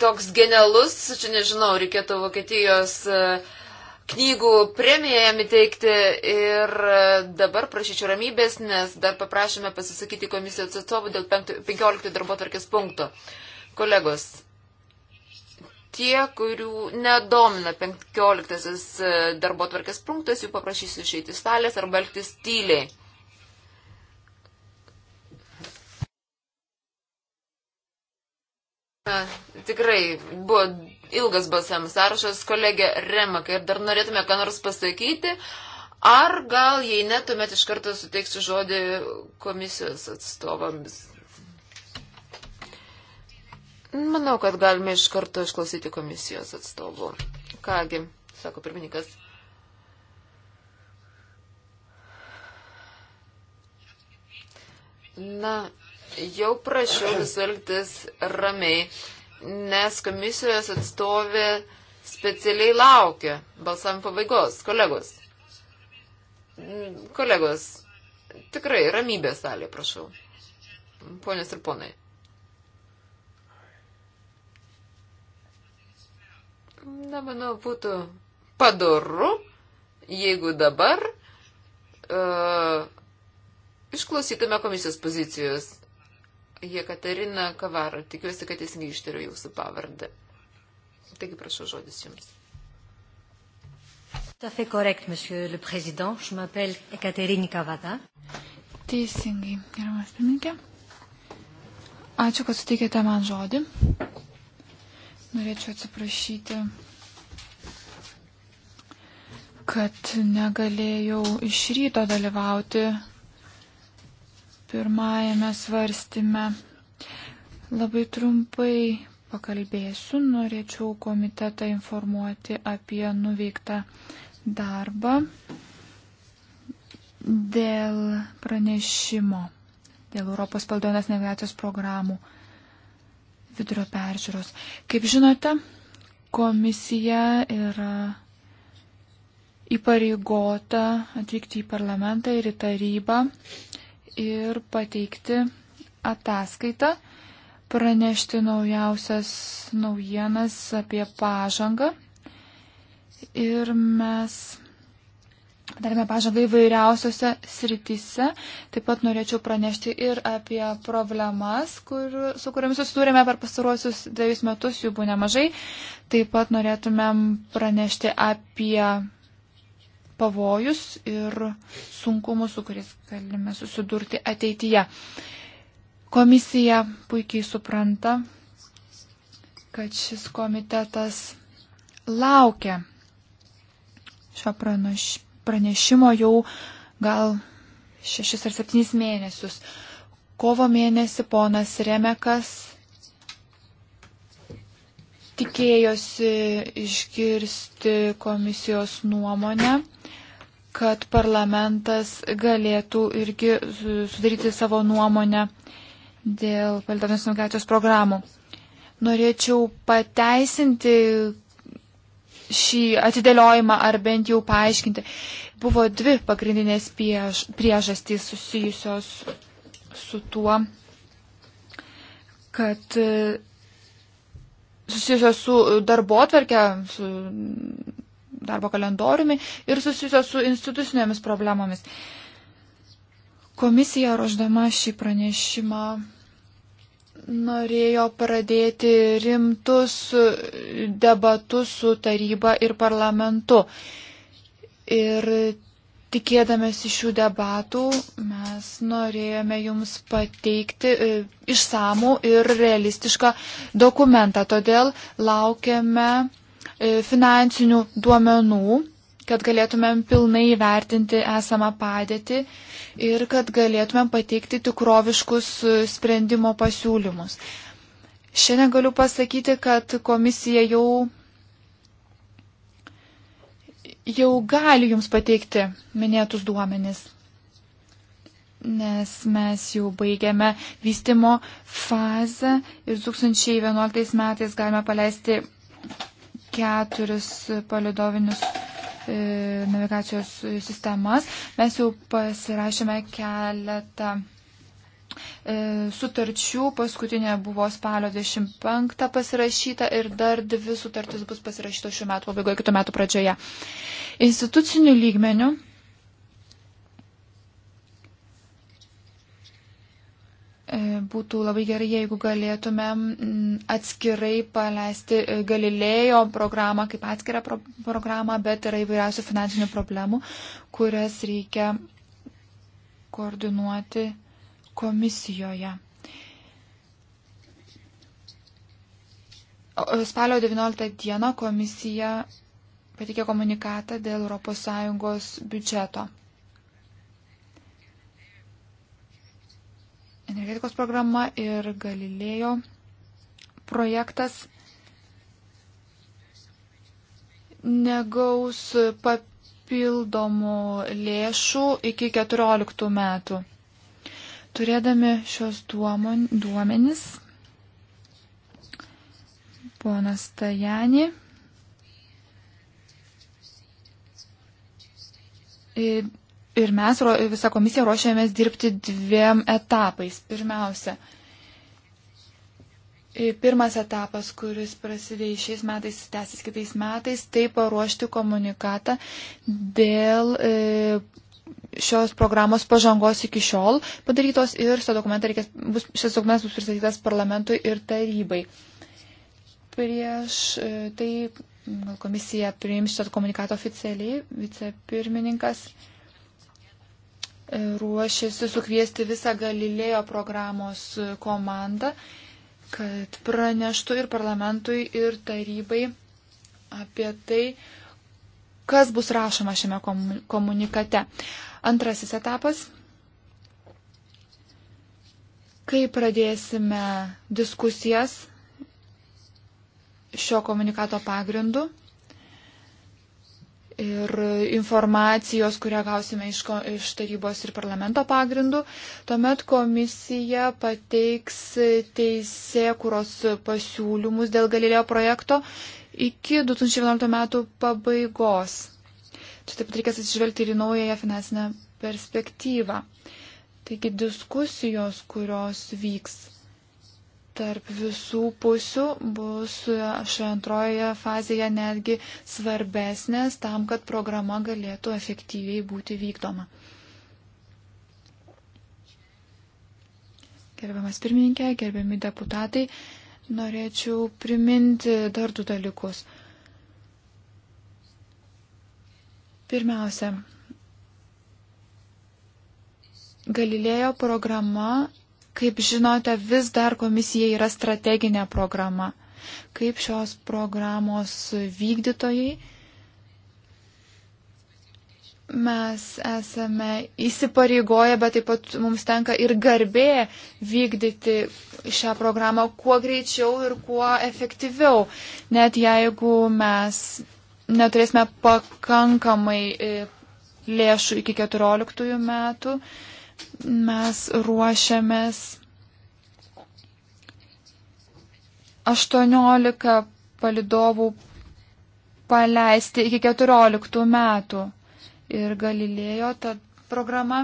toks genialus, čia nežinau, reikėtų Vokietijos e, knygų premiją jam įteikti ir e, dabar prašyčiau ramybės, nes dar paprašėme pasisakyti komisijos atstovų dėl 15 darbo tvarkės punktų. Kolegos, tie, kurių nedomina 15 e, darbo tvarkės punktas, jų paprašysiu išeiti salės arba elgtis tyliai. Na, tikrai buvo ilgas balsavimo sąrašas, kolegė Remakai, ir dar norėtume ką nors pasakyti. Ar gal, jei ne, tuomet iš karto suteiksiu žodį komisijos atstovams. Manau, kad galime iš karto išklausyti komisijos atstovų. Kągi, sako pirmininkas. Na, Jau prašiau visų elgtis ramiai, nes komisijos atstovė specialiai laukia balsavimo pabaigos. Kolegos, kolegos, tikrai ramybės salė, prašau. Ponios ir ponai. Na, manau, būtų padoru, jeigu dabar uh, išklausytume komisijos pozicijos Jekaterina Kavaro. Tikiuosi, kad teisingai ištariu jūsų pavardę. Taigi prašau žodis jums. Tout à fait correct, monsieur le président. Je m'appelle Ekaterina Kavada. Teisingai, gerbiamas pirmininkė. Ačiū, kad suteikėte man žodį. Norėčiau atsiprašyti, kad negalėjau iš ryto dalyvauti pirmajame svarstime. Labai trumpai pakalbėsiu, norėčiau komitetą informuoti apie nuveiktą darbą dėl pranešimo, dėl Europos paldonės navigacijos programų vidurio peržiūros. Kaip žinote, komisija yra įpareigota atvykti į parlamentą ir į tarybą ir pateikti ataskaitą, pranešti naujausias naujienas apie pažangą. Ir mes darėme pažangą įvairiausiose srityse. Taip pat norėčiau pranešti ir apie problemas, kur, su kuriamis susidūrėme per pastaruosius dviejus metus, jų buvo nemažai. Taip pat norėtumėm pranešti apie pavojus ir sunkumus, su kuriais galime susidurti ateityje. Komisija puikiai supranta, kad šis komitetas laukia šio pranešimo jau gal šešis ar septynis mėnesius. Kovo mėnesį ponas Remekas tikėjosi išgirsti komisijos nuomonę kad parlamentas galėtų irgi sudaryti savo nuomonę dėl valdovinės navigacijos programų. Norėčiau pateisinti šį atidėliojimą ar bent jau paaiškinti. Buvo dvi pagrindinės piež, priežastys susijusios su tuo, kad e, susijusios su darbo atverke, su darbo kalendoriumi ir susijusios su institucinėmis problemomis. Komisija, ruoždama šį pranešimą, norėjo pradėti rimtus debatus su taryba ir parlamentu. Ir tikėdamės iš šių debatų mes norėjome jums pateikti e, išsamų ir realistišką dokumentą. Todėl laukiame E, finansinių duomenų, kad galėtumėm pilnai įvertinti esamą padėtį ir kad galėtumėm pateikti tikroviškus e, sprendimo pasiūlymus. Šiandien galiu pasakyti, kad komisija jau, jau gali jums pateikti minėtus duomenis, nes mes jau baigėme vystimo fazę ir 2011 metais galime paleisti keturis palidovinius e, navigacijos sistemas. Mes jau pasirašėme keletą e, sutarčių, paskutinė buvo spalio 25 pasirašyta ir dar dvi sutartys bus pasirašytos šiuo metu pabaigoje, kitų metų pradžioje. Institucinių lygmenių E, būtų labai gerai, jeigu galėtumėm mm, atskirai paleisti e, Galilėjo programą kaip atskirą pro programą, bet yra įvairiausių finansinių problemų, kurias reikia koordinuoti komisijoje. E, spalio 19 dieną komisija patikė komunikatą dėl ES biudžeto. energetikos programa ir Galilėjo projektas negaus papildomų lėšų iki 14 metų. Turėdami šios duomenys, ponas Tajani ir mes, visa komisija, ruošiamės dirbti dviem etapais. Pirmiausia, pirmas etapas, kuris prasidėjo šiais metais, tęsis kitais metais, tai paruošti komunikatą dėl šios programos pažangos iki šiol padarytos ir reikės, bus, šis dokumentas bus pristatytas parlamentui ir tarybai. Prieš tai komisija priims šitą komunikatą oficialiai, vicepirmininkas. pirmininkas E, ruošiasi sukviesti visą Galilėjo programos komandą, kad praneštų ir parlamentui, ir tarybai apie tai, kas bus rašoma šiame komunikate. Antrasis etapas. Kai pradėsime diskusijas šio komunikato pagrindu, ir informacijos, kurią gausime iš, iš tarybos ir parlamento pagrindų. Tuomet komisija pateiks teisė, kuros pasiūlymus dėl Galilėjo projekto iki 2011 metų pabaigos. Čia taip pat reikės atsižvelgti ir į naująją finansinę perspektyvą. Taigi diskusijos, kurios vyks tarp visų pusių bus šioje antrojoje fazėje netgi svarbesnės tam, kad programa galėtų efektyviai būti vykdoma. Gerbiamas pirmininkė, gerbiami deputatai, norėčiau priminti dar du dalykus. Pirmiausia, Galilėjo programa Kaip žinote, vis dar komisija yra strateginė programa. Kaip šios programos vykdytojai mes esame įsipareigoję, bet taip pat mums tenka ir garbė vykdyti šią programą kuo greičiau ir kuo efektyviau. Net jeigu mes neturėsime pakankamai e, lėšų iki 14 metų, mes ruošiamės 18 palidovų paleisti iki 14 metų. Ir Galilėjo ta programa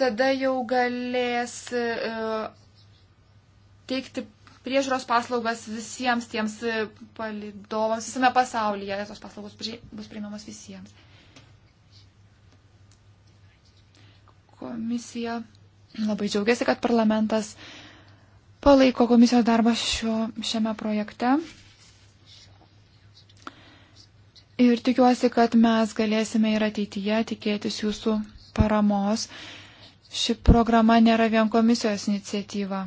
tada jau galės e, teikti priežiūros paslaugas visiems tiems palidovams visame pasaulyje. Tos paslaugos bus prieinamos visiems. Komisija labai džiaugiasi, kad parlamentas palaiko komisijos darbą šio, šiame projekte. Ir tikiuosi, kad mes galėsime ir ateityje tikėtis jūsų paramos. Ši programa nėra vien komisijos iniciatyva.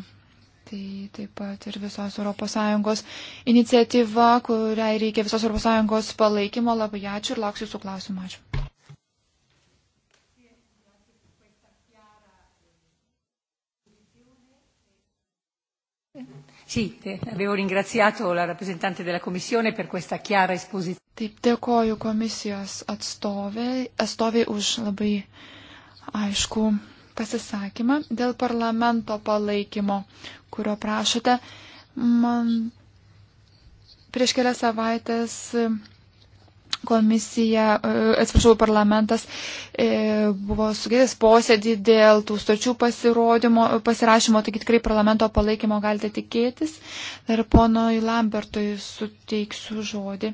Tai taip pat ir visos ES iniciatyva, kuriai reikia visos ES palaikymo. Labai ačiū ir lauksiu jūsų klausimų. Ačiū. Sì, eh, avevo ringraziato la rappresentante della Commissione per questa chiara esposizione. Taip, dėkoju komisijos atstovė, atstovė už labai aišku pasisakymą dėl parlamento palaikymo, kurio prašote. Man prieš kelias savaitės komisija, e, atsiprašau, parlamentas e, buvo sugėdęs posėdį dėl tų stočių pasirašymo, taigi tikrai parlamento palaikymo galite tikėtis. Ir ponoj Lambertui suteiksiu žodį.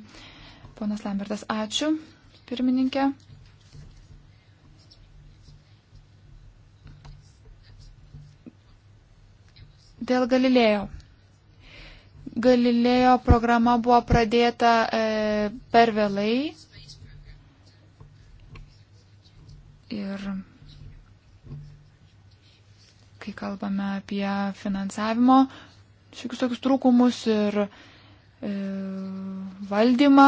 Ponas Lambertas, ačiū, pirmininkė. Dėl Galilėjo. Galilėjo programa buvo pradėta e, per vėlai. Ir kai kalbame apie finansavimo šiokius tokius trūkumus ir e, valdymą,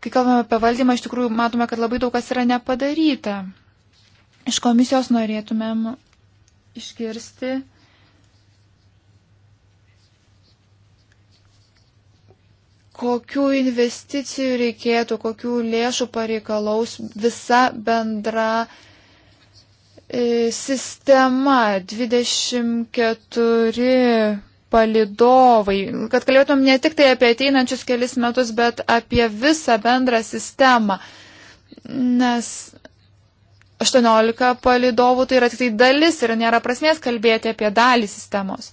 kai kalbame apie valdymą, iš tikrųjų matome, kad labai daug kas yra nepadaryta. Iš komisijos norėtumėm išgirsti kokių investicijų reikėtų, kokių lėšų pareikalaus visa bendra e, sistema 24 palidovai, kad kalbėtum ne tik tai apie ateinančius kelis metus, bet apie visą bendrą sistemą. Nes 18 palidovų tai yra tik tai dalis ir nėra prasmės kalbėti apie dalį sistemos.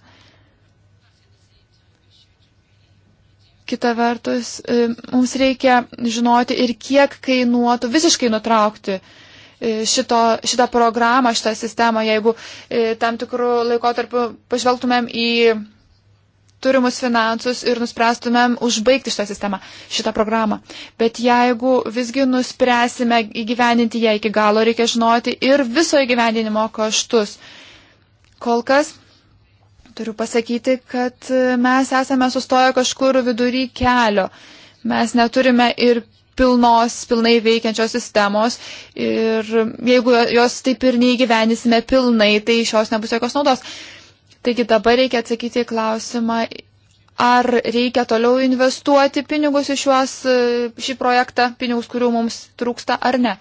Kita vertus, e, mums reikia žinoti ir kiek kainuotų visiškai nutraukti e, šito, šitą programą, šitą sistemą, jeigu e, tam tikrų laikotarpių pažvelgtumėm į turimus finansus ir nuspręstumėm užbaigti šitą sistemą, šitą programą. Bet jeigu visgi nuspręsime įgyvendinti ją iki galo, reikia žinoti ir viso įgyvendinimo kaštus. Kol kas Turiu pasakyti, kad e, mes esame sustoję kažkur vidury kelio. Mes neturime ir pilnos, pilnai veikiančios sistemos ir jeigu jos taip ir neįgyvenysime pilnai, tai iš jos nebus jokios naudos. Taigi dabar reikia atsakyti į klausimą, ar reikia toliau investuoti pinigus į šiuos, e, šį projektą, pinigus, kurių mums trūksta ar ne.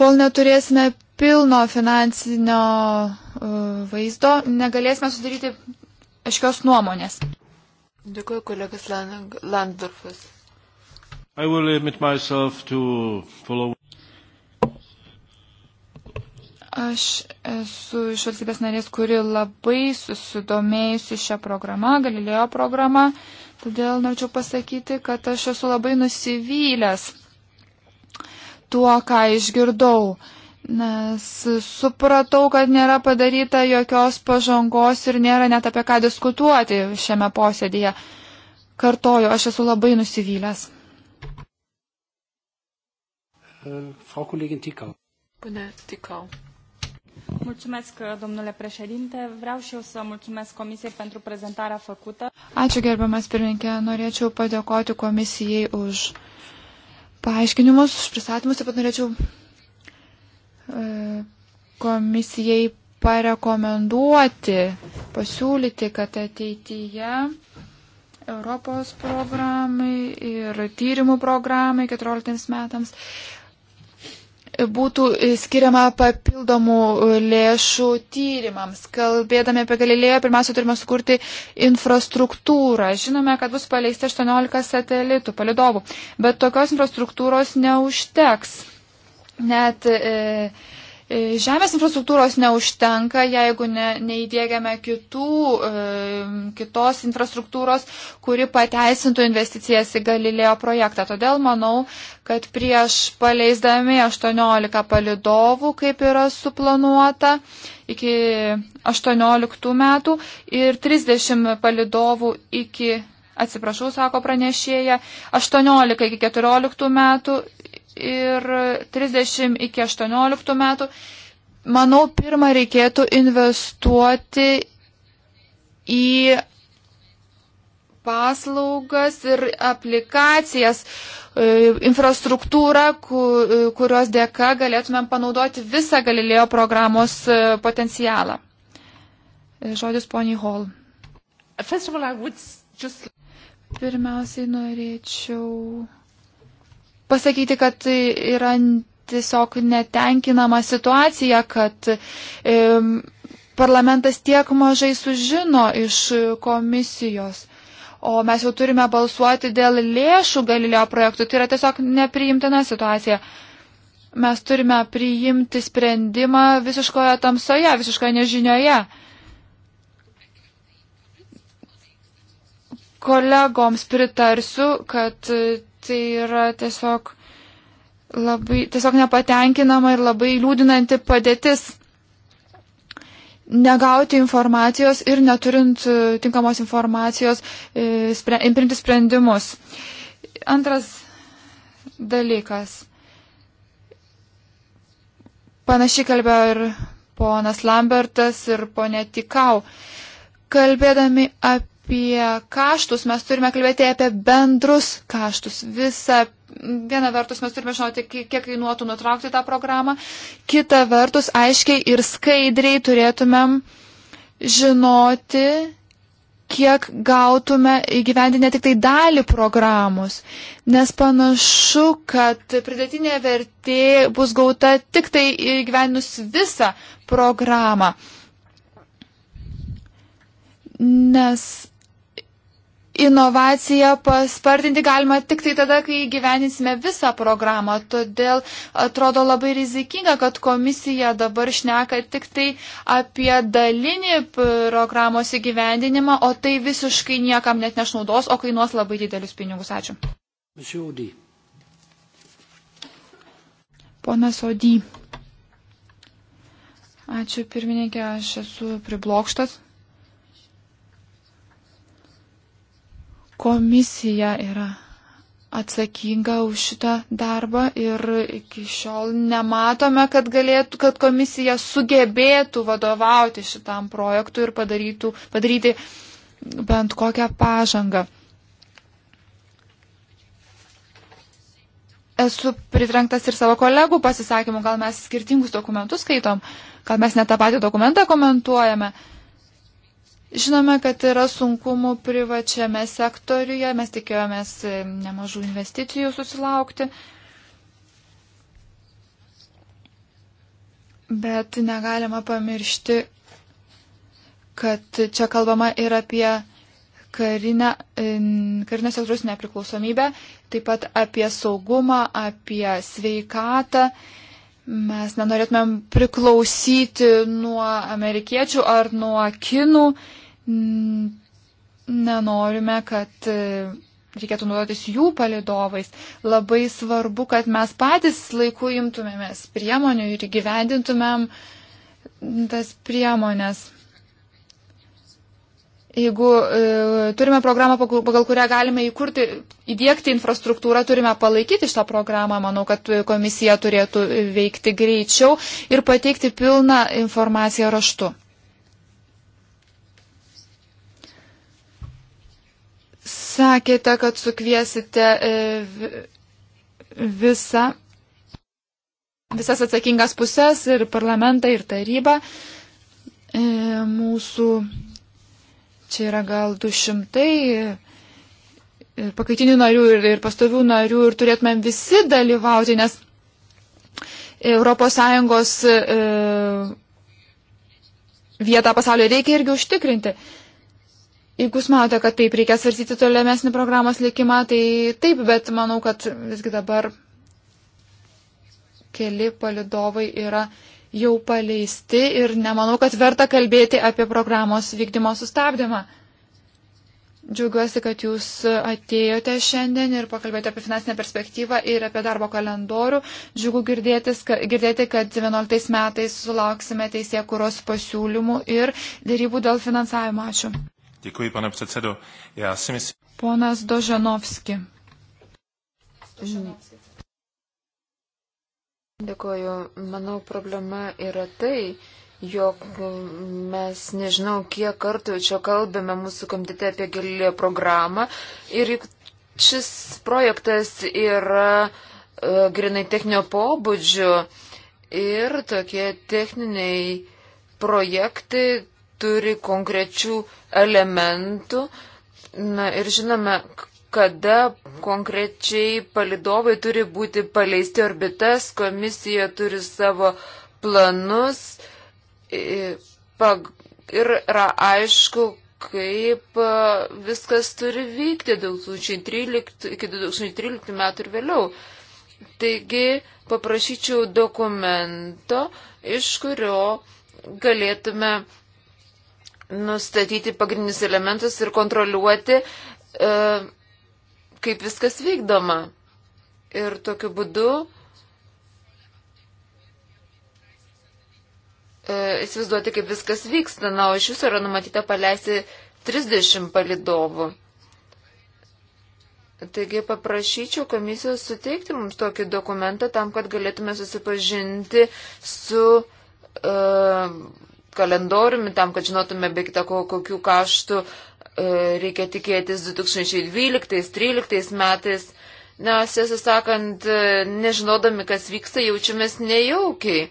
Kol neturėsime pilno finansinio e, vaizdo negalėsime sudaryti aiškios nuomonės. Dėkuoju, kolegas Landorfas. Follow... Aš esu iš valstybės narės, kuri labai susidomėjusi šią programą, Galilėjo programą, todėl norėčiau pasakyti, kad aš esu labai nusivylęs tuo, ką išgirdau. Uh, nes supratau, kad nėra padaryta jokios pažangos ir nėra net apie ką diskutuoti šiame posėdėje. Kartoju, aš esu labai nusivylęs. Frau Kollegin Tikau. Pune Tikau. Mulțumesc, domnule președinte. Vreau și eu să mulțumesc comisiei pentru prezentarea făcută. Ačiū, gerbiamas pirmininkė. Norėčiau padėkoti komisijai už paaiškinimus, už pristatymus. Taip pat norėčiau komisijai parekomenduoti, pasiūlyti, kad ateityje Europos programai ir tyrimų programai 14 metams būtų skiriama papildomų lėšų tyrimams. Kalbėdami apie Galilėją, pirmiausia, turime sukurti infrastruktūrą. Žinome, kad bus paleisti 18 satelitų, palidovų, bet tokios infrastruktūros neužteks net e, e, Žemės infrastruktūros neužtenka, jeigu ne, neįdėgiame kitų, e, kitos infrastruktūros, kuri pateisintų investicijas į Galilėjo projektą. Todėl manau, kad prieš paleisdami 18 palidovų, kaip yra suplanuota, iki 18 metų ir 30 palidovų iki, atsiprašau, sako pranešėja, 18 iki 14 metų ir 30 iki 18 metų. Manau, pirmą reikėtų investuoti į paslaugas ir aplikacijas, e, infrastruktūrą, e, kurios dėka galėtumėm panaudoti visą Galilėjo programos e, potencialą. Žodis poniai Hall. Pirmiausiai norėčiau pasakyti, kad tai yra tiesiog netenkinama situacija, kad parlamentas tiek mažai sužino iš komisijos. O mes jau turime balsuoti dėl lėšų Galileo projektų. Tai yra tiesiog nepriimtina situacija. Mes turime priimti sprendimą visiškoje tamsoje, visiškoje nežinioje. Kolegoms pritarsiu, kad tai yra tiesiog labai, tiesiog nepatenkinama ir labai liūdinanti padėtis. Negauti informacijos ir neturint e, tinkamos informacijos e, imprimti sprendimus. Antras dalykas. Panašiai kalbėjo ir ponas Lambertas, ir ponė Tikau. Kalbėdami apie apie kaštus, mes turime kalbėti apie bendrus kaštus. Visą, viena vertus mes turime žinoti, kiek kainuotų nutraukti tą programą, kita vertus aiškiai ir skaidriai turėtumėm žinoti, kiek gautume įgyvendinę tik tai dalį programos, nes panašu, kad pridėtinė vertė bus gauta tik tai įgyvendinus visą programą. Nes Inovaciją paspartinti galima tik tai tada, kai gyveninsime visą programą. Todėl atrodo labai rizikinga, kad komisija dabar šneka tik tai apie dalinį programos įgyvendinimą, o tai visiškai niekam net nešnaudos, o kainuos labai didelius pinigus. Ačiū. Ponas Odį. Ačiū pirmininkė, aš esu priblokštas. Komisija yra atsakinga už šitą darbą ir iki šiol nematome, kad, galėtų, kad komisija sugebėtų vadovauti šitam projektui ir padarytų, padaryti bent kokią pažangą. Esu pritrenktas ir savo kolegų pasisakymų, gal mes skirtingus dokumentus skaitom, gal mes ne tą patį dokumentą komentuojame. Uh, Žinome, kad yra sunkumų privačiame sektoriuje, mes tikėjomės e, nemažų investicijų susilaukti, bet negalima pamiršti, kad čia kalbama ir apie karinę, e, karinės sektorius nepriklausomybę, taip pat apie saugumą, apie sveikatą. Mes nenorėtumėm priklausyti nuo amerikiečių ar nuo kinų. Mm, nenorime, kad e, reikėtų naudotis jų palidovais. Labai svarbu, kad mes patys laiku imtumėmės priemonių ir gyvendintumėm tas priemonės. Jeigu e, turime programą, pagal kurią galime įkurti, įdėkti infrastruktūrą, turime palaikyti šitą programą. Manau, kad komisija turėtų veikti greičiau ir pateikti pilną informaciją raštu. Sakėte, kad sukviesite e, visą, visas atsakingas pusės ir parlamentą, ir tarybą. E, mūsų čia yra gal 200 e, pakaitinių narių ir, ir pastovių narių ir turėtumėm visi dalyvauti, nes ES vietą pasaulyje reikia irgi užtikrinti. Jeigu jūs manote, kad taip reikia svarstyti tolimesnį programos likimą, tai taip, bet manau, kad visgi dabar keli palidovai yra jau paleisti ir nemanau, kad verta kalbėti apie programos vykdymo sustabdymą. Džiaugiuosi, kad jūs atėjote šiandien ir pakalbėjote apie finansinę perspektyvą ir apie darbo kalendorių. Džiugu girdėtis, girdėti, kad 11 metais sulauksime teisėkuros pasiūlymų ir dėrybų dėl finansavimo. Ačiū. Děkuji, pane předsedo. Já si myslím... Ponas Dožanovski. Dėkoju. Manau, problema yra tai, jog mes nežinau, kiek kartų čia kalbame mūsų komitete apie gilį programą ir šis projektas yra e, grinai techninio pobūdžio ir tokie techniniai projektai turi konkrečių elementų. Na ir žinome, kada konkrečiai palidovai turi būti paleisti orbitas, komisija turi savo planus ir yra aišku, kaip viskas turi vykti 2013, iki 2013 metų ir vėliau. Taigi paprašyčiau dokumento, iš kurio galėtume nustatyti pagrindinius elementus ir kontroliuoti, e, kaip viskas vykdoma. Ir tokiu būdu e, įsivaizduoti, kaip viskas vyksta. Na, o iš viso yra numatyta paleisti 30 palidovų. Taigi paprašyčiau komisijos suteikti mums tokį dokumentą tam, kad galėtume susipažinti su uh, kalendoriumi, tam, kad žinotume be kita ko, kokių kaštų e, reikia tikėtis 2012-2013 metais, nes, tiesą sakant, e, nežinodami, kas vyksta, jaučiamės nejaukiai.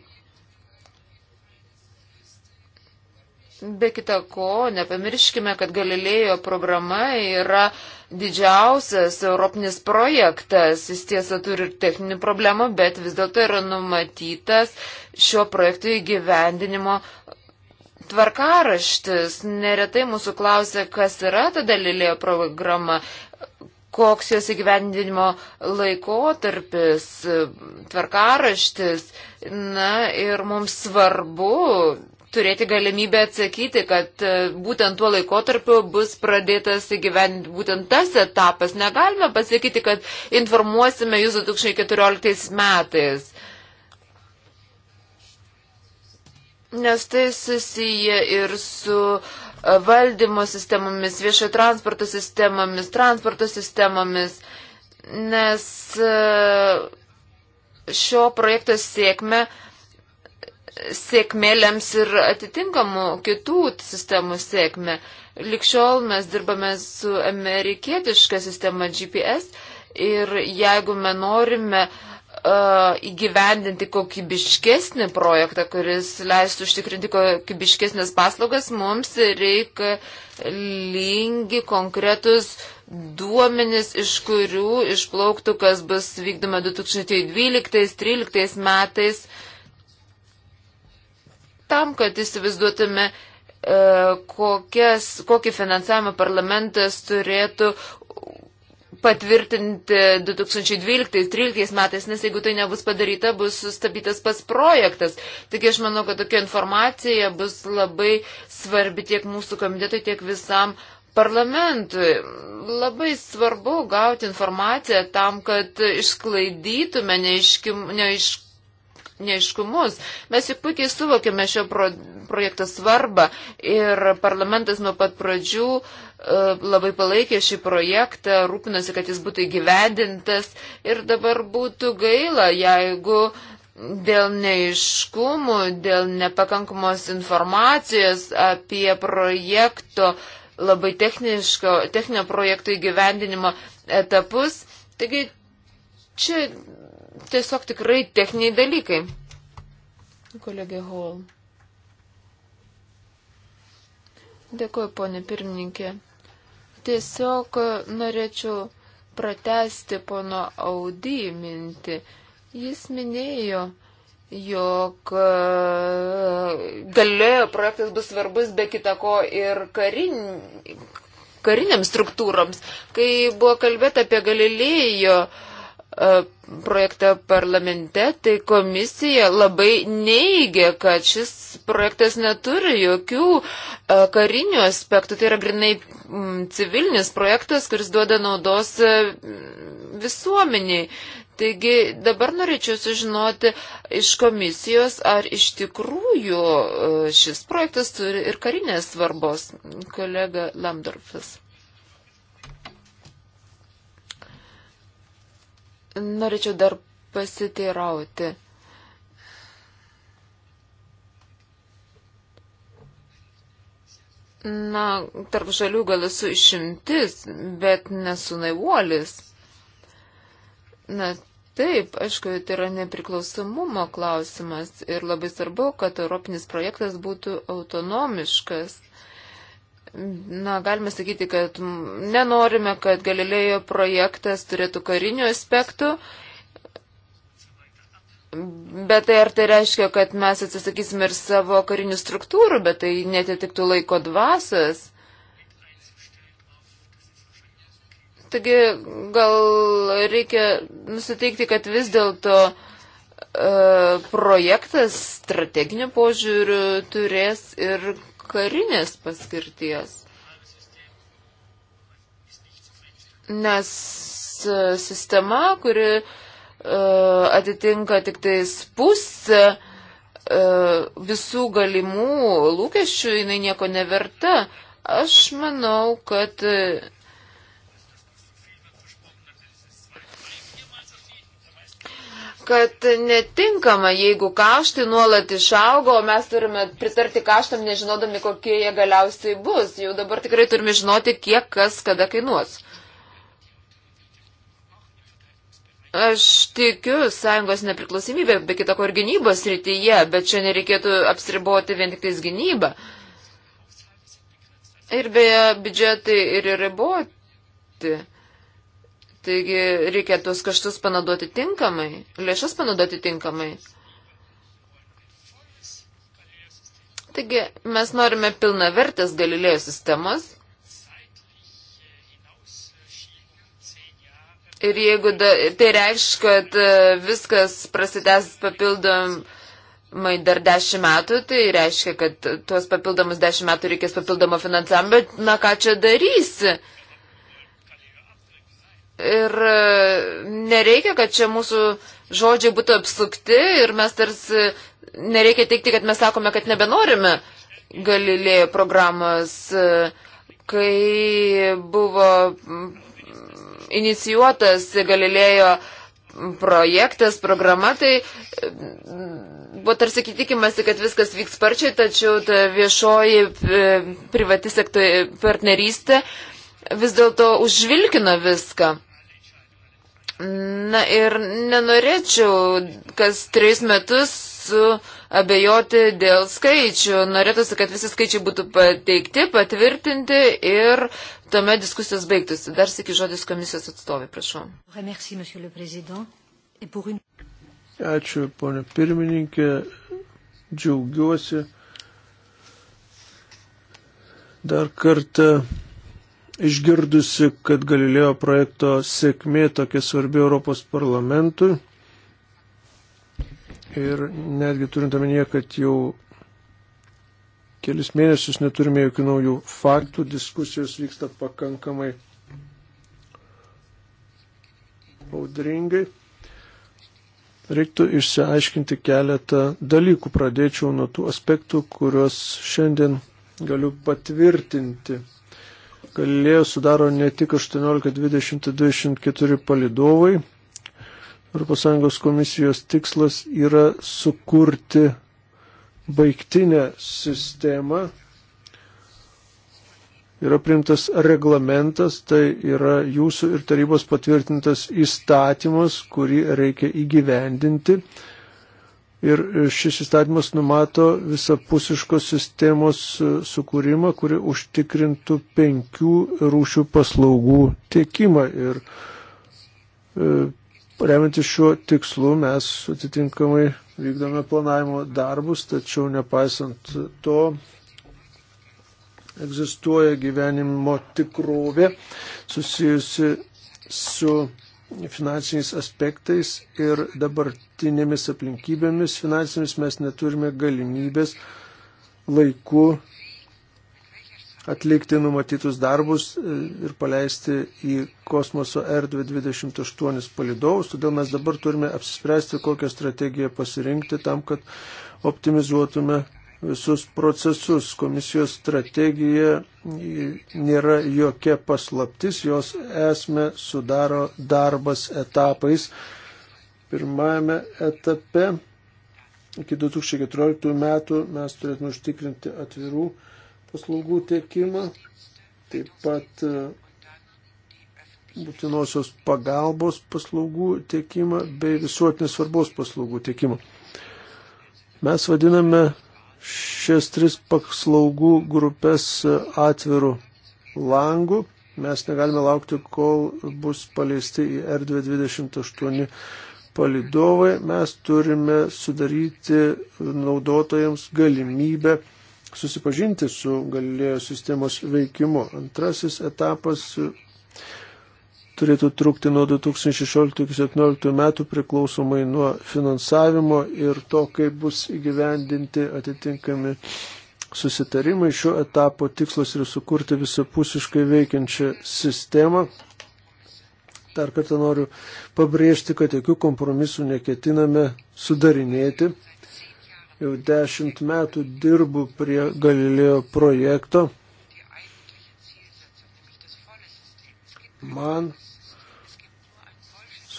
Be kita ko, nepamirškime, kad Galilėjo programa yra didžiausias europinis projektas. Jis tiesa turi ir techninių problemų, bet vis dėlto yra numatytas šio projekto įgyvendinimo tvarkaraštis. Neretai mūsų klausia, kas yra ta Galilėjo programa, koks jos įgyvendinimo laikotarpis, tvarkaraštis. Na ir mums svarbu turėti galimybę atsakyti, kad e, būtent tuo laikotarpiu bus pradėtas įgyvendinti būtent tas etapas. Negalime pasakyti, kad informuosime jūs 2014 metais. nes tai susiję ir su e, valdymo sistemomis, viešo transporto sistemomis, transporto sistemomis, nes e, šio projekto sėkmė, sėkmė lems ir atitinkamų kitų sistemų sėkmė. Likščiol mes dirbame su amerikietiška sistema GPS ir jeigu mes norime uh, E, įgyvendinti kokybiškesnį projektą, kuris leistų užtikrinti kokybiškesnės paslaugas, mums reikalingi konkretus duomenis, iš kurių išplauktų, kas bus vykdoma 2012-2013 metais, tam, kad įsivaizduotume, e, kokias, kokį finansavimą parlamentas turėtų patvirtinti 2012-2013 metais, nes jeigu tai nebus padaryta, bus sustabdytas pats projektas. Taigi aš manau, kad tokia informacija bus labai svarbi tiek mūsų komitetui, tiek visam parlamentui. Labai svarbu gauti informaciją tam, kad išsklaidytume neaiškimus neiškumus. Mes juk puikiai suvokėme šio pro, projekto svarbą ir parlamentas nuo pat pradžių e, labai palaikė šį projektą, rūpinosi, kad jis būtų įgyvendintas ir dabar būtų gaila, jeigu dėl neiškumų, dėl nepakankamos informacijos apie projekto, labai techninio projekto įgyvendinimo etapus. Taigi čia tiesiog tikrai techniniai dalykai. Kolegė Hall. Dėkuoju, ponė pirmininkė. Tiesiog norėčiau pratesti pono Audy mintį. Jis minėjo, jog e, galėjo projektas bus svarbus be kitako ir karin, kariniams struktūrams. Kai buvo kalbėta apie Galilėjo uh, E, projektą parlamente, tai komisija labai neigia, kad šis projektas neturi jokių e, karinių aspektų. Tai yra grinai civilinis projektas, kuris duoda naudos e, visuomeniai. Taigi dabar norėčiau sužinoti iš komisijos, ar iš tikrųjų šis projektas turi ir karinės svarbos, kolega Lamdorfas. Norėčiau dar pasiteirauti. Na, tarp žalių gal esu išimtis, bet nesu naivuolis. Na, taip, aišku, tai yra nepriklausomumo klausimas ir labai svarbu, kad europinis projektas būtų autonomiškas. Na, galime sakyti, kad nenorime, kad Galilėjo projektas turėtų karinių aspektų, bet tai ar tai reiškia, kad mes atsisakysime ir savo karinių struktūrų, bet tai netitiktų laiko dvasas. Taigi gal reikia nusiteikti, kad vis dėlto e, projektas strateginių požiūrių turės ir karinės paskirties. Nes e, sistema, kuri uh, atitinka tik tais pusę uh, visų galimų lūkesčių, jinai nieko neverta. Aš manau, kad uh, kad netinkama, jeigu kaštai nuolat išaugo, o mes turime pritarti kaštam, nežinodami, kokie jie galiausiai bus. Jau dabar tikrai turime žinoti, kiek kas kada kainuos. Aš tikiu sąjungos nepriklausomybė, be kitako ir gynybos rytyje, bet čia nereikėtų apsiriboti vien tik tais gynybą. Ir beje, biudžetai ir riboti. Taigi reikia tuos kaštus panaudoti tinkamai, lėšas panaudoti tinkamai. Taigi mes norime pilna vertės galilėjo sistemos. Ir jeigu da, tai reikš, kad e, viskas prasitęs papildomai dar dešimt metų, tai reiškia, kad tuos papildomus dešimt metų reikės papildomo finansavimo, bet na ką čia darysi? Ir e, nereikia, kad čia mūsų žodžiai būtų apsukti ir mes tarsi nereikia teikti, kad mes sakome, kad nebenorime Galilėjo programos, e, kai buvo inicijuotas Galilėjo projektas, programa, tai e, buvo tarsi tikimasi, kad viskas vyks sparčiai, tačiau ta viešoji privati sektorių partnerystė vis dėlto užvilkina viską. Na ir nenorėčiau kas trejus metus abejoti dėl skaičių. Norėtųsi, kad visi skaičiai būtų pateikti, patvirtinti ir tuomet diskusijos baigtųsi. Dar sėki žodis komisijos atstovai, prašau. Ačiū, ponė pirmininkė. Džiaugiuosi dar kartą išgirdusi, kad Galilėjo projekto sėkmė tokia svarbi Europos parlamentui. Ir netgi turint omenyje, kad jau kelis mėnesius neturime jokių naujų faktų, diskusijos vyksta pakankamai audringai. Reiktų išsiaiškinti keletą dalykų. Pradėčiau nuo tų aspektų, kuriuos šiandien galiu patvirtinti Galilėjo sudaro ne tik 18-20-24 palidovai. ES komisijos tikslas yra sukurti baigtinę sistemą. Yra primtas reglamentas, tai yra jūsų ir tarybos patvirtintas įstatymas, kurį reikia įgyvendinti Ir šis įstatymas numato visapusiškos sistemos e, sukūrimą, kuri užtikrintų penkių rūšių paslaugų tiekimą. Ir e, Remiantis šiuo tikslu mes atitinkamai vykdome planavimo darbus, tačiau nepaisant to egzistuoja gyvenimo tikrovė susijusi su finansiniais aspektais ir dabartinėmis aplinkybėmis finansinėmis mes neturime galimybės laiku atlikti numatytus darbus e, ir paleisti į kosmoso erdvę 28 palidovus. Todėl mes dabar turime apsispręsti, kokią strategiją pasirinkti tam, kad optimizuotume visus procesus. Komisijos strategija nėra jokia paslaptis, jos esmę sudaro darbas etapais. Pirmajame etape iki 2014 metų mes turėtume užtikrinti atvirų paslaugų tiekimą, taip pat e, būtinosios pagalbos paslaugų tiekimą bei visuotinės svarbos paslaugų tiekimą. Mes vadiname šias tris paslaugų grupės atvirų langų. Mes negalime laukti, kol bus paleisti į erdvę 28 palidovai. Mes turime sudaryti naudotojams galimybę susipažinti su galėjo sistemos veikimu. Antrasis etapas turėtų trukti nuo 2016-2017 metų priklausomai nuo finansavimo ir to, kaip bus įgyvendinti atitinkami susitarimai. Šiuo etapu tikslas yra sukurti visapusiškai veikiančią sistemą. Dar kartą noriu pabrėžti, kad jokių kompromisų neketiname sudarinėti. Jau dešimt metų dirbu prie Galilėjo projekto. man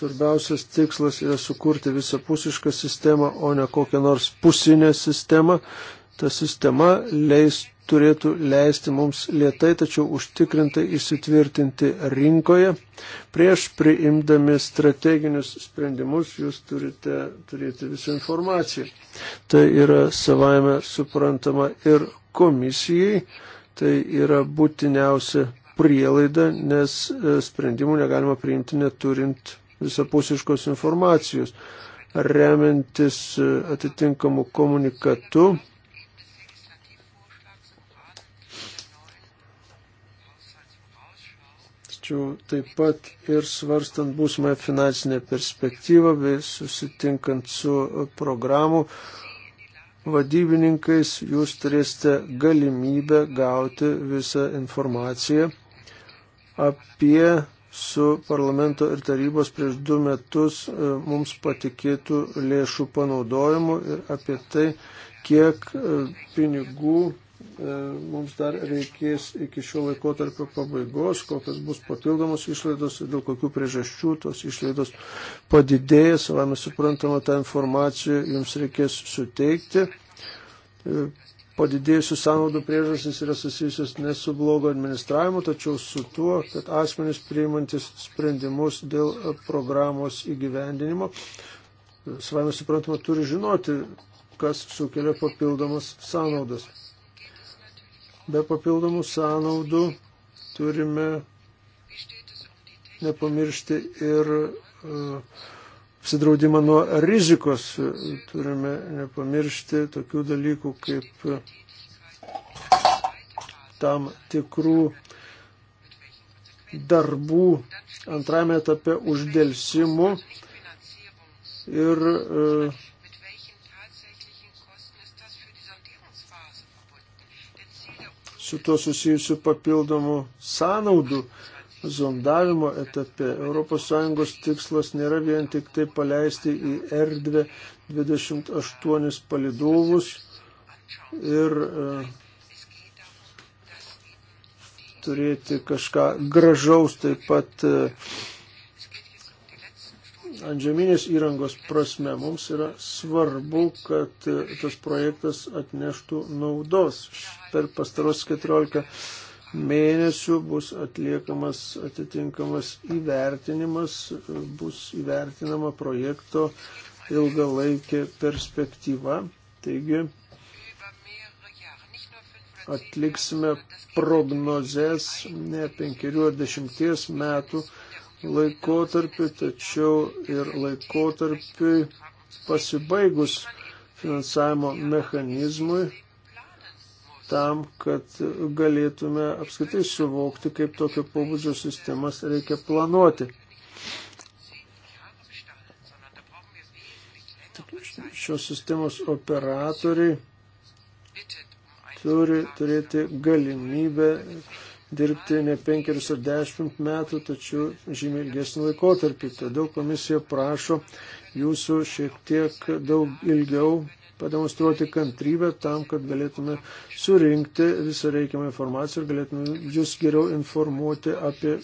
Svarbiausias tikslas yra sukurti visapusišką sistemą, o ne kokią nors pusinę sistemą. Ta sistema leis, turėtų leisti mums lietai, tačiau užtikrintai įsitvirtinti rinkoje. Prieš priimdami strateginius sprendimus jūs turite turėti visą informaciją. Tai yra savaime suprantama ir komisijai. Tai yra būtiniausia prielaida, nes e, sprendimų negalima priimti neturint visapusiškos informacijos. Remiantis e, atitinkamu komunikatu, tačiau taip pat ir svarstant būsimą finansinę perspektyvą bei susitinkant su programų vadybininkais, jūs turėsite galimybę gauti visą informaciją apie su parlamento ir tarybos prieš du metus e, mums patikėtų lėšų panaudojimu ir apie tai, kiek e, pinigų e, mums dar reikės iki šio laikotarpio pabaigos, kokios bus papildomos išlaidos ir dėl kokių priežasčių tos išlaidos padidėja. Savame suprantama, tą informaciją jums reikės suteikti padidėjusių sąnaudų priežastis yra susijusios ne su blogo administravimu, tačiau su tuo, kad asmenys priimantis sprendimus dėl programos įgyvendinimo, savame suprantama, turi žinoti, kas sukelia papildomas sąnaudas. Be papildomų sąnaudų turime nepamiršti ir uh, apsidraudimą nuo rizikos. Turime nepamiršti tokių dalykų kaip tam tikrų darbų antrame etape uždėlsimų ir e, su tuo susijusių papildomų sąnaudų zondavimo etape. ES tikslas nėra vien tik tai paleisti į erdvę 28 palidovus ir e, turėti kažką gražaus taip pat e, ant žeminės įrangos prasme. Mums yra svarbu, kad e, tas projektas atneštų naudos. Per pastaros 14 mėnesių bus atliekamas atitinkamas įvertinimas, bus įvertinama projekto ilgalaikė perspektyva. Taigi atliksime prognozes ne penkerių ar dešimties metų laikotarpį, tačiau ir laikotarpį pasibaigus finansavimo mechanizmui tam, kad galėtume apskritai suvokti, kaip tokio pobūdžio sistemas reikia planuoti. Šios sistemos operatoriai turi turėti galimybę dirbti ne penkerius ar dešimt metų, tačiau žymiai ilgesnį laikotarpį. Todėl komisija prašo jūsų šiek tiek daug ilgiau pademonstruoti kantrybę tam, kad galėtume surinkti visą reikiamą informaciją ir galėtume jūs geriau informuoti apie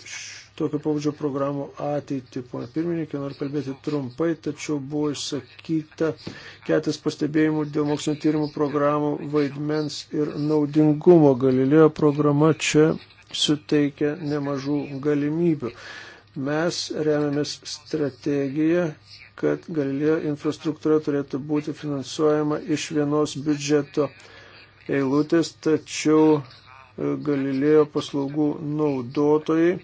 tokio pabudžio programų ateitį. Pone pirmininkė, noriu kalbėti trumpai, tačiau buvo išsakyta ketas pastebėjimų dėl mokslinio tyrimų programų vaidmens ir naudingumo. Galilėjo programa čia suteikia nemažų galimybių. Mes remiamės strategiją, kad Galilėjo infrastruktūra turėtų būti finansuojama iš vienos biudžeto eilutės, tačiau e, Galilėjo paslaugų naudotojai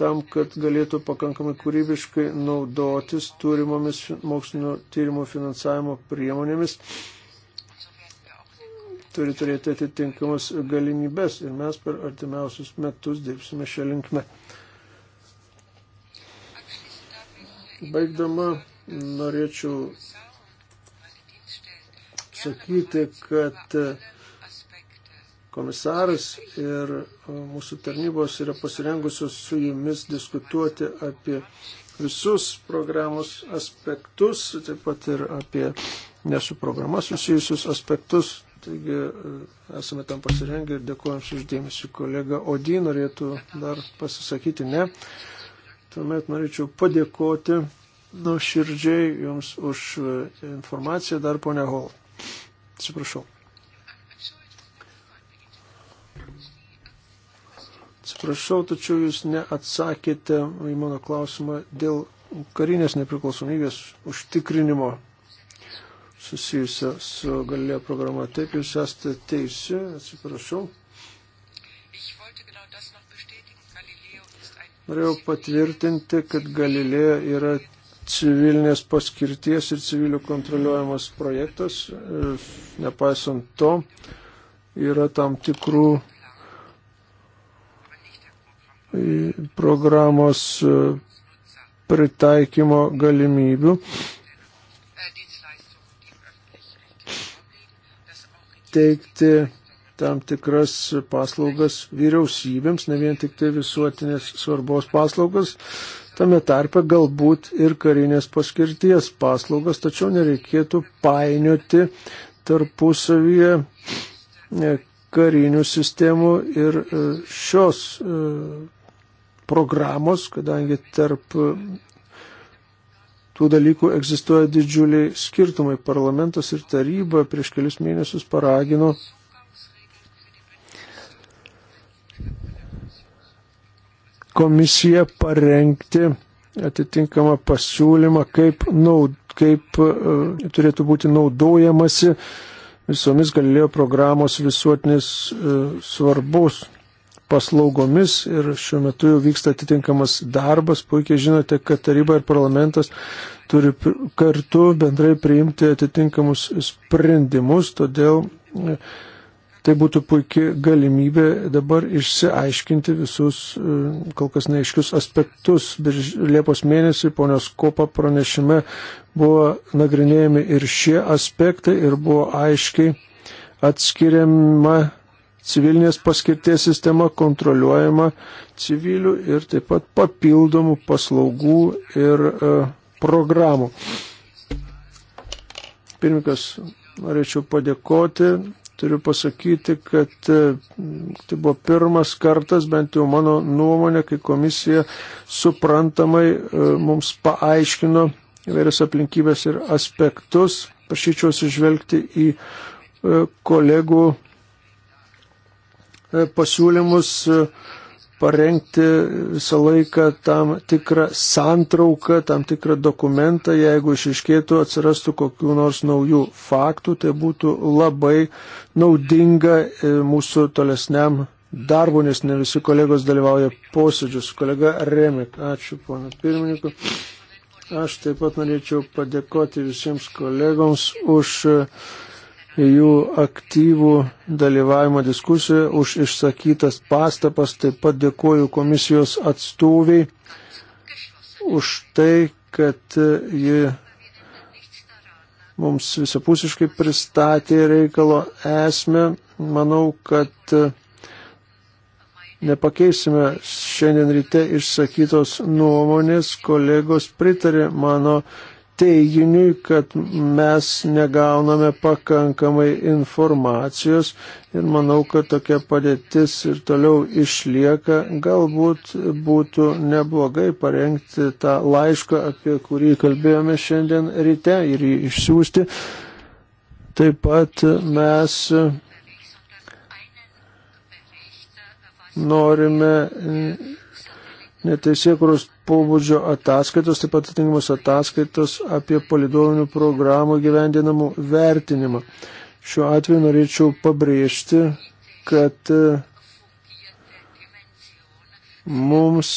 tam, kad galėtų pakankamai kūrybiškai naudotis turimomis mokslinio tyrimo finansavimo priemonėmis, turi turėti atitinkamas galimybės ir mes per artimiausius metus dirbsime šią linkmę. Baigdama norėčiau sakyti, kad komisaras ir mūsų tarnybos yra pasirengusios su jumis diskutuoti apie visus programos aspektus, taip pat ir apie nesu programa susijusius aspektus. Taigi e, esame tam pasirengę ir dėkuojam uždėmesi. Kolega Odį norėtų dar pasisakyti, ne. Tuomet norėčiau padėkoti nuoširdžiai Jums už e, informaciją dar ponia Hol. Atsiprašau. Atsiprašau, tačiau Jūs neatsakėte į mano klausimą dėl karinės nepriklausomybės užtikrinimo susijusią su galė programa. Taip, Jūs esate teisi, atsiprašau. Norėjau patvirtinti, kad Galilėja yra civilinės paskirties ir civilių kontroliuojamas projektas. E, nepaisant to, yra tam tikrų e, programos e, pritaikymo galimybių. Teikti tam tikras paslaugas vyriausybėms, ne vien tik tai visuotinės svarbos paslaugas, tame tarpe galbūt ir karinės paskirties paslaugas, tačiau nereikėtų painioti tarpusavyje e, karinių sistemų ir e, šios e, programos, kadangi tarp tų dalykų egzistuoja didžiuliai skirtumai. Parlamentas ir taryba prieš kelius mėnesius paragino komisiją parengti atitinkamą pasiūlymą, kaip, naud, kaip uh, turėtų būti naudojamasi visomis galėjo programos visuotinės uh, e, svarbus paslaugomis ir šiuo metu jau vyksta atitinkamas darbas. Puikiai žinote, kad taryba ir parlamentas turi kartu bendrai priimti atitinkamus sprendimus, todėl uh, Tai būtų puikia galimybė dabar išsiaiškinti visus e, kol kas neaiškius aspektus. Liepos mėnesį ponios Kopa pranešime buvo nagrinėjami ir šie aspektai ir buvo aiškiai atskiriama civilinės paskirties sistema kontroliuojama civilių ir taip pat papildomų paslaugų ir e, programų. Pirmikas, norėčiau padėkoti Turiu pasakyti, kad e, tai buvo pirmas kartas, bent jau mano nuomonė, kai komisija suprantamai e, mums paaiškino įvairias aplinkybės ir aspektus. Prašyčiau sižvelgti į e, kolegų pasiūlymus parengti visą laiką tam tikrą santrauką, tam tikrą dokumentą, jeigu išiškėtų, atsirastų kokių nors naujų faktų, tai būtų labai naudinga e, mūsų tolesniam darbu, nes ne visi kolegos dalyvauja posėdžius. Kolega Remik, ačiū pana pirmininku. Aš taip pat norėčiau padėkoti visiems kolegoms už uh, jų aktyvų dalyvavimą diskusijoje, už išsakytas pastabas. Taip pat dėkoju komisijos atstoviai už tai, kad ji mums visapusiškai pristatė reikalo esmę. Manau, kad nepakeisime šiandien ryte išsakytos nuomonės. Kolegos pritarė mano teiginiui, kad mes negauname pakankamai informacijos ir manau, kad tokia padėtis ir toliau išlieka. Galbūt būtų neblogai parengti tą laišką, apie kurį kalbėjome šiandien ryte ir jį išsiųsti. Taip pat mes norime neteisėkuros pobūdžio ataskaitos, taip pat atitinkamos ataskaitos apie palidovinių programų gyvendinamų vertinimą. Šiuo atveju norėčiau pabrėžti, kad e, mums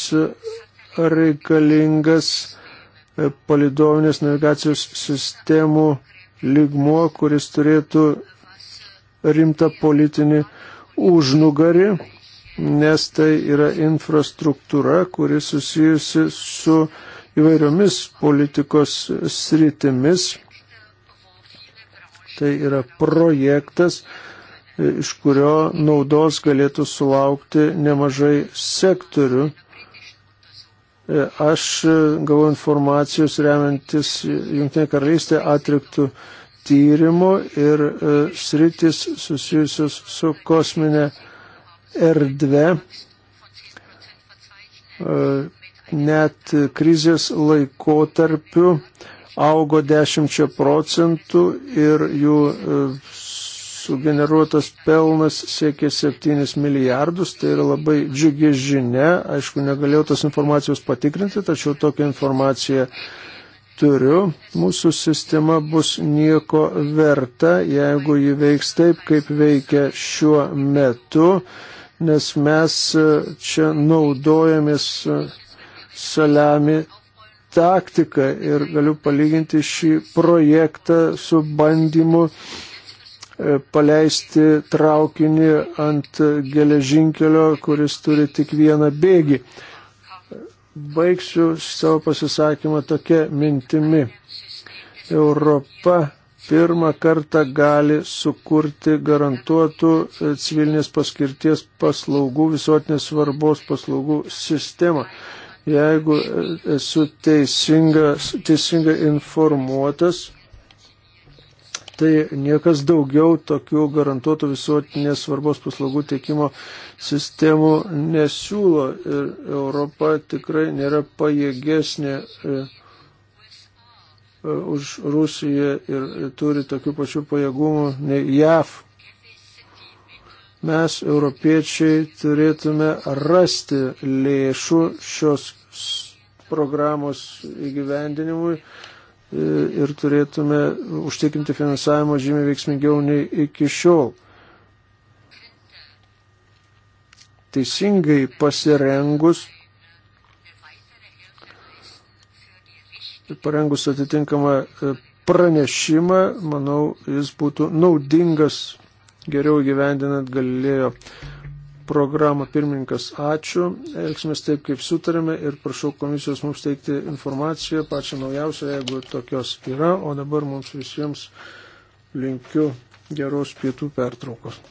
reikalingas e, palidovinės navigacijos sistemų lygmuo, kuris turėtų rimtą politinį užnugarį nes tai yra infrastruktūra, kuri susijusi su įvairiomis politikos sritimis. Tai yra projektas, iš kurio naudos galėtų sulaukti nemažai sektorių. Aš gavau informacijos remiantis Junktinė karalystė atriktų tyrimų ir e, sritis susijusios su kosminė erdvę e, net krizės laikotarpiu augo 10 procentų ir jų e, sugeneruotas pelnas siekė 7 milijardus, tai yra labai džiugi žinia, aišku, negalėjau tos informacijos patikrinti, tačiau tokią informaciją turiu. Mūsų sistema bus nieko verta, jeigu ji veiks taip, kaip veikia šiuo metu nes mes e, čia naudojamės e, saliami taktiką ir galiu palyginti šį projektą su bandymu e, paleisti traukinį ant geležinkelio, kuris turi tik vieną bėgį. Baigsiu savo pasisakymą tokia mintimi. Europa pirmą kartą gali sukurti garantuotų e, civilinės paskirties paslaugų, visuotinės svarbos paslaugų sistemą. Jeigu e, esu teisinga, teisinga informuotas, tai niekas daugiau tokių garantuotų visuotinės svarbos paslaugų teikimo sistemų nesiūlo ir Europa tikrai nėra pajėgesnė. E, E, už Rusiją ir turi tokių pačių pajėgumų nei JAV. Mes, europiečiai, turėtume rasti lėšų šios programos įgyvendinimui e, ir turėtume užtikrinti finansavimo žymiai veiksmingiau nei iki šiol. Teisingai pasirengus parengus atitinkamą e, pranešimą, manau, jis būtų naudingas geriau gyvendinant galėjo programą pirmininkas. Ačiū. Elgsimės taip, kaip sutarėme ir prašau komisijos mums teikti informaciją, pačią naujausią, jeigu tokios yra. O dabar mums visiems linkiu geros pietų pertraukos.